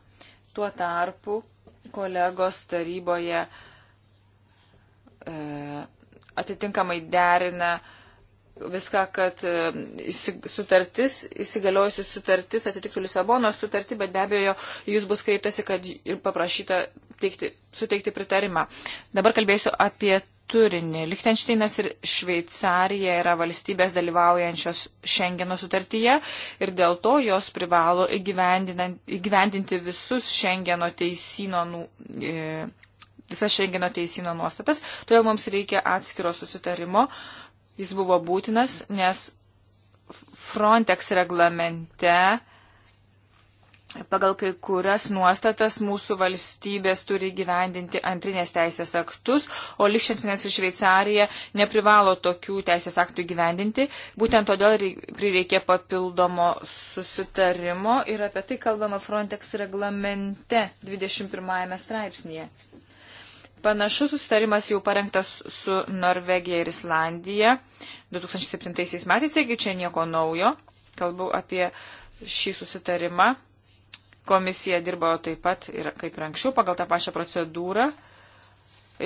Tuo tarpu kolegos taryboje e, atitinkamai derina viską, kad e, sutartis, įsigaliojusi sutartis atitiktų Lisabonos sutartį, bet be abejo, jūs bus kreiptasi, kad ir paprašyta teikti, suteikti pritarimą. Dabar kalbėsiu apie turinį. Lichtenšteinas ir Šveicarija yra valstybės dalyvaujančios Šengeno sutartyje ir dėl to jos privalo įgyvendinti visus Šengeno teisino, nu, e, visas Šengeno teisino nuostatas. Todėl mums reikia atskiro susitarimo. Jis buvo būtinas, nes Frontex reglamente pagal kai kurias nuostatas mūsų valstybės turi gyvendinti antrinės teisės aktus, o Lichtensteinas ir Šveicarija neprivalo tokių teisės aktų gyvendinti. Būtent todėl prireikė papildomo susitarimo ir apie tai kalbama Frontex reglamente 21 straipsnėje. Panašus susitarimas jau parengtas su Norvegija ir Islandija 2007 metais, taigi čia nieko naujo. Kalbu apie šį susitarimą Komisija dirbo taip pat ir kaip ir anksčiau pagal tą pačią procedūrą.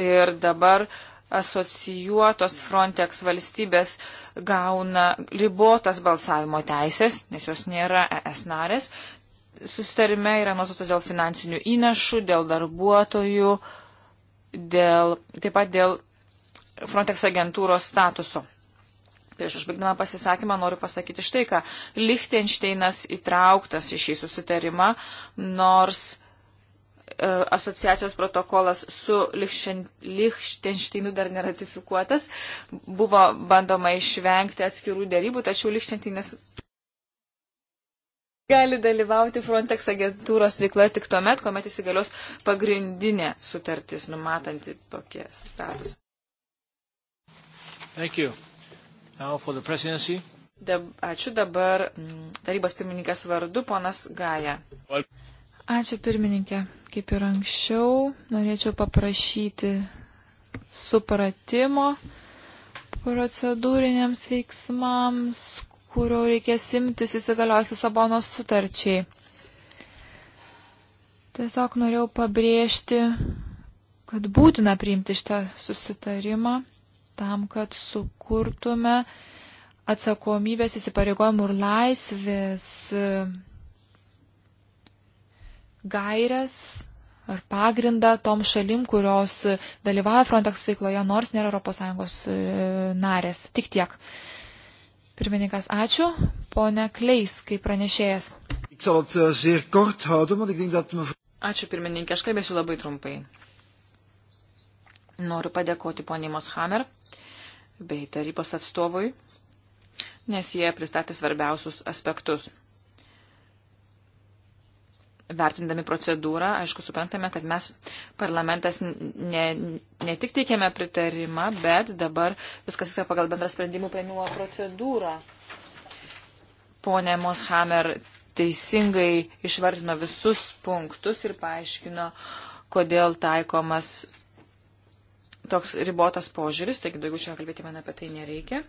Ir dabar asocijuotos Frontex valstybės gauna libotas balsavimo teisės, nes jos nėra ES narės. Susitarime yra nuostatos dėl finansinių įnašų, dėl darbuotojų, dėl, taip pat dėl Frontex agentūros statuso. Prieš užbaigdama pasisakymą noriu pasakyti štai, ką Lichtensteinas įtrauktas į šį susitarimą, nors e, asociacijos protokolas su Lichtensteinu dar neratifikuotas, buvo bandoma išvengti atskirų dėrybų, tačiau Lichtensteinas gali dalyvauti Frontex agentūros veikloje tik tuo met, kuomet įsigalios pagrindinė sutartis numatanti tokie status. Thank you. Dab, ačiū dabar mm, tarybos pirmininkas vardu, ponas Gaja. Ačiū pirmininkė. Kaip ir anksčiau, norėčiau paprašyti supratimo procedūriniams veiksmams, kurio reikės imtis įsigaliojus Lisabonos sutarčiai. Tiesiog norėjau pabrėžti, kad būtina priimti šitą susitarimą tam, kad sukurtume atsakomybės įsipareigojimų ir laisvės e, gairias ar pagrindą tom šalim, kurios dalyvauja Frontex veikloje, nors nėra ES e, narės. Tik tiek. Pirmininkas, ačiū. Pone Kleis, kaip pranešėjas. E, ačiū pirmininkė, aš kalbėsiu labai trumpai. Noriu padėkoti poniai Moshammer bei tarybos atstovui, nes jie pristatė svarbiausius aspektus. Vertindami procedūrą, aišku, suprantame, kad mes parlamentas ne, ne tik teikėme pritarimą, bet dabar viskas vyksta pagal bendrą sprendimų prieimimo procedūrą. Pone Moshammer teisingai išvardino visus punktus ir paaiškino, kodėl taikomas toks ribotas požiūris, taigi daugiau čia kalbėti man apie tai nereikia.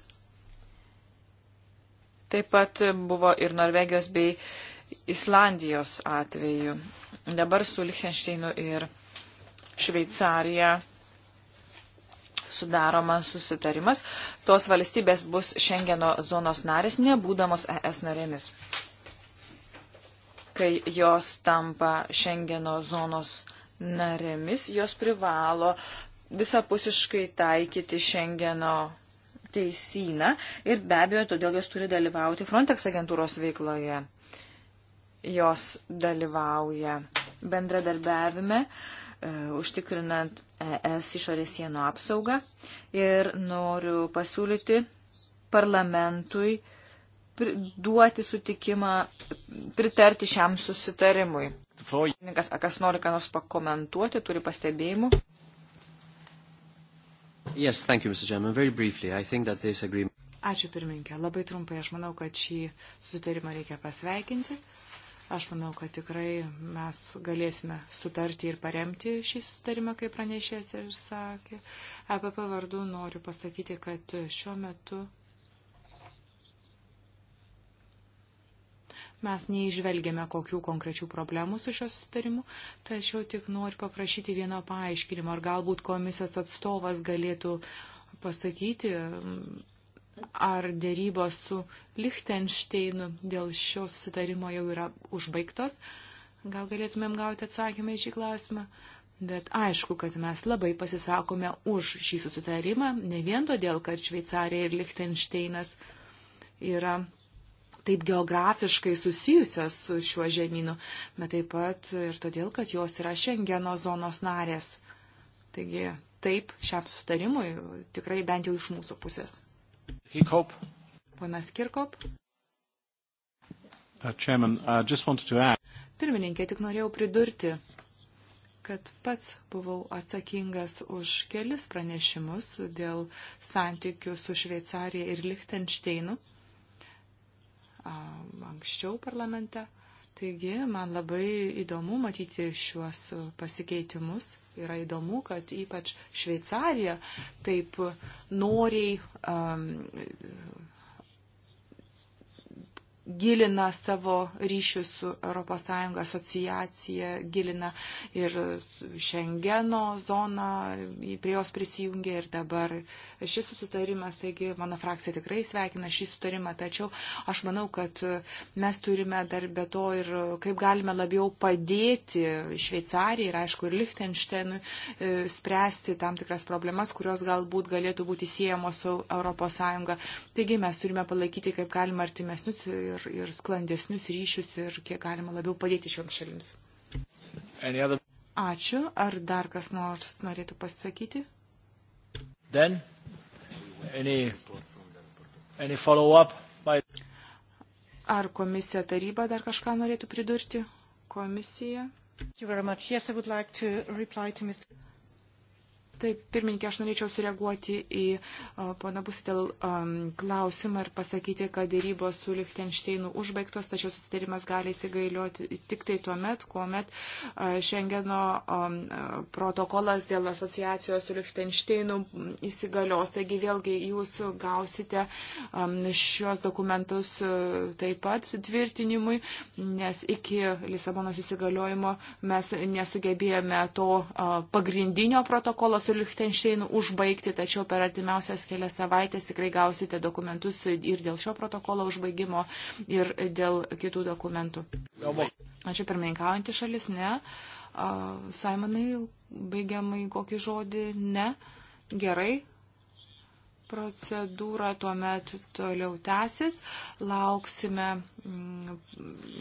Taip pat buvo ir Norvegijos bei Islandijos atveju. Dabar su Lichtensteinu ir Šveicarija sudaromas susitarimas. Tos valstybės bus Šengeno zonos narės, nebūdamos ES narėmis. Kai jos tampa Šengeno zonos narėmis, jos privalo visapusiškai taikyti Šengeno teisyną ir be abejo, todėl jos turi dalyvauti Frontex agentūros veikloje. Jos dalyvauja bendradarbiavime, e, užtikrinant ES išorės sienų apsaugą ir noriu pasiūlyti parlamentui duoti sutikimą pritarti šiam susitarimui. Kas nori ką nors pakomentuoti, turi pastebėjimų. Yes, thank you, Mr. Chairman. Very briefly, I think that this agreement. Ačiū pirmininkė. Labai trumpai, aš manau, kad šį sutarimą reikia pasveikinti. Aš manau, kad tikrai mes galėsime sutarti ir paremti šį sutarimą, kaip pranešės ir sakė. EPP vardu noriu pasakyti, kad šiuo metu Mes neižvelgėme kokių konkrečių problemų su šios sutarimu, tačiau tik noriu paprašyti vieną paaiškinimą, ar galbūt komisijos atstovas galėtų pasakyti, ar dėrybos su Lichtensteinu dėl šios sutarimo jau yra užbaigtos. Gal galėtumėm gauti atsakymą į šį klausimą. Bet aišku, kad mes labai pasisakome už šį susitarimą, ne vien todėl, kad Šveicarija ir Lichtensteinas yra taip geografiškai susijusios su šiuo žemynu, bet taip pat ir todėl, kad jos yra Šengeno zonos narės. Taigi taip šiam sustarimui tikrai bent jau iš mūsų pusės. Kirkop. Ponas Kirkop. Uh, chairman, uh, Pirmininkė, tik norėjau pridurti, kad pats buvau atsakingas už kelis pranešimus dėl santykių su Šveicarija ir Lichtensteinu anksčiau parlamente. Taigi, man labai įdomu matyti šiuos pasikeitimus. Yra įdomu, kad ypač Šveicarija taip noriai um, gilina savo ryšius su ES asociacija, gilina ir Šengeno zoną, prie jos prisijungia ir dabar šis sutarimas, taigi mano frakcija tikrai sveikina šį sutarimą, tačiau aš manau, kad mes turime dar be to ir kaip galime labiau padėti Šveicarijai ir aišku ir Lichtensteinui e, spręsti tam tikras problemas, kurios galbūt galėtų būti siejamos su ES. Taigi mes turime palaikyti kaip galima artimesnius ir, ir sklandesnius ryšius ir kiek galima labiau padėti šioms šalims. Other... Ačiū. Ar dar kas nors norėtų pasakyti? Then, any, any by... Ar komisija taryba dar kažką norėtų pridurti? Komisija. Yes, like to to Mr... Taip, pirmininkė, aš norėčiau sureaguoti į pana Busitel um, klausimą ir pasakyti, kad dėrybos su Lichtensteinu užbaigtos, tačiau susitarimas gali įsigailioti tik tai tuo met, kuomet uh, Šengeno um, protokolas dėl asociacijos su Lichtensteinu įsigalios. Taigi vėlgi jūs gausite um, šios dokumentus uh, taip pat tvirtinimui, nes iki Lisabonos įsigaliojimo mes nesugebėjome to uh, pagrindinio protokolo su Lichtensteinu užbaigti, tačiau per artimiausias kelias savaitės tikrai gausite dokumentus ir dėl šio protokolo užbaigimo, ir dėl kitų dokumentų. Ačiū pirmininkaujantį šalis, ne. Simonai, baigiamai kokį žodį, ne. Gerai. Procedūra tuomet toliau tęsis. Lauksime mm,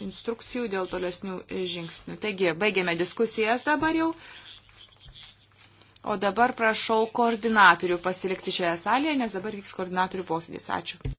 instrukcijų dėl tolesnių žingsnių. Taigi, baigiame diskusijas dabar jau. O dabar prašau koordinatorių pasilikti šioje salėje, nes dabar vyks koordinatorių posėdis. Ačiū.